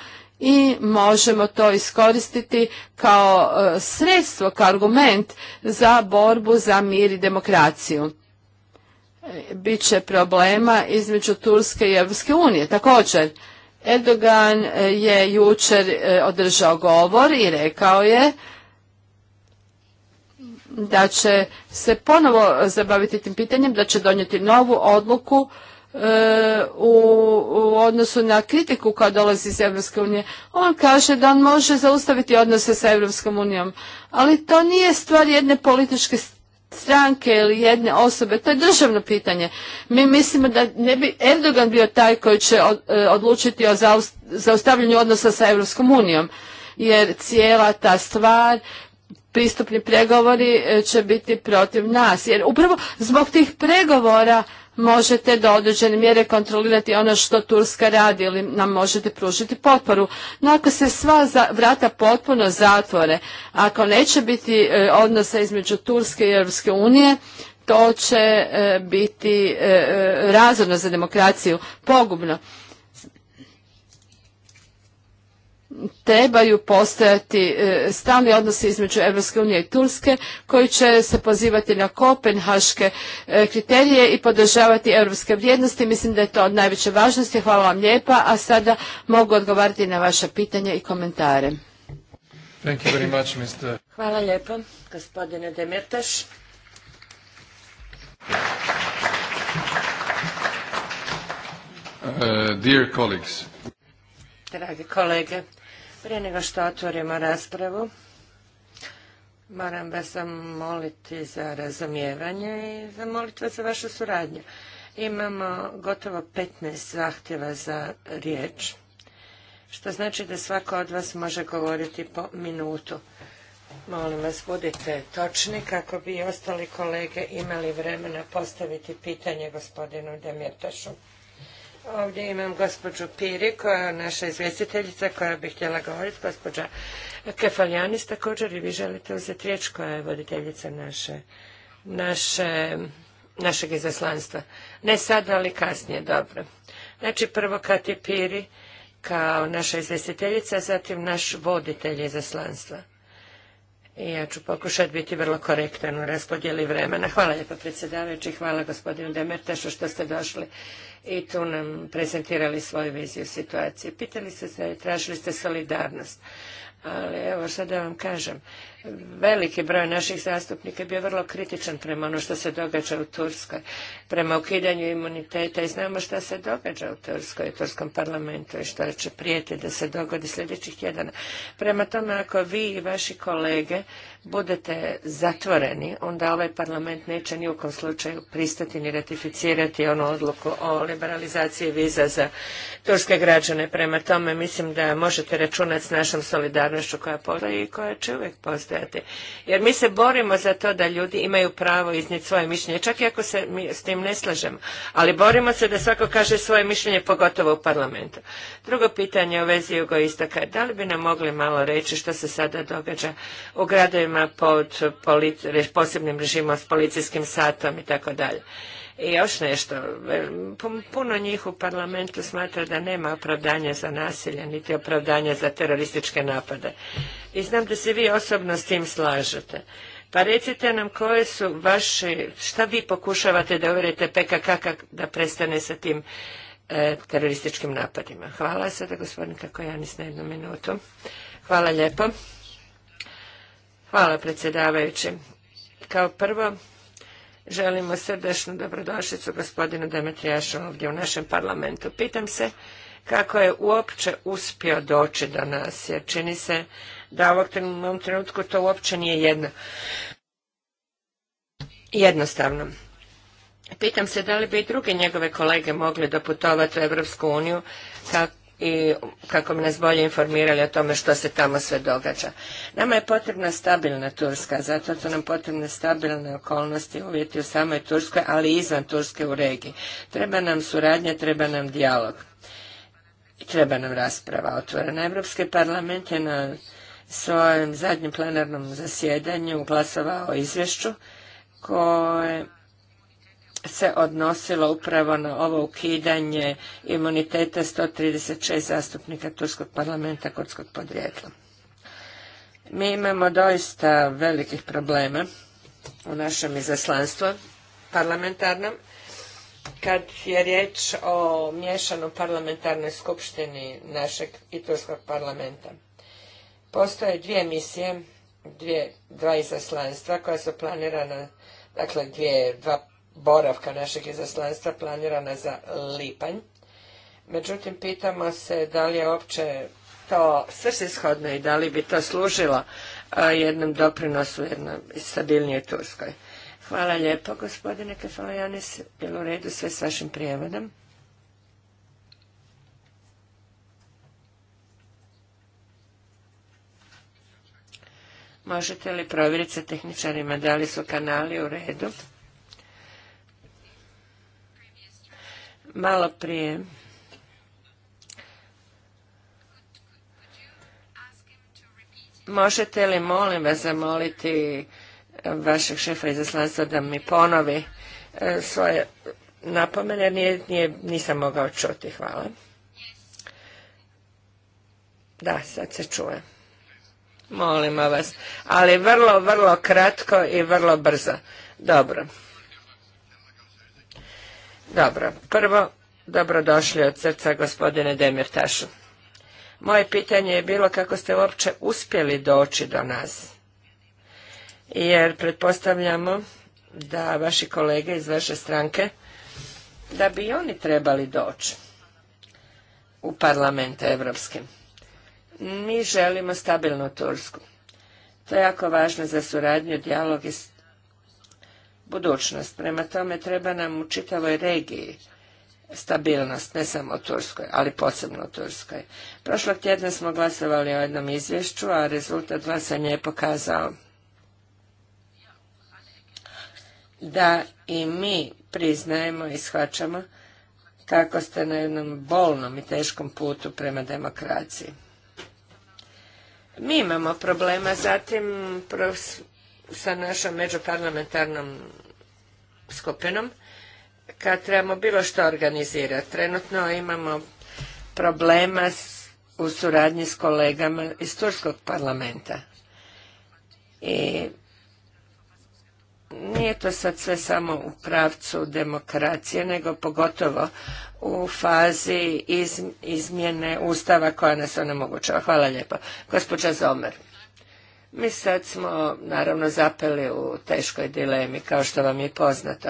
i možemo to iskoristiti kao e, sredstvo, kao argument za borbu za mir i demokraciju. E, Biće problema između Turske i Europske unije također Erdogan e, je jučer e, održao govor i rekao je da će se ponovo zabaviti tim pitanjem, da će donijeti novu odluku e, u, odnosu na kritiku koja dolazi iz Europske unije. On kaže da on može zaustaviti odnose sa Europskom unijom, ali to nije stvar jedne političke stranke ili jedne osobe, to je državno pitanje. Mi mislimo da ne bi Erdogan bio taj koji će e, odlučiti o zaustavljanju odnosa sa Europskom unijom, jer cijela ta stvar pristupni pregovori e, će biti protiv nas. Jer upravo zbog tih pregovora možete do određene mjere kontrolirati ono što Turska radi ili nam možete pružiti potporu. No ako se sva vrata potpuno zatvore, ako neće biti e, odnosa između Turske i Europske unije, to će e, biti e, razorno za demokraciju, pogubno. trebaju postojati e, stalni odnosi između Europske unije i Turske koji će se pozivati na kopenhaške e, kriterije i podržavati europske vrijednosti. Mislim da je to od najveće važnosti. Hvala vam lijepa, a sada mogu odgovarati na vaša pitanja i komentare. Hvala lijepo, gospodine Demirtaš. Uh, dear colleagues. Dragi kolege, prije nego što otvorimo raspravu, moram vas zamoliti za razumijevanje i zamoliti vas za vašu suradnju. Imamo gotovo 15 zahtjeva za riječ, što znači da svako od vas može govoriti po minutu. Molim vas, budite točni kako bi i ostali kolege imali vremena postaviti pitanje gospodinu Demirtašu. Ovdje imam gospođu Piri, koja je naša izvjestiteljica, koja bi htjela govoriti. Gospođa Kefaljanis također i vi želite uzeti riječ, koja je voditeljica naše, naše, našeg izaslanstva. Ne sad, ali kasnije, dobro. Znači, prvo Kati Piri kao naša izvjestiteljica, zatim naš voditelj izaslanstva. I ja ću pokušati biti vrlo korektan u raspodjeli vremena. Hvala lijepa predsjedavajući, hvala gospodinu Demertašu što ste došli i tu nam prezentirali svoju viziju situacije. Pitali ste se, tražili ste solidarnost. Ali evo sad da vam kažem, veliki broj naših zastupnika je bio vrlo kritičan prema ono što se događa u Turskoj, prema ukidanju imuniteta i znamo šta se događa u Turskoj u Turskom parlamentu i što će prijeti da se dogodi sljedećih tjedana. Prema tome, ako vi i vaši kolege budete zatvoreni, onda ovaj parlament neće ni u kom slučaju pristati ni ratificirati onu odluku o liberalizaciji viza za turske građane. Prema tome mislim da možete računati s našom solidarnošću koja postoji i koja će uvijek postojati. Jer mi se borimo za to da ljudi imaju pravo iznijeti svoje mišljenje, čak i ako se mi s tim ne slažemo. Ali borimo se da svako kaže svoje mišljenje, pogotovo u parlamentu. Drugo pitanje u vezi jugoistaka, da li bi nam mogli malo reći što se sada događa u gradovima režima pod posebnim režimom s policijskim satom i tako dalje. I još nešto, puno njih u parlamentu smatra da nema opravdanja za nasilje, niti opravdanja za terorističke napade. I znam da se vi osobno s tim slažete. Pa recite nam koje su vaše, šta vi pokušavate da uvjerite PKK da prestane sa tim e, terorističkim napadima. Hvala sada gospodin Kakojanis na jednu minutu. Hvala lijepo. Hvala predsjedavajući. Kao prvo, želimo srdešnu dobrodošlicu gospodinu Demetrijašu ovdje u našem parlamentu. Pitam se kako je uopće uspio doći do nas, jer čini se da u ovom trenutku to uopće nije jedno. Jednostavno. Pitam se da li bi i druge njegove kolege mogli doputovati u Europsku uniju kako i kako bi nas bolje informirali o tome što se tamo sve događa. Nama je potrebna stabilna Turska, zato su nam potrebne stabilne okolnosti, uvjeti u samoj Turskoj, ali i izvan Turske u regiji. Treba nam suradnja, treba nam dijalog. Treba nam rasprava otvorena. Europski parlament je na svojem zadnjem plenarnom zasjedanju glasovao o izvješću koje se odnosilo upravo na ovo ukidanje imuniteta 136 zastupnika Turskog parlamenta kurdskog podrijetla. Mi imamo doista velikih problema u našem izaslanstvu parlamentarnom kad je riječ o miješanom parlamentarnoj skupštini našeg i Turskog parlamenta. Postoje dvije misije, dva izaslanstva koja su planirana, dakle dvije, dva boravka našeg izaslanstva planirana za lipanj. Međutim, pitamo se da li je uopće to svrsishodno i da li bi to služilo jednom doprinosu jednoj stabilnijoj Turskoj. Hvala lijepo, gospodine Kefalajanis. Je u redu sve s vašim prijevodom? Možete li provjeriti sa tehničarima da li su kanali u redu? malo prije možete li molim vas zamoliti vašeg šefa izaslanstva da mi ponovi e, svoje napomene nije, nisam mogao čuti hvala da sad se čuje molimo vas ali vrlo vrlo kratko i vrlo brzo dobro dobro, prvo, dobrodošli od srca gospodine Demirtašu. Moje pitanje je bilo kako ste uopće uspjeli doći do nas. Jer pretpostavljamo da vaši kolege iz vaše stranke, da bi oni trebali doći u Parlament evropske. Mi želimo stabilnu Tursku. To je jako važno za suradnju, dijalog i budućnost. Prema tome treba nam u čitavoj regiji stabilnost, ne samo u Turskoj, ali posebno u Turskoj. Prošlog tjedna smo glasovali o jednom izvješću, a rezultat glasanja je pokazao da i mi priznajemo i shvaćamo kako ste na jednom bolnom i teškom putu prema demokraciji. Mi imamo problema zatim sa našom međuparlamentarnom skupinom kad trebamo bilo što organizirati. Trenutno imamo problema u suradnji s kolegama iz Turskog parlamenta. I nije to sad sve samo u pravcu demokracije, nego pogotovo u fazi izmjene ustava koja nas onemogućava. Hvala lijepo. Gospođa Zomer. Mi sad smo naravno zapeli u teškoj dilemi, kao što vam je poznato.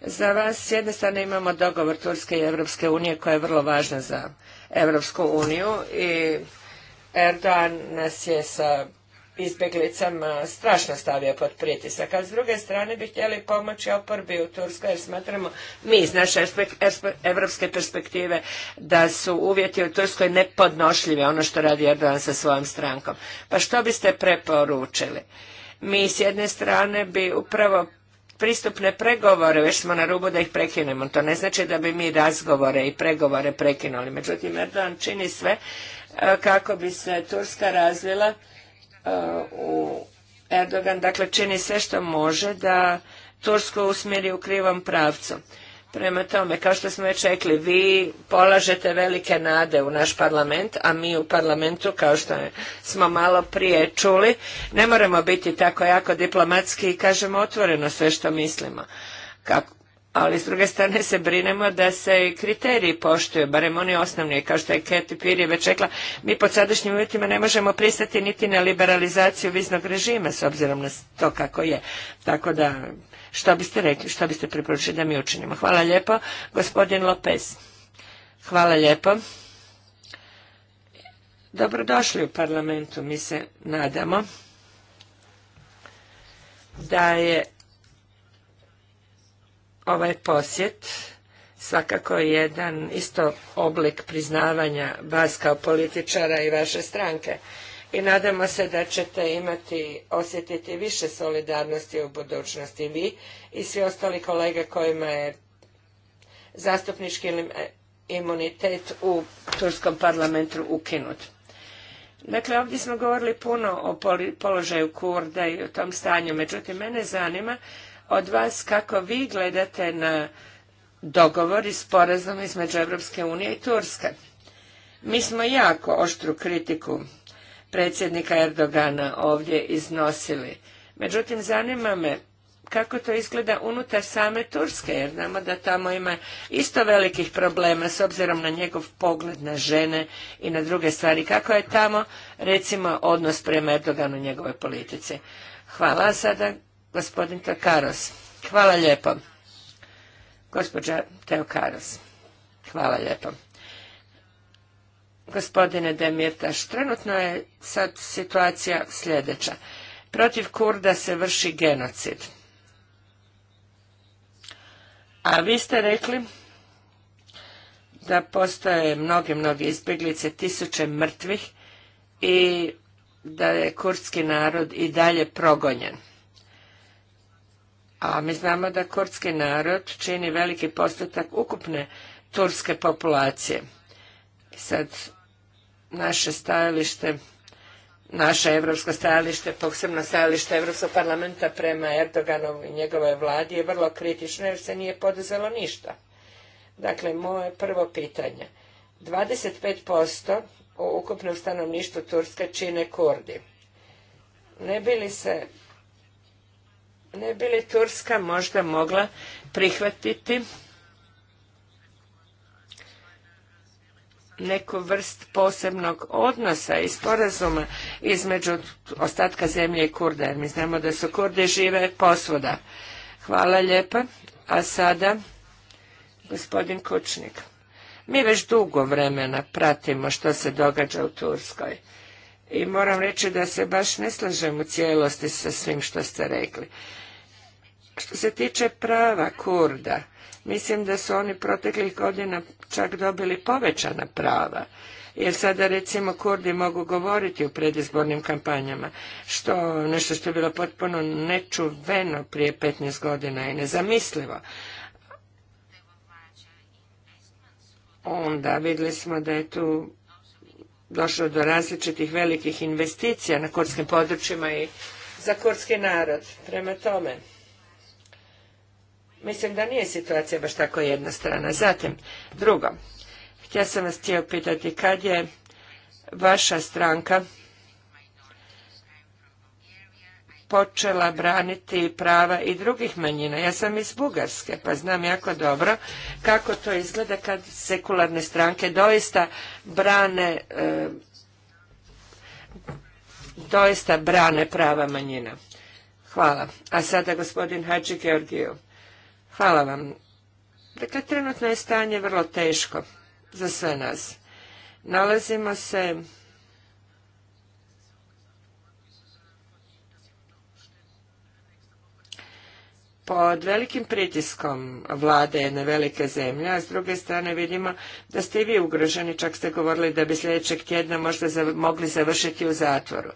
Za vas s jedne strane imamo dogovor Turske i Europske unije koja je vrlo važna za Europsku uniju i Erdogan nas je sa izbjeglicama strašno stavio pod pritisak, a s druge strane bi htjeli pomoći oporbi u Turskoj jer smatramo mi iz naše evropske perspektive da su uvjeti u Turskoj nepodnošljive ono što radi Erdogan sa svojom strankom. Pa što biste preporučili? Mi s jedne strane bi upravo pristupne pregovore, već smo na rubu da ih prekinemo. To ne znači da bi mi razgovore i pregovore prekinuli. Međutim, Erdogan čini sve e, kako bi se Turska razvila E, u Erdogan dakle čini sve što može da Tursku usmjeri u krivom pravcu. Prema tome, kao što smo već rekli, vi polažete velike nade u naš parlament, a mi u parlamentu, kao što smo malo prije čuli, ne moramo biti tako jako diplomatski i kažemo otvoreno sve što mislimo. Kako, ali s druge strane se brinemo da se kriteriji poštuju, barem oni osnovni, kao što je Katy Piri već rekla, mi pod sadašnjim uvjetima ne možemo pristati niti na liberalizaciju viznog režima s obzirom na to kako je. Tako da, što biste rekli, što biste preporučili da mi učinimo? Hvala lijepo, gospodin Lopez. Hvala lijepo. Dobrodošli u parlamentu, mi se nadamo da je ovaj posjet svakako je jedan isto oblik priznavanja vas kao političara i vaše stranke. I nadamo se da ćete imati, osjetiti više solidarnosti u budućnosti vi i svi ostali kolege kojima je zastupnički imunitet u Turskom parlamentu ukinut. Dakle, ovdje smo govorili puno o položaju Kurda i o tom stanju, međutim, mene zanima od vas kako vi gledate na dogovor i sporazum između Europske unije i Turske. Mi smo jako oštru kritiku predsjednika Erdogana ovdje iznosili. Međutim, zanima me kako to izgleda unutar same Turske, jer znamo da tamo ima isto velikih problema s obzirom na njegov pogled na žene i na druge stvari. Kako je tamo, recimo, odnos prema Erdoganu i njegove politici? Hvala. Sada gospodin Teokaros. Hvala lijepo. Gospođa Teokaros. Hvala lijepo. Gospodine Demirtaš, trenutno je sad situacija sljedeća. Protiv Kurda se vrši genocid. A vi ste rekli da postoje mnoge, mnoge izbjeglice, tisuće mrtvih i da je kurdski narod i dalje progonjen. A mi znamo da kurdski narod čini veliki postotak ukupne turske populacije. Sad, naše stajalište, naše evropsko stajalište, posebno stajalište Europskog parlamenta prema Erdoganu i njegovoj vladi je vrlo kritično jer se nije poduzelo ništa. Dakle, moje prvo pitanje. 25% u ukupnom stanovništvu Turske čine Kurdi. Ne bi li se ne bi li Turska možda mogla prihvatiti neku vrst posebnog odnosa i sporazuma između ostatka zemlje i Kurda, jer mi znamo da su Kurde žive posvuda. Hvala lijepa. A sada gospodin Kučnik. Mi već dugo vremena pratimo što se događa u Turskoj. I moram reći da se baš ne slažem u cijelosti sa svim što ste rekli. Što se tiče prava Kurda, mislim da su oni proteklih godina čak dobili povećana prava jer sada recimo Kurdi mogu govoriti u predizbornim kampanjama, što nešto što je bilo potpuno nečuveno prije 15 godina i nezamislivo. Onda vidjeli smo da je tu došlo do različitih velikih investicija na kurdskim područjima i za kurdski narod. Prema tome, Mislim da nije situacija baš tako jedna strana. Zatim, drugo, htio sam vas htio pitati kad je vaša stranka počela braniti prava i drugih manjina. Ja sam iz Bugarske, pa znam jako dobro kako to izgleda kad sekularne stranke doista brane e, doista brane prava manjina. Hvala. A sada gospodin Hadži Georgiju. Hvala vam. Dakle, trenutno je stanje vrlo teško za sve nas. Nalazimo se pod velikim pritiskom vlade jedne velike zemlje, a s druge strane vidimo da ste i vi ugroženi, čak ste govorili da bi sljedećeg tjedna možda mogli završiti u zatvoru.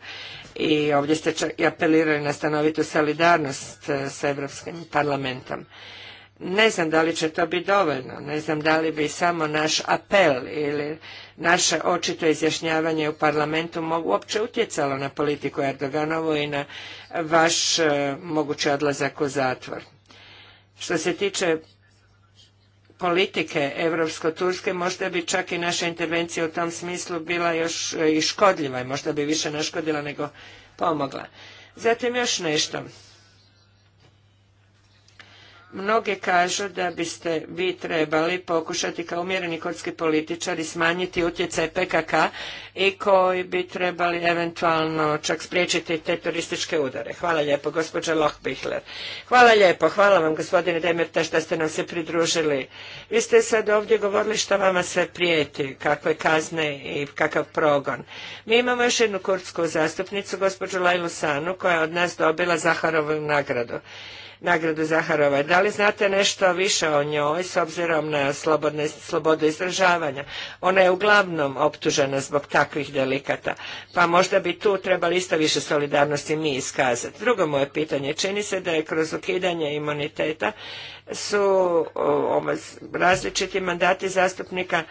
I ovdje ste čak i apelirali na stanovitu solidarnost eh, s Europskim parlamentom. Ne znam da li će to biti dovoljno, ne znam da li bi samo naš apel ili naše očito izjašnjavanje u parlamentu mogu uopće utjecalo na politiku Erdoganovu i na vaš e, mogući odlazak u zatvor. Što se tiče politike Evropsko-Turske, možda bi čak i naša intervencija u tom smislu bila još e, i škodljiva i možda bi više naškodila nego pomogla. Zatim još nešto. Mnogi kažu da biste vi trebali pokušati kao umjereni kurdski političari smanjiti utjecaj PKK i koji bi trebali eventualno čak spriječiti te turističke udare. Hvala lijepo, gospođa Lohbihler. Hvala lijepo, hvala vam gospodine Demirta što ste nam se pridružili. Vi ste sad ovdje govorili što vama sve prijeti, kakve kazne i kakav progon. Mi imamo još jednu kurdsku zastupnicu, gospođu Lajlu Sanu, koja je od nas dobila Zaharovu nagradu nagradu Zaharova. Da li znate nešto više o njoj s obzirom na slobodne, slobodu izražavanja? Ona je uglavnom optužena zbog takvih delikata. Pa možda bi tu trebali isto više solidarnosti mi iskazati. Drugo moje pitanje, čini se da je kroz ukidanje imuniteta su različiti mandati zastupnika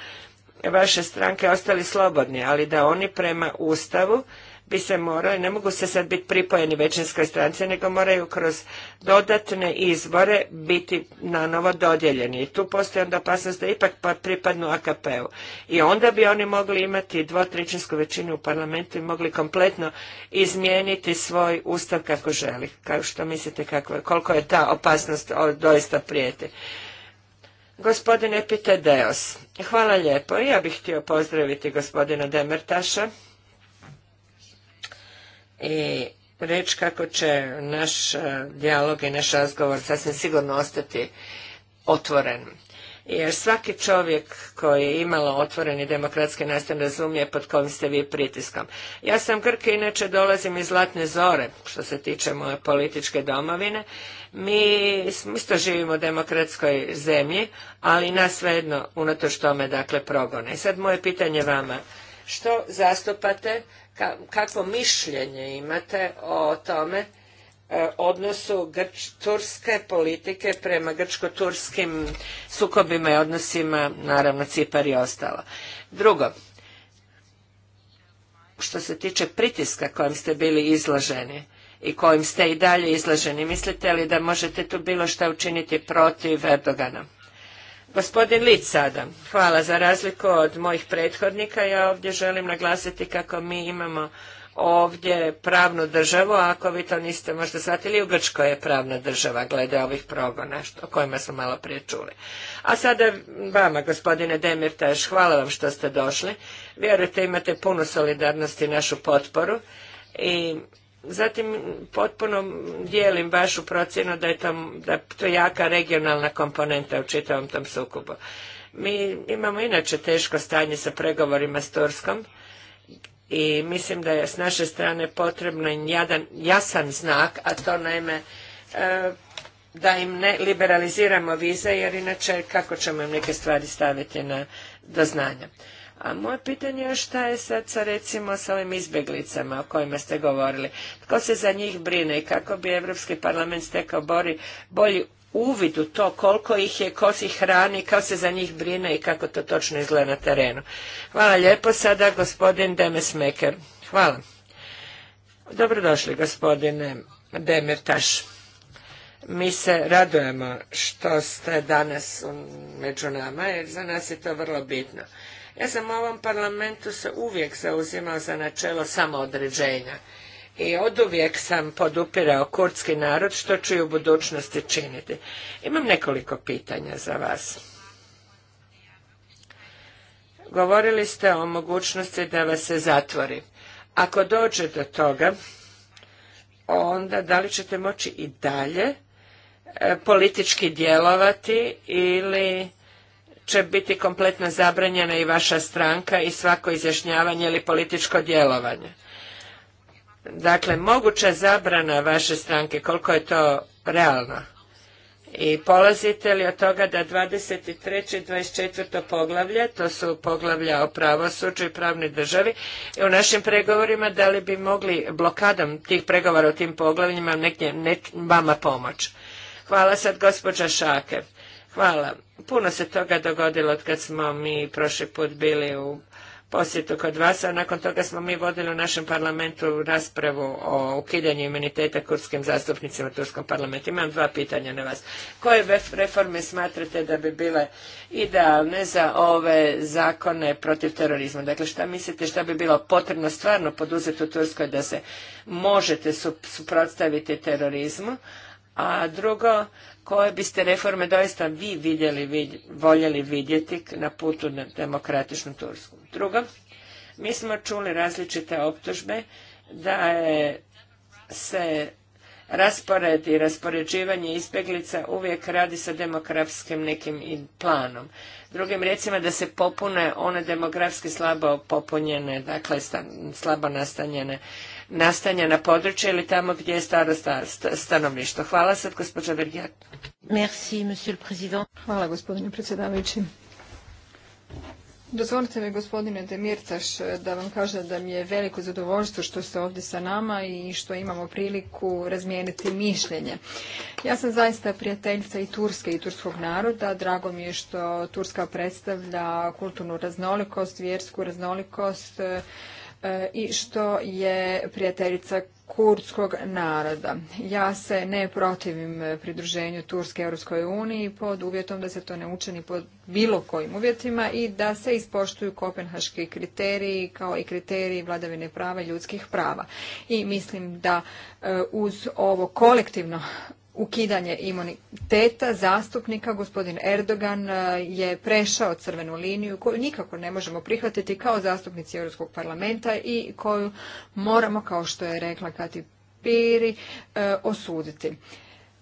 vaše stranke ostali slobodni, ali da oni prema Ustavu bi se morali, ne mogu se sad biti pripojeni većinskoj stranci, nego moraju kroz dodatne izbore biti na novo dodjeljeni. I tu postoji onda opasnost da ipak pa pripadnu AKP-u. I onda bi oni mogli imati dvotrećinsku većinu u parlamentu i mogli kompletno izmijeniti svoj ustav kako želi. Kao što mislite kako, koliko je ta opasnost doista prijeti. Gospodine Deos, hvala lijepo. Ja bih htio pozdraviti gospodina Demertaša i reći kako će naš e, dijalog i naš razgovor sasvim sigurno ostati otvoren. Jer svaki čovjek koji je imalo otvoreni demokratski nastav, razumije pod kojim ste vi pritiskom. Ja sam Grke, inače dolazim iz Zlatne zore, što se tiče moje političke domovine. Mi isto živimo u demokratskoj zemlji, ali nas svejedno unatoč tome dakle progone. I sad moje pitanje vama, što zastupate kakvo mišljenje imate o tome e, odnosu turske politike prema grčko-turskim sukobima i odnosima, naravno Cipar i ostalo. Drugo, što se tiče pritiska kojem ste bili izloženi i kojim ste i dalje izloženi, mislite li da možete tu bilo šta učiniti protiv Erdogana? Gospodin Lid, sada. Hvala. Za razliku od mojih prethodnika, ja ovdje želim naglasiti kako mi imamo ovdje pravnu državu, ako vi to niste možda shvatili, u Grčkoj je pravna država glede ovih progona o kojima smo malo prije čuli. A sada vama, gospodine Demirtaš, hvala vam što ste došli. Vjerujte, imate punu solidarnosti i našu potporu i Zatim potpuno dijelim vašu procjenu da je to, da to jaka regionalna komponenta u čitavom tom sukobu. Mi imamo inače teško stanje sa pregovorima s Turskom i mislim da je s naše strane potrebno jedan jasan znak, a to naime e, da im ne liberaliziramo vize jer inače kako ćemo im neke stvari staviti na do znanja. A moje pitanje je šta je sad sa recimo sa ovim izbjeglicama o kojima ste govorili. Tko se za njih brine i kako bi Europski parlament stekao bori, bolji uvid u to koliko ih je, ko ih hrani, kako se za njih brine i kako to točno izgleda na terenu. Hvala lijepo sada gospodin Meker. Hvala. Dobrodošli gospodine Demirtaš. Mi se radujemo što ste danas među nama jer za nas je to vrlo bitno. Ja sam u ovom parlamentu se uvijek zauzimao za načelo samoodređenja i oduvijek sam podupirao kurdski narod što ću i u budućnosti činiti. Imam nekoliko pitanja za vas. Govorili ste o mogućnosti da vas se zatvori. Ako dođe do toga, onda da li ćete moći i dalje e, politički djelovati ili će biti kompletno zabranjena i vaša stranka i svako izjašnjavanje ili političko djelovanje. Dakle, moguća zabrana vaše stranke, koliko je to realno? I polazite li od toga da 23. i 24. poglavlje, to su poglavlja o pravosuđu i pravnoj državi, i u našim pregovorima da li bi mogli blokadom tih pregovora u tim poglavljima nekje ne, vama pomoć? Hvala sad gospođa Šakev. Hvala. Puno se toga dogodilo od kad smo mi prošli put bili u posjetu kod vas, a nakon toga smo mi vodili u našem parlamentu raspravu o ukidanju imuniteta kurskim zastupnicima u Turskom parlamentu. Imam dva pitanja na vas. Koje reforme smatrate da bi bile idealne za ove zakone protiv terorizma? Dakle, šta mislite, šta bi bilo potrebno stvarno poduzeti u Turskoj da se možete suprotstaviti terorizmu? A drugo, koje biste reforme doista vi vidjeli, voljeli vidjeti na putu na demokratičnu Tursku. Drugo, mi smo čuli različite optužbe da je se raspored i raspoređivanje izbjeglica uvijek radi sa demografskim nekim planom. Drugim riječima da se popune one demografski slabo popunjene, dakle slabo nastanjene nastanja na području ili tamo gdje je staro stanovništvo. Hvala sad, gospođa Merci, Hvala, gospodine predsjedavajući. Dozvolite mi, gospodine Demirtaš, da vam kažem da mi je veliko zadovoljstvo što ste ovdje sa nama i što imamo priliku razmijeniti mišljenje. Ja sam zaista prijateljica i Turske i turskog naroda. Drago mi je što Turska predstavlja kulturnu raznolikost, vjersku raznolikost, E, i što je prijateljica kurdskog naroda. Ja se ne protivim pridruženju Turske Europskoj uniji pod uvjetom da se to ne učini pod bilo kojim uvjetima i da se ispoštuju kopenhaški kriteriji kao i kriteriji vladavine prava i ljudskih prava. I mislim da e, uz ovo kolektivno ukidanje imuniteta zastupnika, gospodin Erdogan e, je prešao crvenu liniju koju nikako ne možemo prihvatiti kao zastupnici Europskog parlamenta i koju moramo, kao što je rekla Kati Piri, e, osuditi.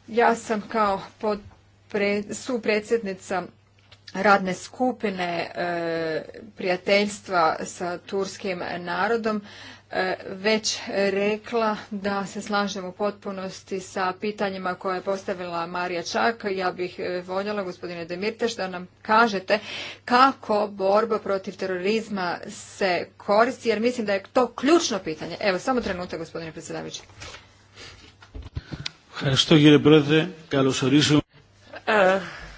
Ja sam kao supredsjednica radne skupine e, prijateljstva sa turskim narodom E, već rekla da se slažem u potpunosti sa pitanjima koje je postavila Marija Čak. Ja bih e, voljela, gospodine Demirteš da nam kažete kako borba protiv terorizma se koristi, jer mislim da je to ključno pitanje. Evo, samo trenutak, gospodine predsjedavajući.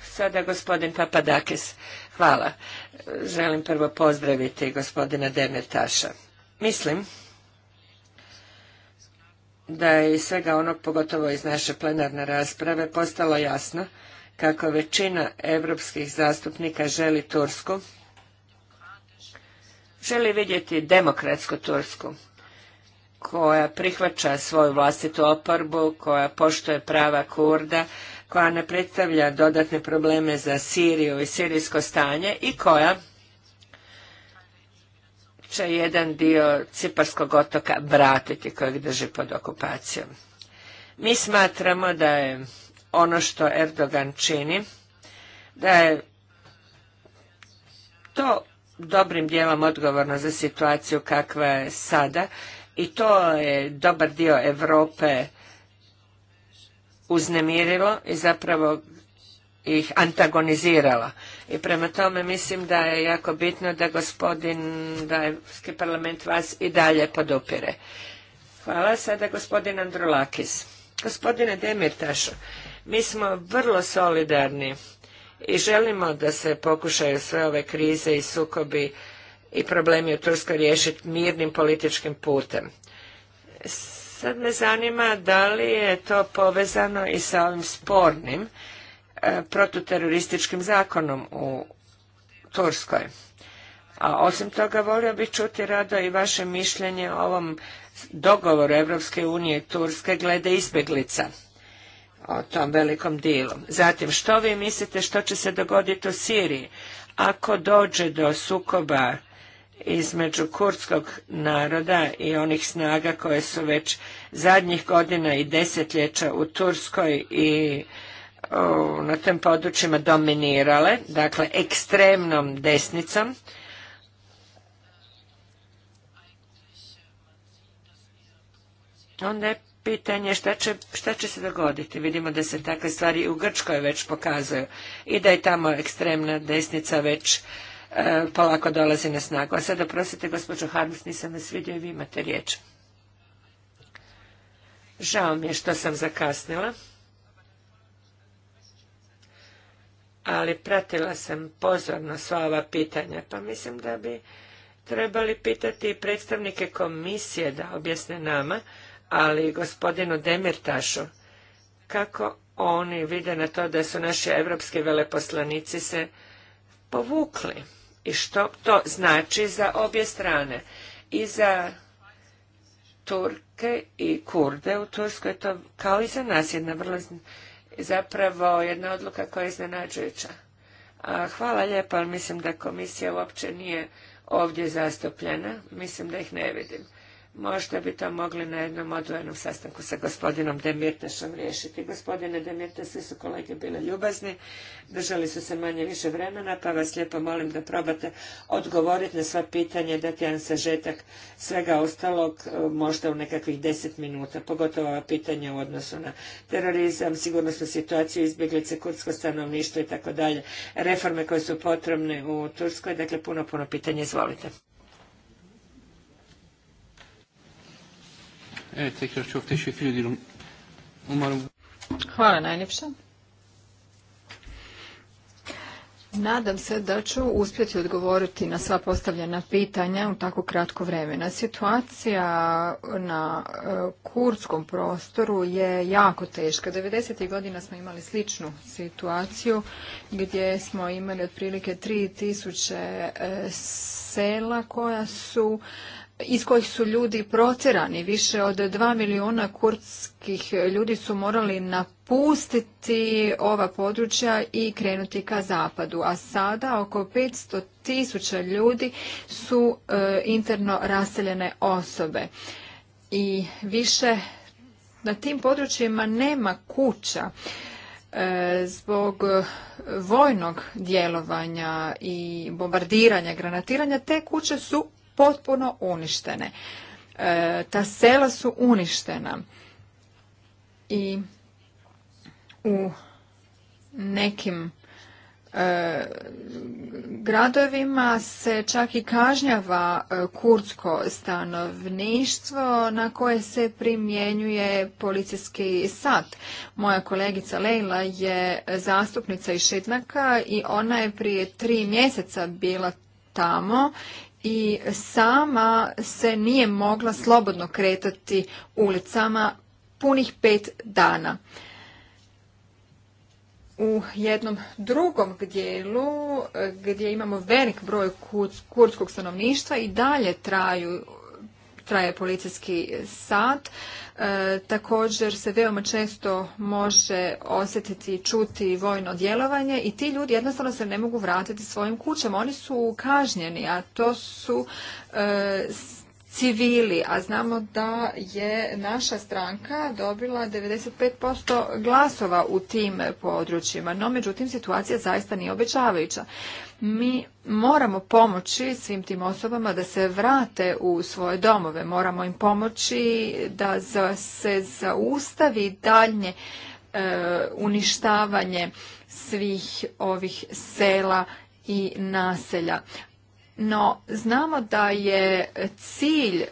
Sada gospodin Papadakis. Hvala. Želim prvo pozdraviti gospodina Demirtaša. Mislim da je iz svega onog, pogotovo iz naše plenarne rasprave, postalo jasno kako većina europskih zastupnika želi Tursku, želi vidjeti demokratsku Tursku, koja prihvaća svoju vlastitu oporbu, koja poštuje prava Kurda, koja ne predstavlja dodatne probleme za Siriju i sirijsko stanje i koja će jedan dio Ciparskog otoka vratiti kojeg drži pod okupacijom. Mi smatramo da je ono što Erdogan čini, da je to dobrim dijelom odgovorno za situaciju kakva je sada i to je dobar dio Europe uznemirilo i zapravo ih antagoniziralo. I prema tome mislim da je jako bitno da gospodin, da Europski parlament vas i dalje podupire. Hvala. Sada gospodin Androlakis. Gospodine Demirtašu, mi smo vrlo solidarni i želimo da se pokušaju sve ove krize i sukobi i problemi u Turskoj riješiti mirnim političkim putem. Sad me zanima da li je to povezano i sa ovim spornim E, protuterorističkim zakonom u Turskoj. A osim toga, volio bih čuti rado i vaše mišljenje o ovom dogovoru Evropske unije i Turske glede izbjeglica o tom velikom dilu. Zatim, što vi mislite što će se dogoditi u Siriji ako dođe do sukoba između kurdskog naroda i onih snaga koje su već zadnjih godina i desetljeća u Turskoj i na tim područjima dominirale, dakle ekstremnom desnicom, onda je pitanje šta će, se dogoditi. Vidimo da se takve stvari i u Grčkoj već pokazuju i da je tamo ekstremna desnica već e, polako dolazi na snagu. A sada, prosite, gospođo Harms, nisam vas vidio i vi imate riječ. Žao mi je što sam zakasnila. ali pratila sam pozorno sva ova pitanja, pa mislim da bi trebali pitati i predstavnike komisije da objasne nama, ali i gospodinu Demirtašu, kako oni vide na to da su naši evropski veleposlanici se povukli i što to znači za obje strane. I za Turke i Kurde u Turskoj je to kao i za nas jedna vrlo zapravo jedna odluka koja je iznenađujuća. A hvala lijepa, ali mislim da komisija uopće nije ovdje zastupljena. Mislim da ih ne vidim. Možda bi to mogli na jednom odvojenom sastanku sa gospodinom Demirtešom riješiti. Gospodine Demirte, svi su kolege bile ljubazni, držali su se manje više vremena, pa vas lijepo molim da probate odgovoriti na sva pitanja, dati jedan sažetak svega ostalog, e, možda u nekakvih deset minuta, pogotovo ova pitanja u odnosu na terorizam, sigurnosnu situaciju, izbjeglice, kurdsko stanovništvo i tako dalje, reforme koje su potrebne u Turskoj, dakle puno, puno pitanja, izvolite. Hvala najljepša. Nadam se da ću uspjeti odgovoriti na sva postavljena pitanja u tako kratko vremena. Situacija na e, kurdskom prostoru je jako teška. 90. godina smo imali sličnu situaciju gdje smo imali otprilike 3000 e, sela koja su iz kojih su ljudi protjerani. Više od dva milijuna kurdskih ljudi su morali napustiti ova područja i krenuti ka zapadu. A sada oko 500 tisuća ljudi su e, interno raseljene osobe. I više na tim područjima nema kuća e, zbog vojnog djelovanja i bombardiranja, granatiranja, te kuće su potpuno uništene. E, ta sela su uništena i u nekim e, gradovima se čak i kažnjava e, kurdsko stanovništvo na koje se primjenjuje policijski sat. Moja kolegica Leila je zastupnica iz Šitnaka i ona je prije tri mjeseca bila tamo i sama se nije mogla slobodno kretati ulicama punih pet dana. U jednom drugom dijelu gdje imamo velik broj kurdskog stanovništva i dalje traju traje policijski sat. E, također se veoma često može osjetiti i čuti vojno djelovanje i ti ljudi jednostavno se ne mogu vratiti svojim kućama. Oni su kažnjeni, a to su e, civili, a znamo da je naša stranka dobila 95% glasova u tim područjima, no međutim situacija zaista nije obećavajuća. Mi moramo pomoći svim tim osobama da se vrate u svoje domove, moramo im pomoći da se zaustavi daljnje e, uništavanje svih ovih sela i naselja. No, znamo da je cilj e,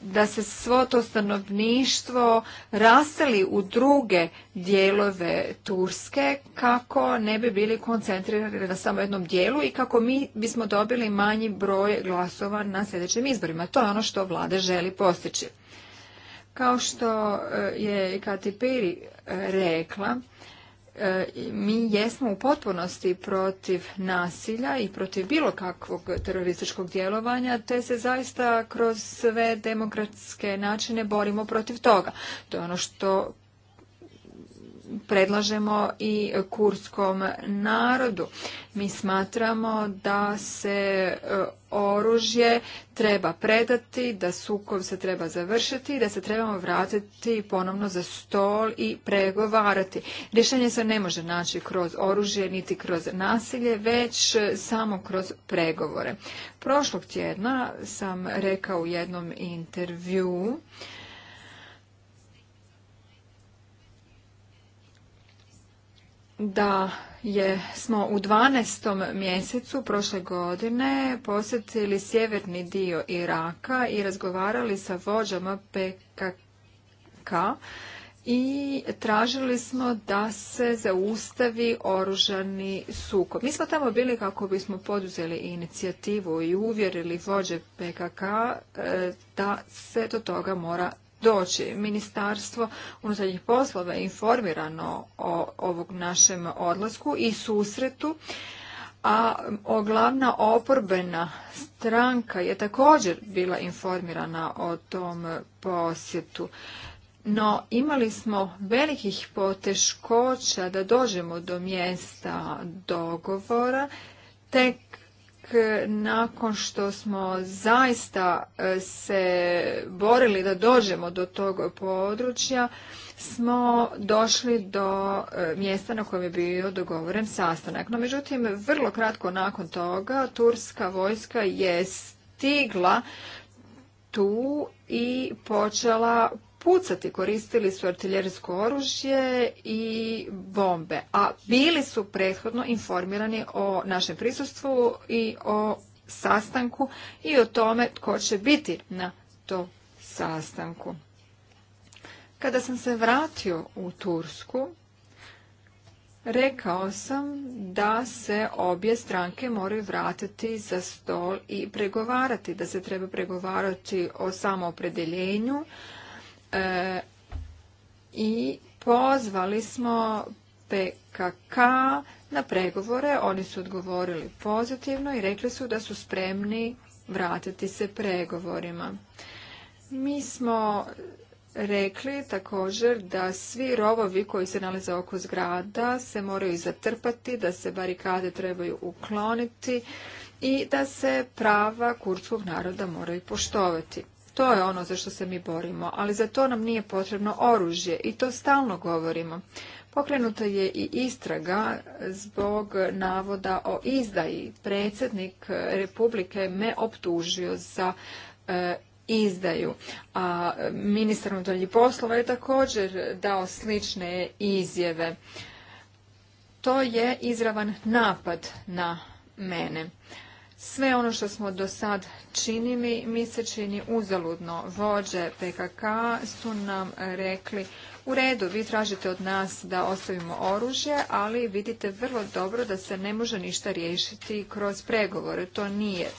da se svo to stanovništvo raseli u druge dijelove Turske kako ne bi bili koncentrirani na samo jednom dijelu i kako mi bismo dobili manji broj glasova na sljedećim izborima. To je ono što vlada želi postići. Kao što e, je Kati Piri e, rekla, E, mi jesmo u potpunosti protiv nasilja i protiv bilo kakvog terorističkog djelovanja, te se zaista kroz sve demokratske načine borimo protiv toga. To je ono što predlažemo i kurskom narodu. Mi smatramo da se e, oružje treba predati, da sukob se treba završiti i da se trebamo vratiti ponovno za stol i pregovarati. Rješenje se ne može naći kroz oružje niti kroz nasilje, već samo kroz pregovore. Prošlog tjedna sam rekao u jednom intervjuu da je smo u 12. mjesecu prošle godine posjetili sjeverni dio Iraka i razgovarali sa vođama PKK i tražili smo da se zaustavi oružani sukob. Mi smo tamo bili kako bismo poduzeli inicijativu i uvjerili vođe PKK e, da se do toga mora doći. Ministarstvo unutarnjih poslova je informirano o ovog našem odlasku i susretu, a glavna oporbena stranka je također bila informirana o tom posjetu. No, imali smo velikih poteškoća da dođemo do mjesta dogovora, tek E, nakon što smo zaista e, se borili da dođemo do tog područja, smo došli do e, mjesta na kojem je bio dogovoren sastanak. No, međutim, vrlo kratko nakon toga turska vojska je stigla tu i počela pucati, koristili su artiljerijsko oružje i bombe, a bili su prethodno informirani o našem prisustvu i o sastanku i o tome tko će biti na tom sastanku. Kada sam se vratio u Tursku, rekao sam da se obje stranke moraju vratiti za stol i pregovarati, da se treba pregovarati o samoopredjeljenju, E, i pozvali smo PKK na pregovore. Oni su odgovorili pozitivno i rekli su da su spremni vratiti se pregovorima. Mi smo rekli također da svi rovovi koji se nalaze oko zgrada se moraju zatrpati, da se barikade trebaju ukloniti i da se prava kurdskog naroda moraju poštovati. To je ono za što se mi borimo, ali za to nam nije potrebno oružje i to stalno govorimo. Pokrenuta je i istraga zbog navoda o izdaji. Predsjednik Republike me optužio za e, izdaju. A ministar unutarnjih poslova je također dao slične izjave. To je izravan napad na mene. Sve ono što smo do sad činili, mi se čini uzaludno. Vođe PKK su nam rekli, u redu, vi tražite od nas da ostavimo oružje, ali vidite vrlo dobro da se ne može ništa riješiti kroz pregovore. To nije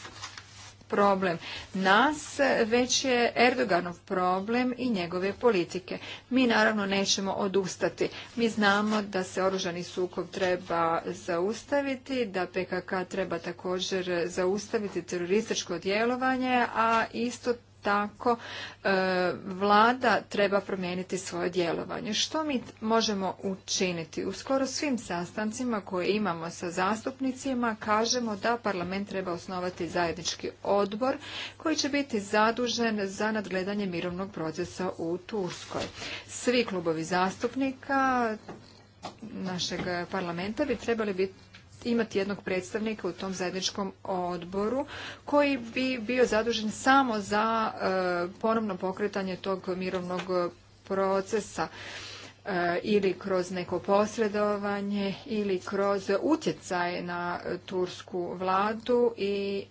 problem nas, već je Erdoganov problem i njegove politike. Mi naravno nećemo odustati. Mi znamo da se oružani sukob treba zaustaviti, da PKK treba također zaustaviti terorističko djelovanje, a isto tako e, vlada treba promijeniti svoje djelovanje. Što mi možemo učiniti? U skoro svim sastancima koje imamo sa zastupnicima kažemo da parlament treba osnovati zajednički odbor koji će biti zadužen za nadgledanje mirovnog procesa u Turskoj. Svi klubovi zastupnika našeg parlamenta bi trebali biti imati jednog predstavnika u tom zajedničkom odboru koji bi bio zadužen samo za e, ponovno pokretanje tog mirovnog procesa e, ili kroz neko posredovanje ili kroz utjecaj na tursku vladu i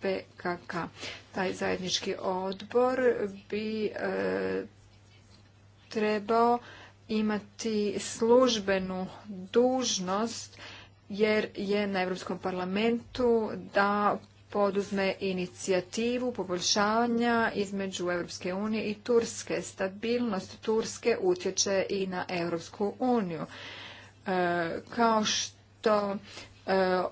PKK. Taj zajednički odbor bi e, trebao imati službenu dužnost jer je na Europskom parlamentu da poduzme inicijativu poboljšavanja između Europske unije i Turske. Stabilnost Turske utječe i na Europsku uniju. E, kao što e,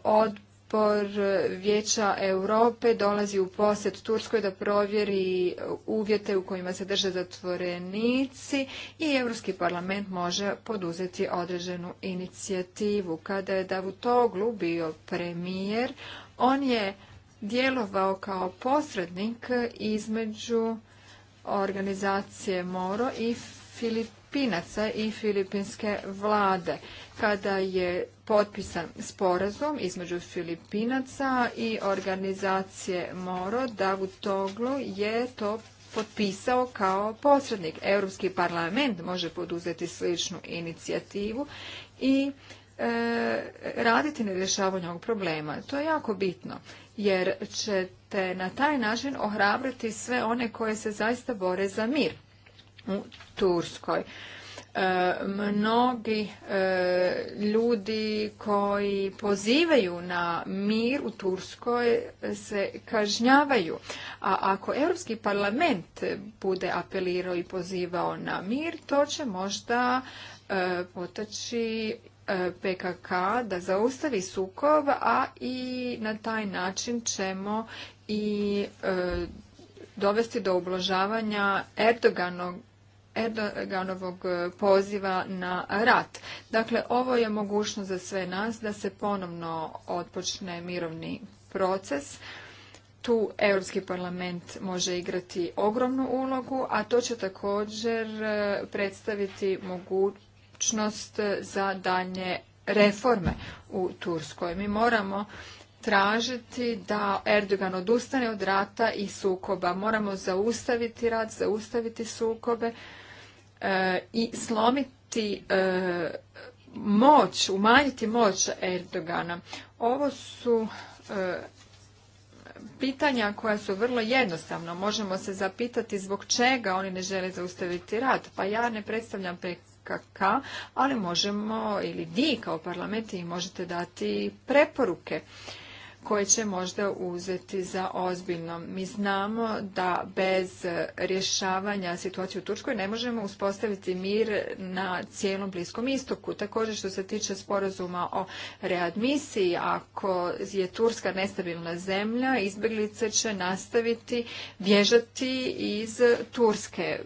od odbor Vijeća Europe dolazi u posjet Turskoj da provjeri uvjete u kojima se drže zatvorenici i Europski parlament može poduzeti određenu inicijativu. Kada je Davutoglu bio premijer, on je djelovao kao posrednik između organizacije Moro i Filipinaca i filipinske vlade kada je potpisan sporazum između Filipinaca i organizacije Moro, Davut Toglu je to potpisao kao posrednik. Europski parlament može poduzeti sličnu inicijativu i e, raditi na rješavanju ovog problema. To je jako bitno jer ćete na taj način ohrabriti sve one koje se zaista bore za mir u Turskoj. E, mnogi e, ljudi koji pozivaju na mir u Turskoj se kažnjavaju. A ako Europski parlament bude apelirao i pozivao na mir, to će možda e, potaći PKK da zaustavi sukob, a i na taj način ćemo i dovesti do ublažavanja Erdoganog Erdoganovog e, poziva na rat. Dakle, ovo je mogućnost za sve nas da se ponovno odpočne mirovni proces. Tu Europski parlament može igrati ogromnu ulogu, a to će također e, predstaviti mogućnost za dalje reforme u Turskoj. Mi moramo tražiti da Erdogan odustane od rata i sukoba. Moramo zaustaviti rat, zaustaviti sukobe E, i slomiti e, moć, umanjiti moć Erdogana. Ovo su e, pitanja koja su vrlo jednostavna. Možemo se zapitati zbog čega oni ne žele zaustaviti rat. Pa ja ne predstavljam PKK, ali možemo, ili vi kao parlament i možete dati preporuke koje će možda uzeti za ozbiljno. Mi znamo da bez rješavanja situacije u Turskoj ne možemo uspostaviti mir na cijelom Bliskom istoku. Također što se tiče sporazuma o readmisiji, ako je Turska nestabilna zemlja, izbjeglice će nastaviti bježati iz Turske.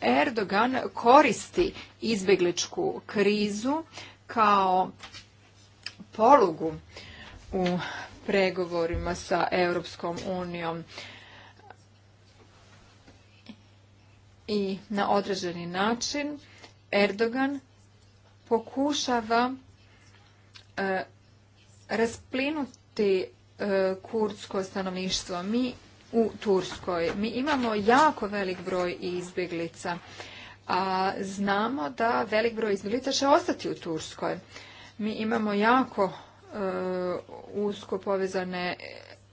Erdogan koristi izbjegličku krizu kao polugu u pregovorima sa Europskom unijom i na određeni način Erdogan pokušava e, rasplinuti e, kurdsko stanovništvo. Mi u Turskoj, mi imamo jako velik broj izbjeglica, a znamo da velik broj izbjeglica će ostati u Turskoj. Mi imamo jako E, usko povezane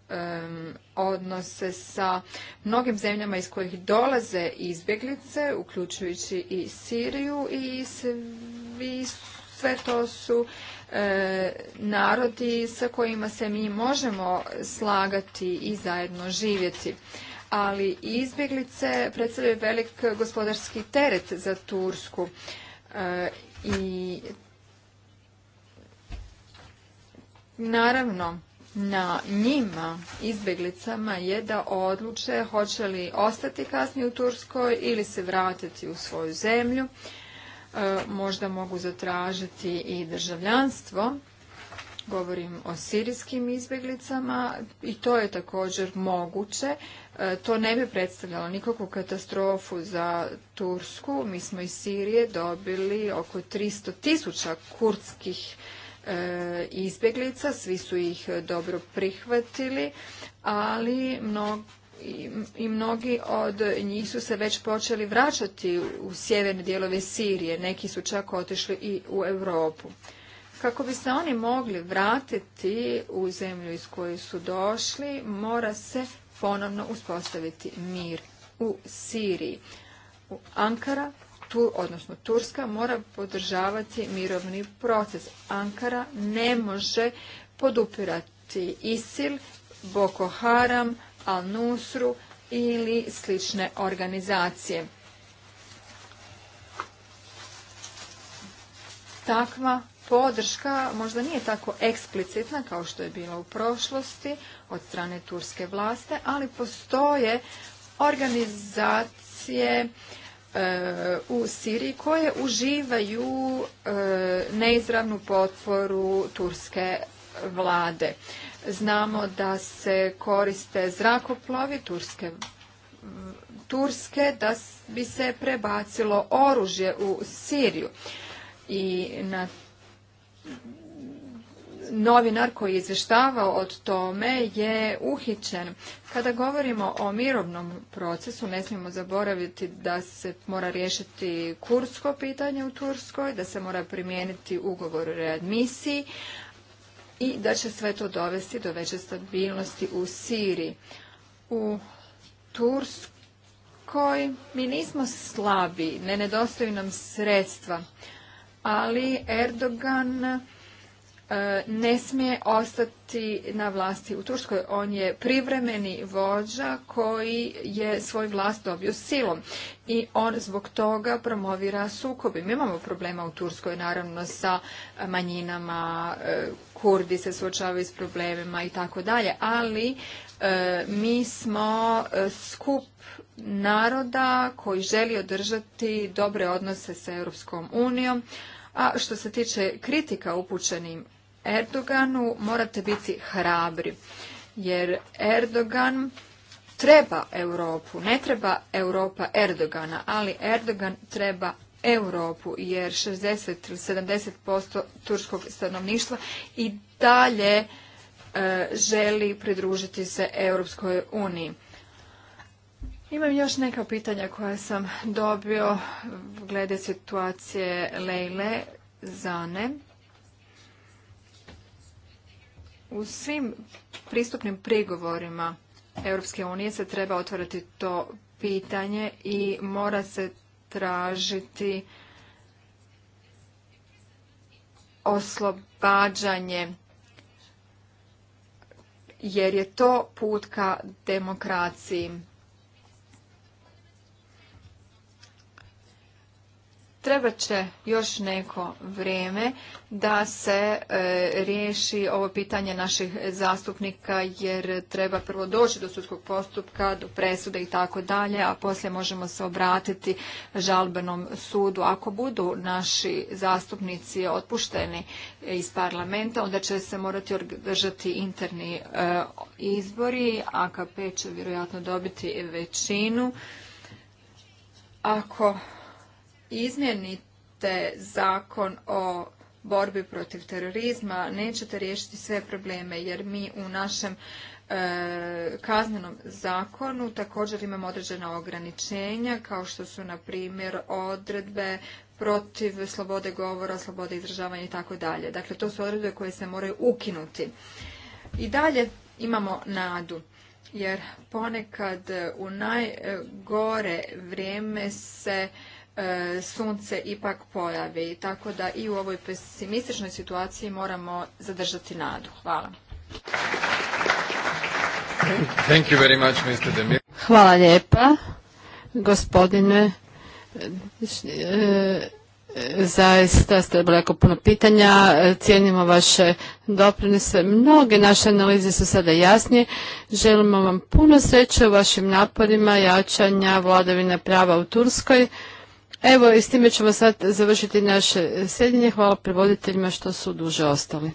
e, odnose sa mnogim zemljama iz kojih dolaze izbjeglice, uključujući i Siriju i sve to su e, narodi sa kojima se mi možemo slagati i zajedno živjeti. Ali izbjeglice predstavljaju velik gospodarski teret za Tursku i Naravno, na njima, izbjeglicama, je da odluče hoće li ostati kasnije u Turskoj ili se vratiti u svoju zemlju. E, možda mogu zatražiti i državljanstvo. Govorim o sirijskim izbjeglicama i to je također moguće. E, to ne bi predstavljalo nikakvu katastrofu za Tursku. Mi smo iz Sirije dobili oko 300 tisuća kurdskih E, izbjeglica, svi su ih dobro prihvatili, ali i mnogi od njih su se već počeli vraćati u sjeverne dijelove Sirije, neki su čak otišli i u Europu. Kako bi se oni mogli vratiti u zemlju iz koje su došli, mora se ponovno uspostaviti mir u Siriji. Ankara tu, odnosno Turska mora podržavati mirovni proces. Ankara ne može podupirati ISIL, Boko Haram, Al-Nusru ili slične organizacije. Takva podrška možda nije tako eksplicitna kao što je bila u prošlosti od strane turske vlaste, ali postoje organizacije E, u Siriji koje uživaju e, neizravnu potporu turske vlade. Znamo da se koriste zrakoplovi turske Turske da bi se prebacilo oružje u Siriju i na novinar koji je izvještavao od tome je uhićen. Kada govorimo o mirovnom procesu, ne smijemo zaboraviti da se mora riješiti kursko pitanje u Turskoj, da se mora primijeniti ugovor o readmisiji i da će sve to dovesti do veće stabilnosti u Siriji. U Turskoj mi nismo slabi, ne nedostaju nam sredstva, ali Erdogan E, ne smije ostati na vlasti u Turskoj. On je privremeni vođa koji je svoj vlast dobio silom i on zbog toga promovira sukobi. Mi imamo problema u Turskoj naravno sa manjinama, e, kurdi se suočavaju s problemima i tako dalje, ali e, mi smo skup naroda koji želi održati dobre odnose sa Europskom unijom, a što se tiče kritika upućenim Erdoganu morate biti hrabri jer Erdogan treba Europu, ne treba Europa Erdogana, ali Erdogan treba Europu jer 60 ili 70% turskog stanovništva i dalje e, želi pridružiti se Europskoj uniji. Imam još neka pitanja koja sam dobio glede situacije Lejle Zane. U svim pristupnim prigovorima Europske unije se treba otvoriti to pitanje i mora se tražiti oslobađanje jer je to put ka demokraciji. Treba će još neko vrijeme da se e, riješi ovo pitanje naših zastupnika jer treba prvo doći do sudskog postupka, do presude i tako dalje, a poslije možemo se obratiti žalbenom sudu. Ako budu naši zastupnici otpušteni iz parlamenta, onda će se morati održati interni e, izbori. AKP će vjerojatno dobiti većinu. Ako izmijenite zakon o borbi protiv terorizma, nećete riješiti sve probleme, jer mi u našem e, kaznenom zakonu također imamo određena ograničenja, kao što su, na primjer, odredbe protiv slobode govora, slobode izražavanja i tako dalje. Dakle, to su odredbe koje se moraju ukinuti. I dalje imamo nadu, jer ponekad u najgore vrijeme se E, sunce ipak pojavi. Tako da i u ovoj pesimističnoj situaciji moramo zadržati nadu. Hvala. Thank Hvala lijepa, gospodine. zaista ste bili jako puno pitanja, cijenimo vaše doprinose. Mnoge naše analize su sada jasnije. Želimo vam puno sreće u vašim naporima jačanja vladavine prava u Turskoj. Evo i s time ćemo sad završiti naše sjedinje. Hvala prevoditeljima što su duže ostali.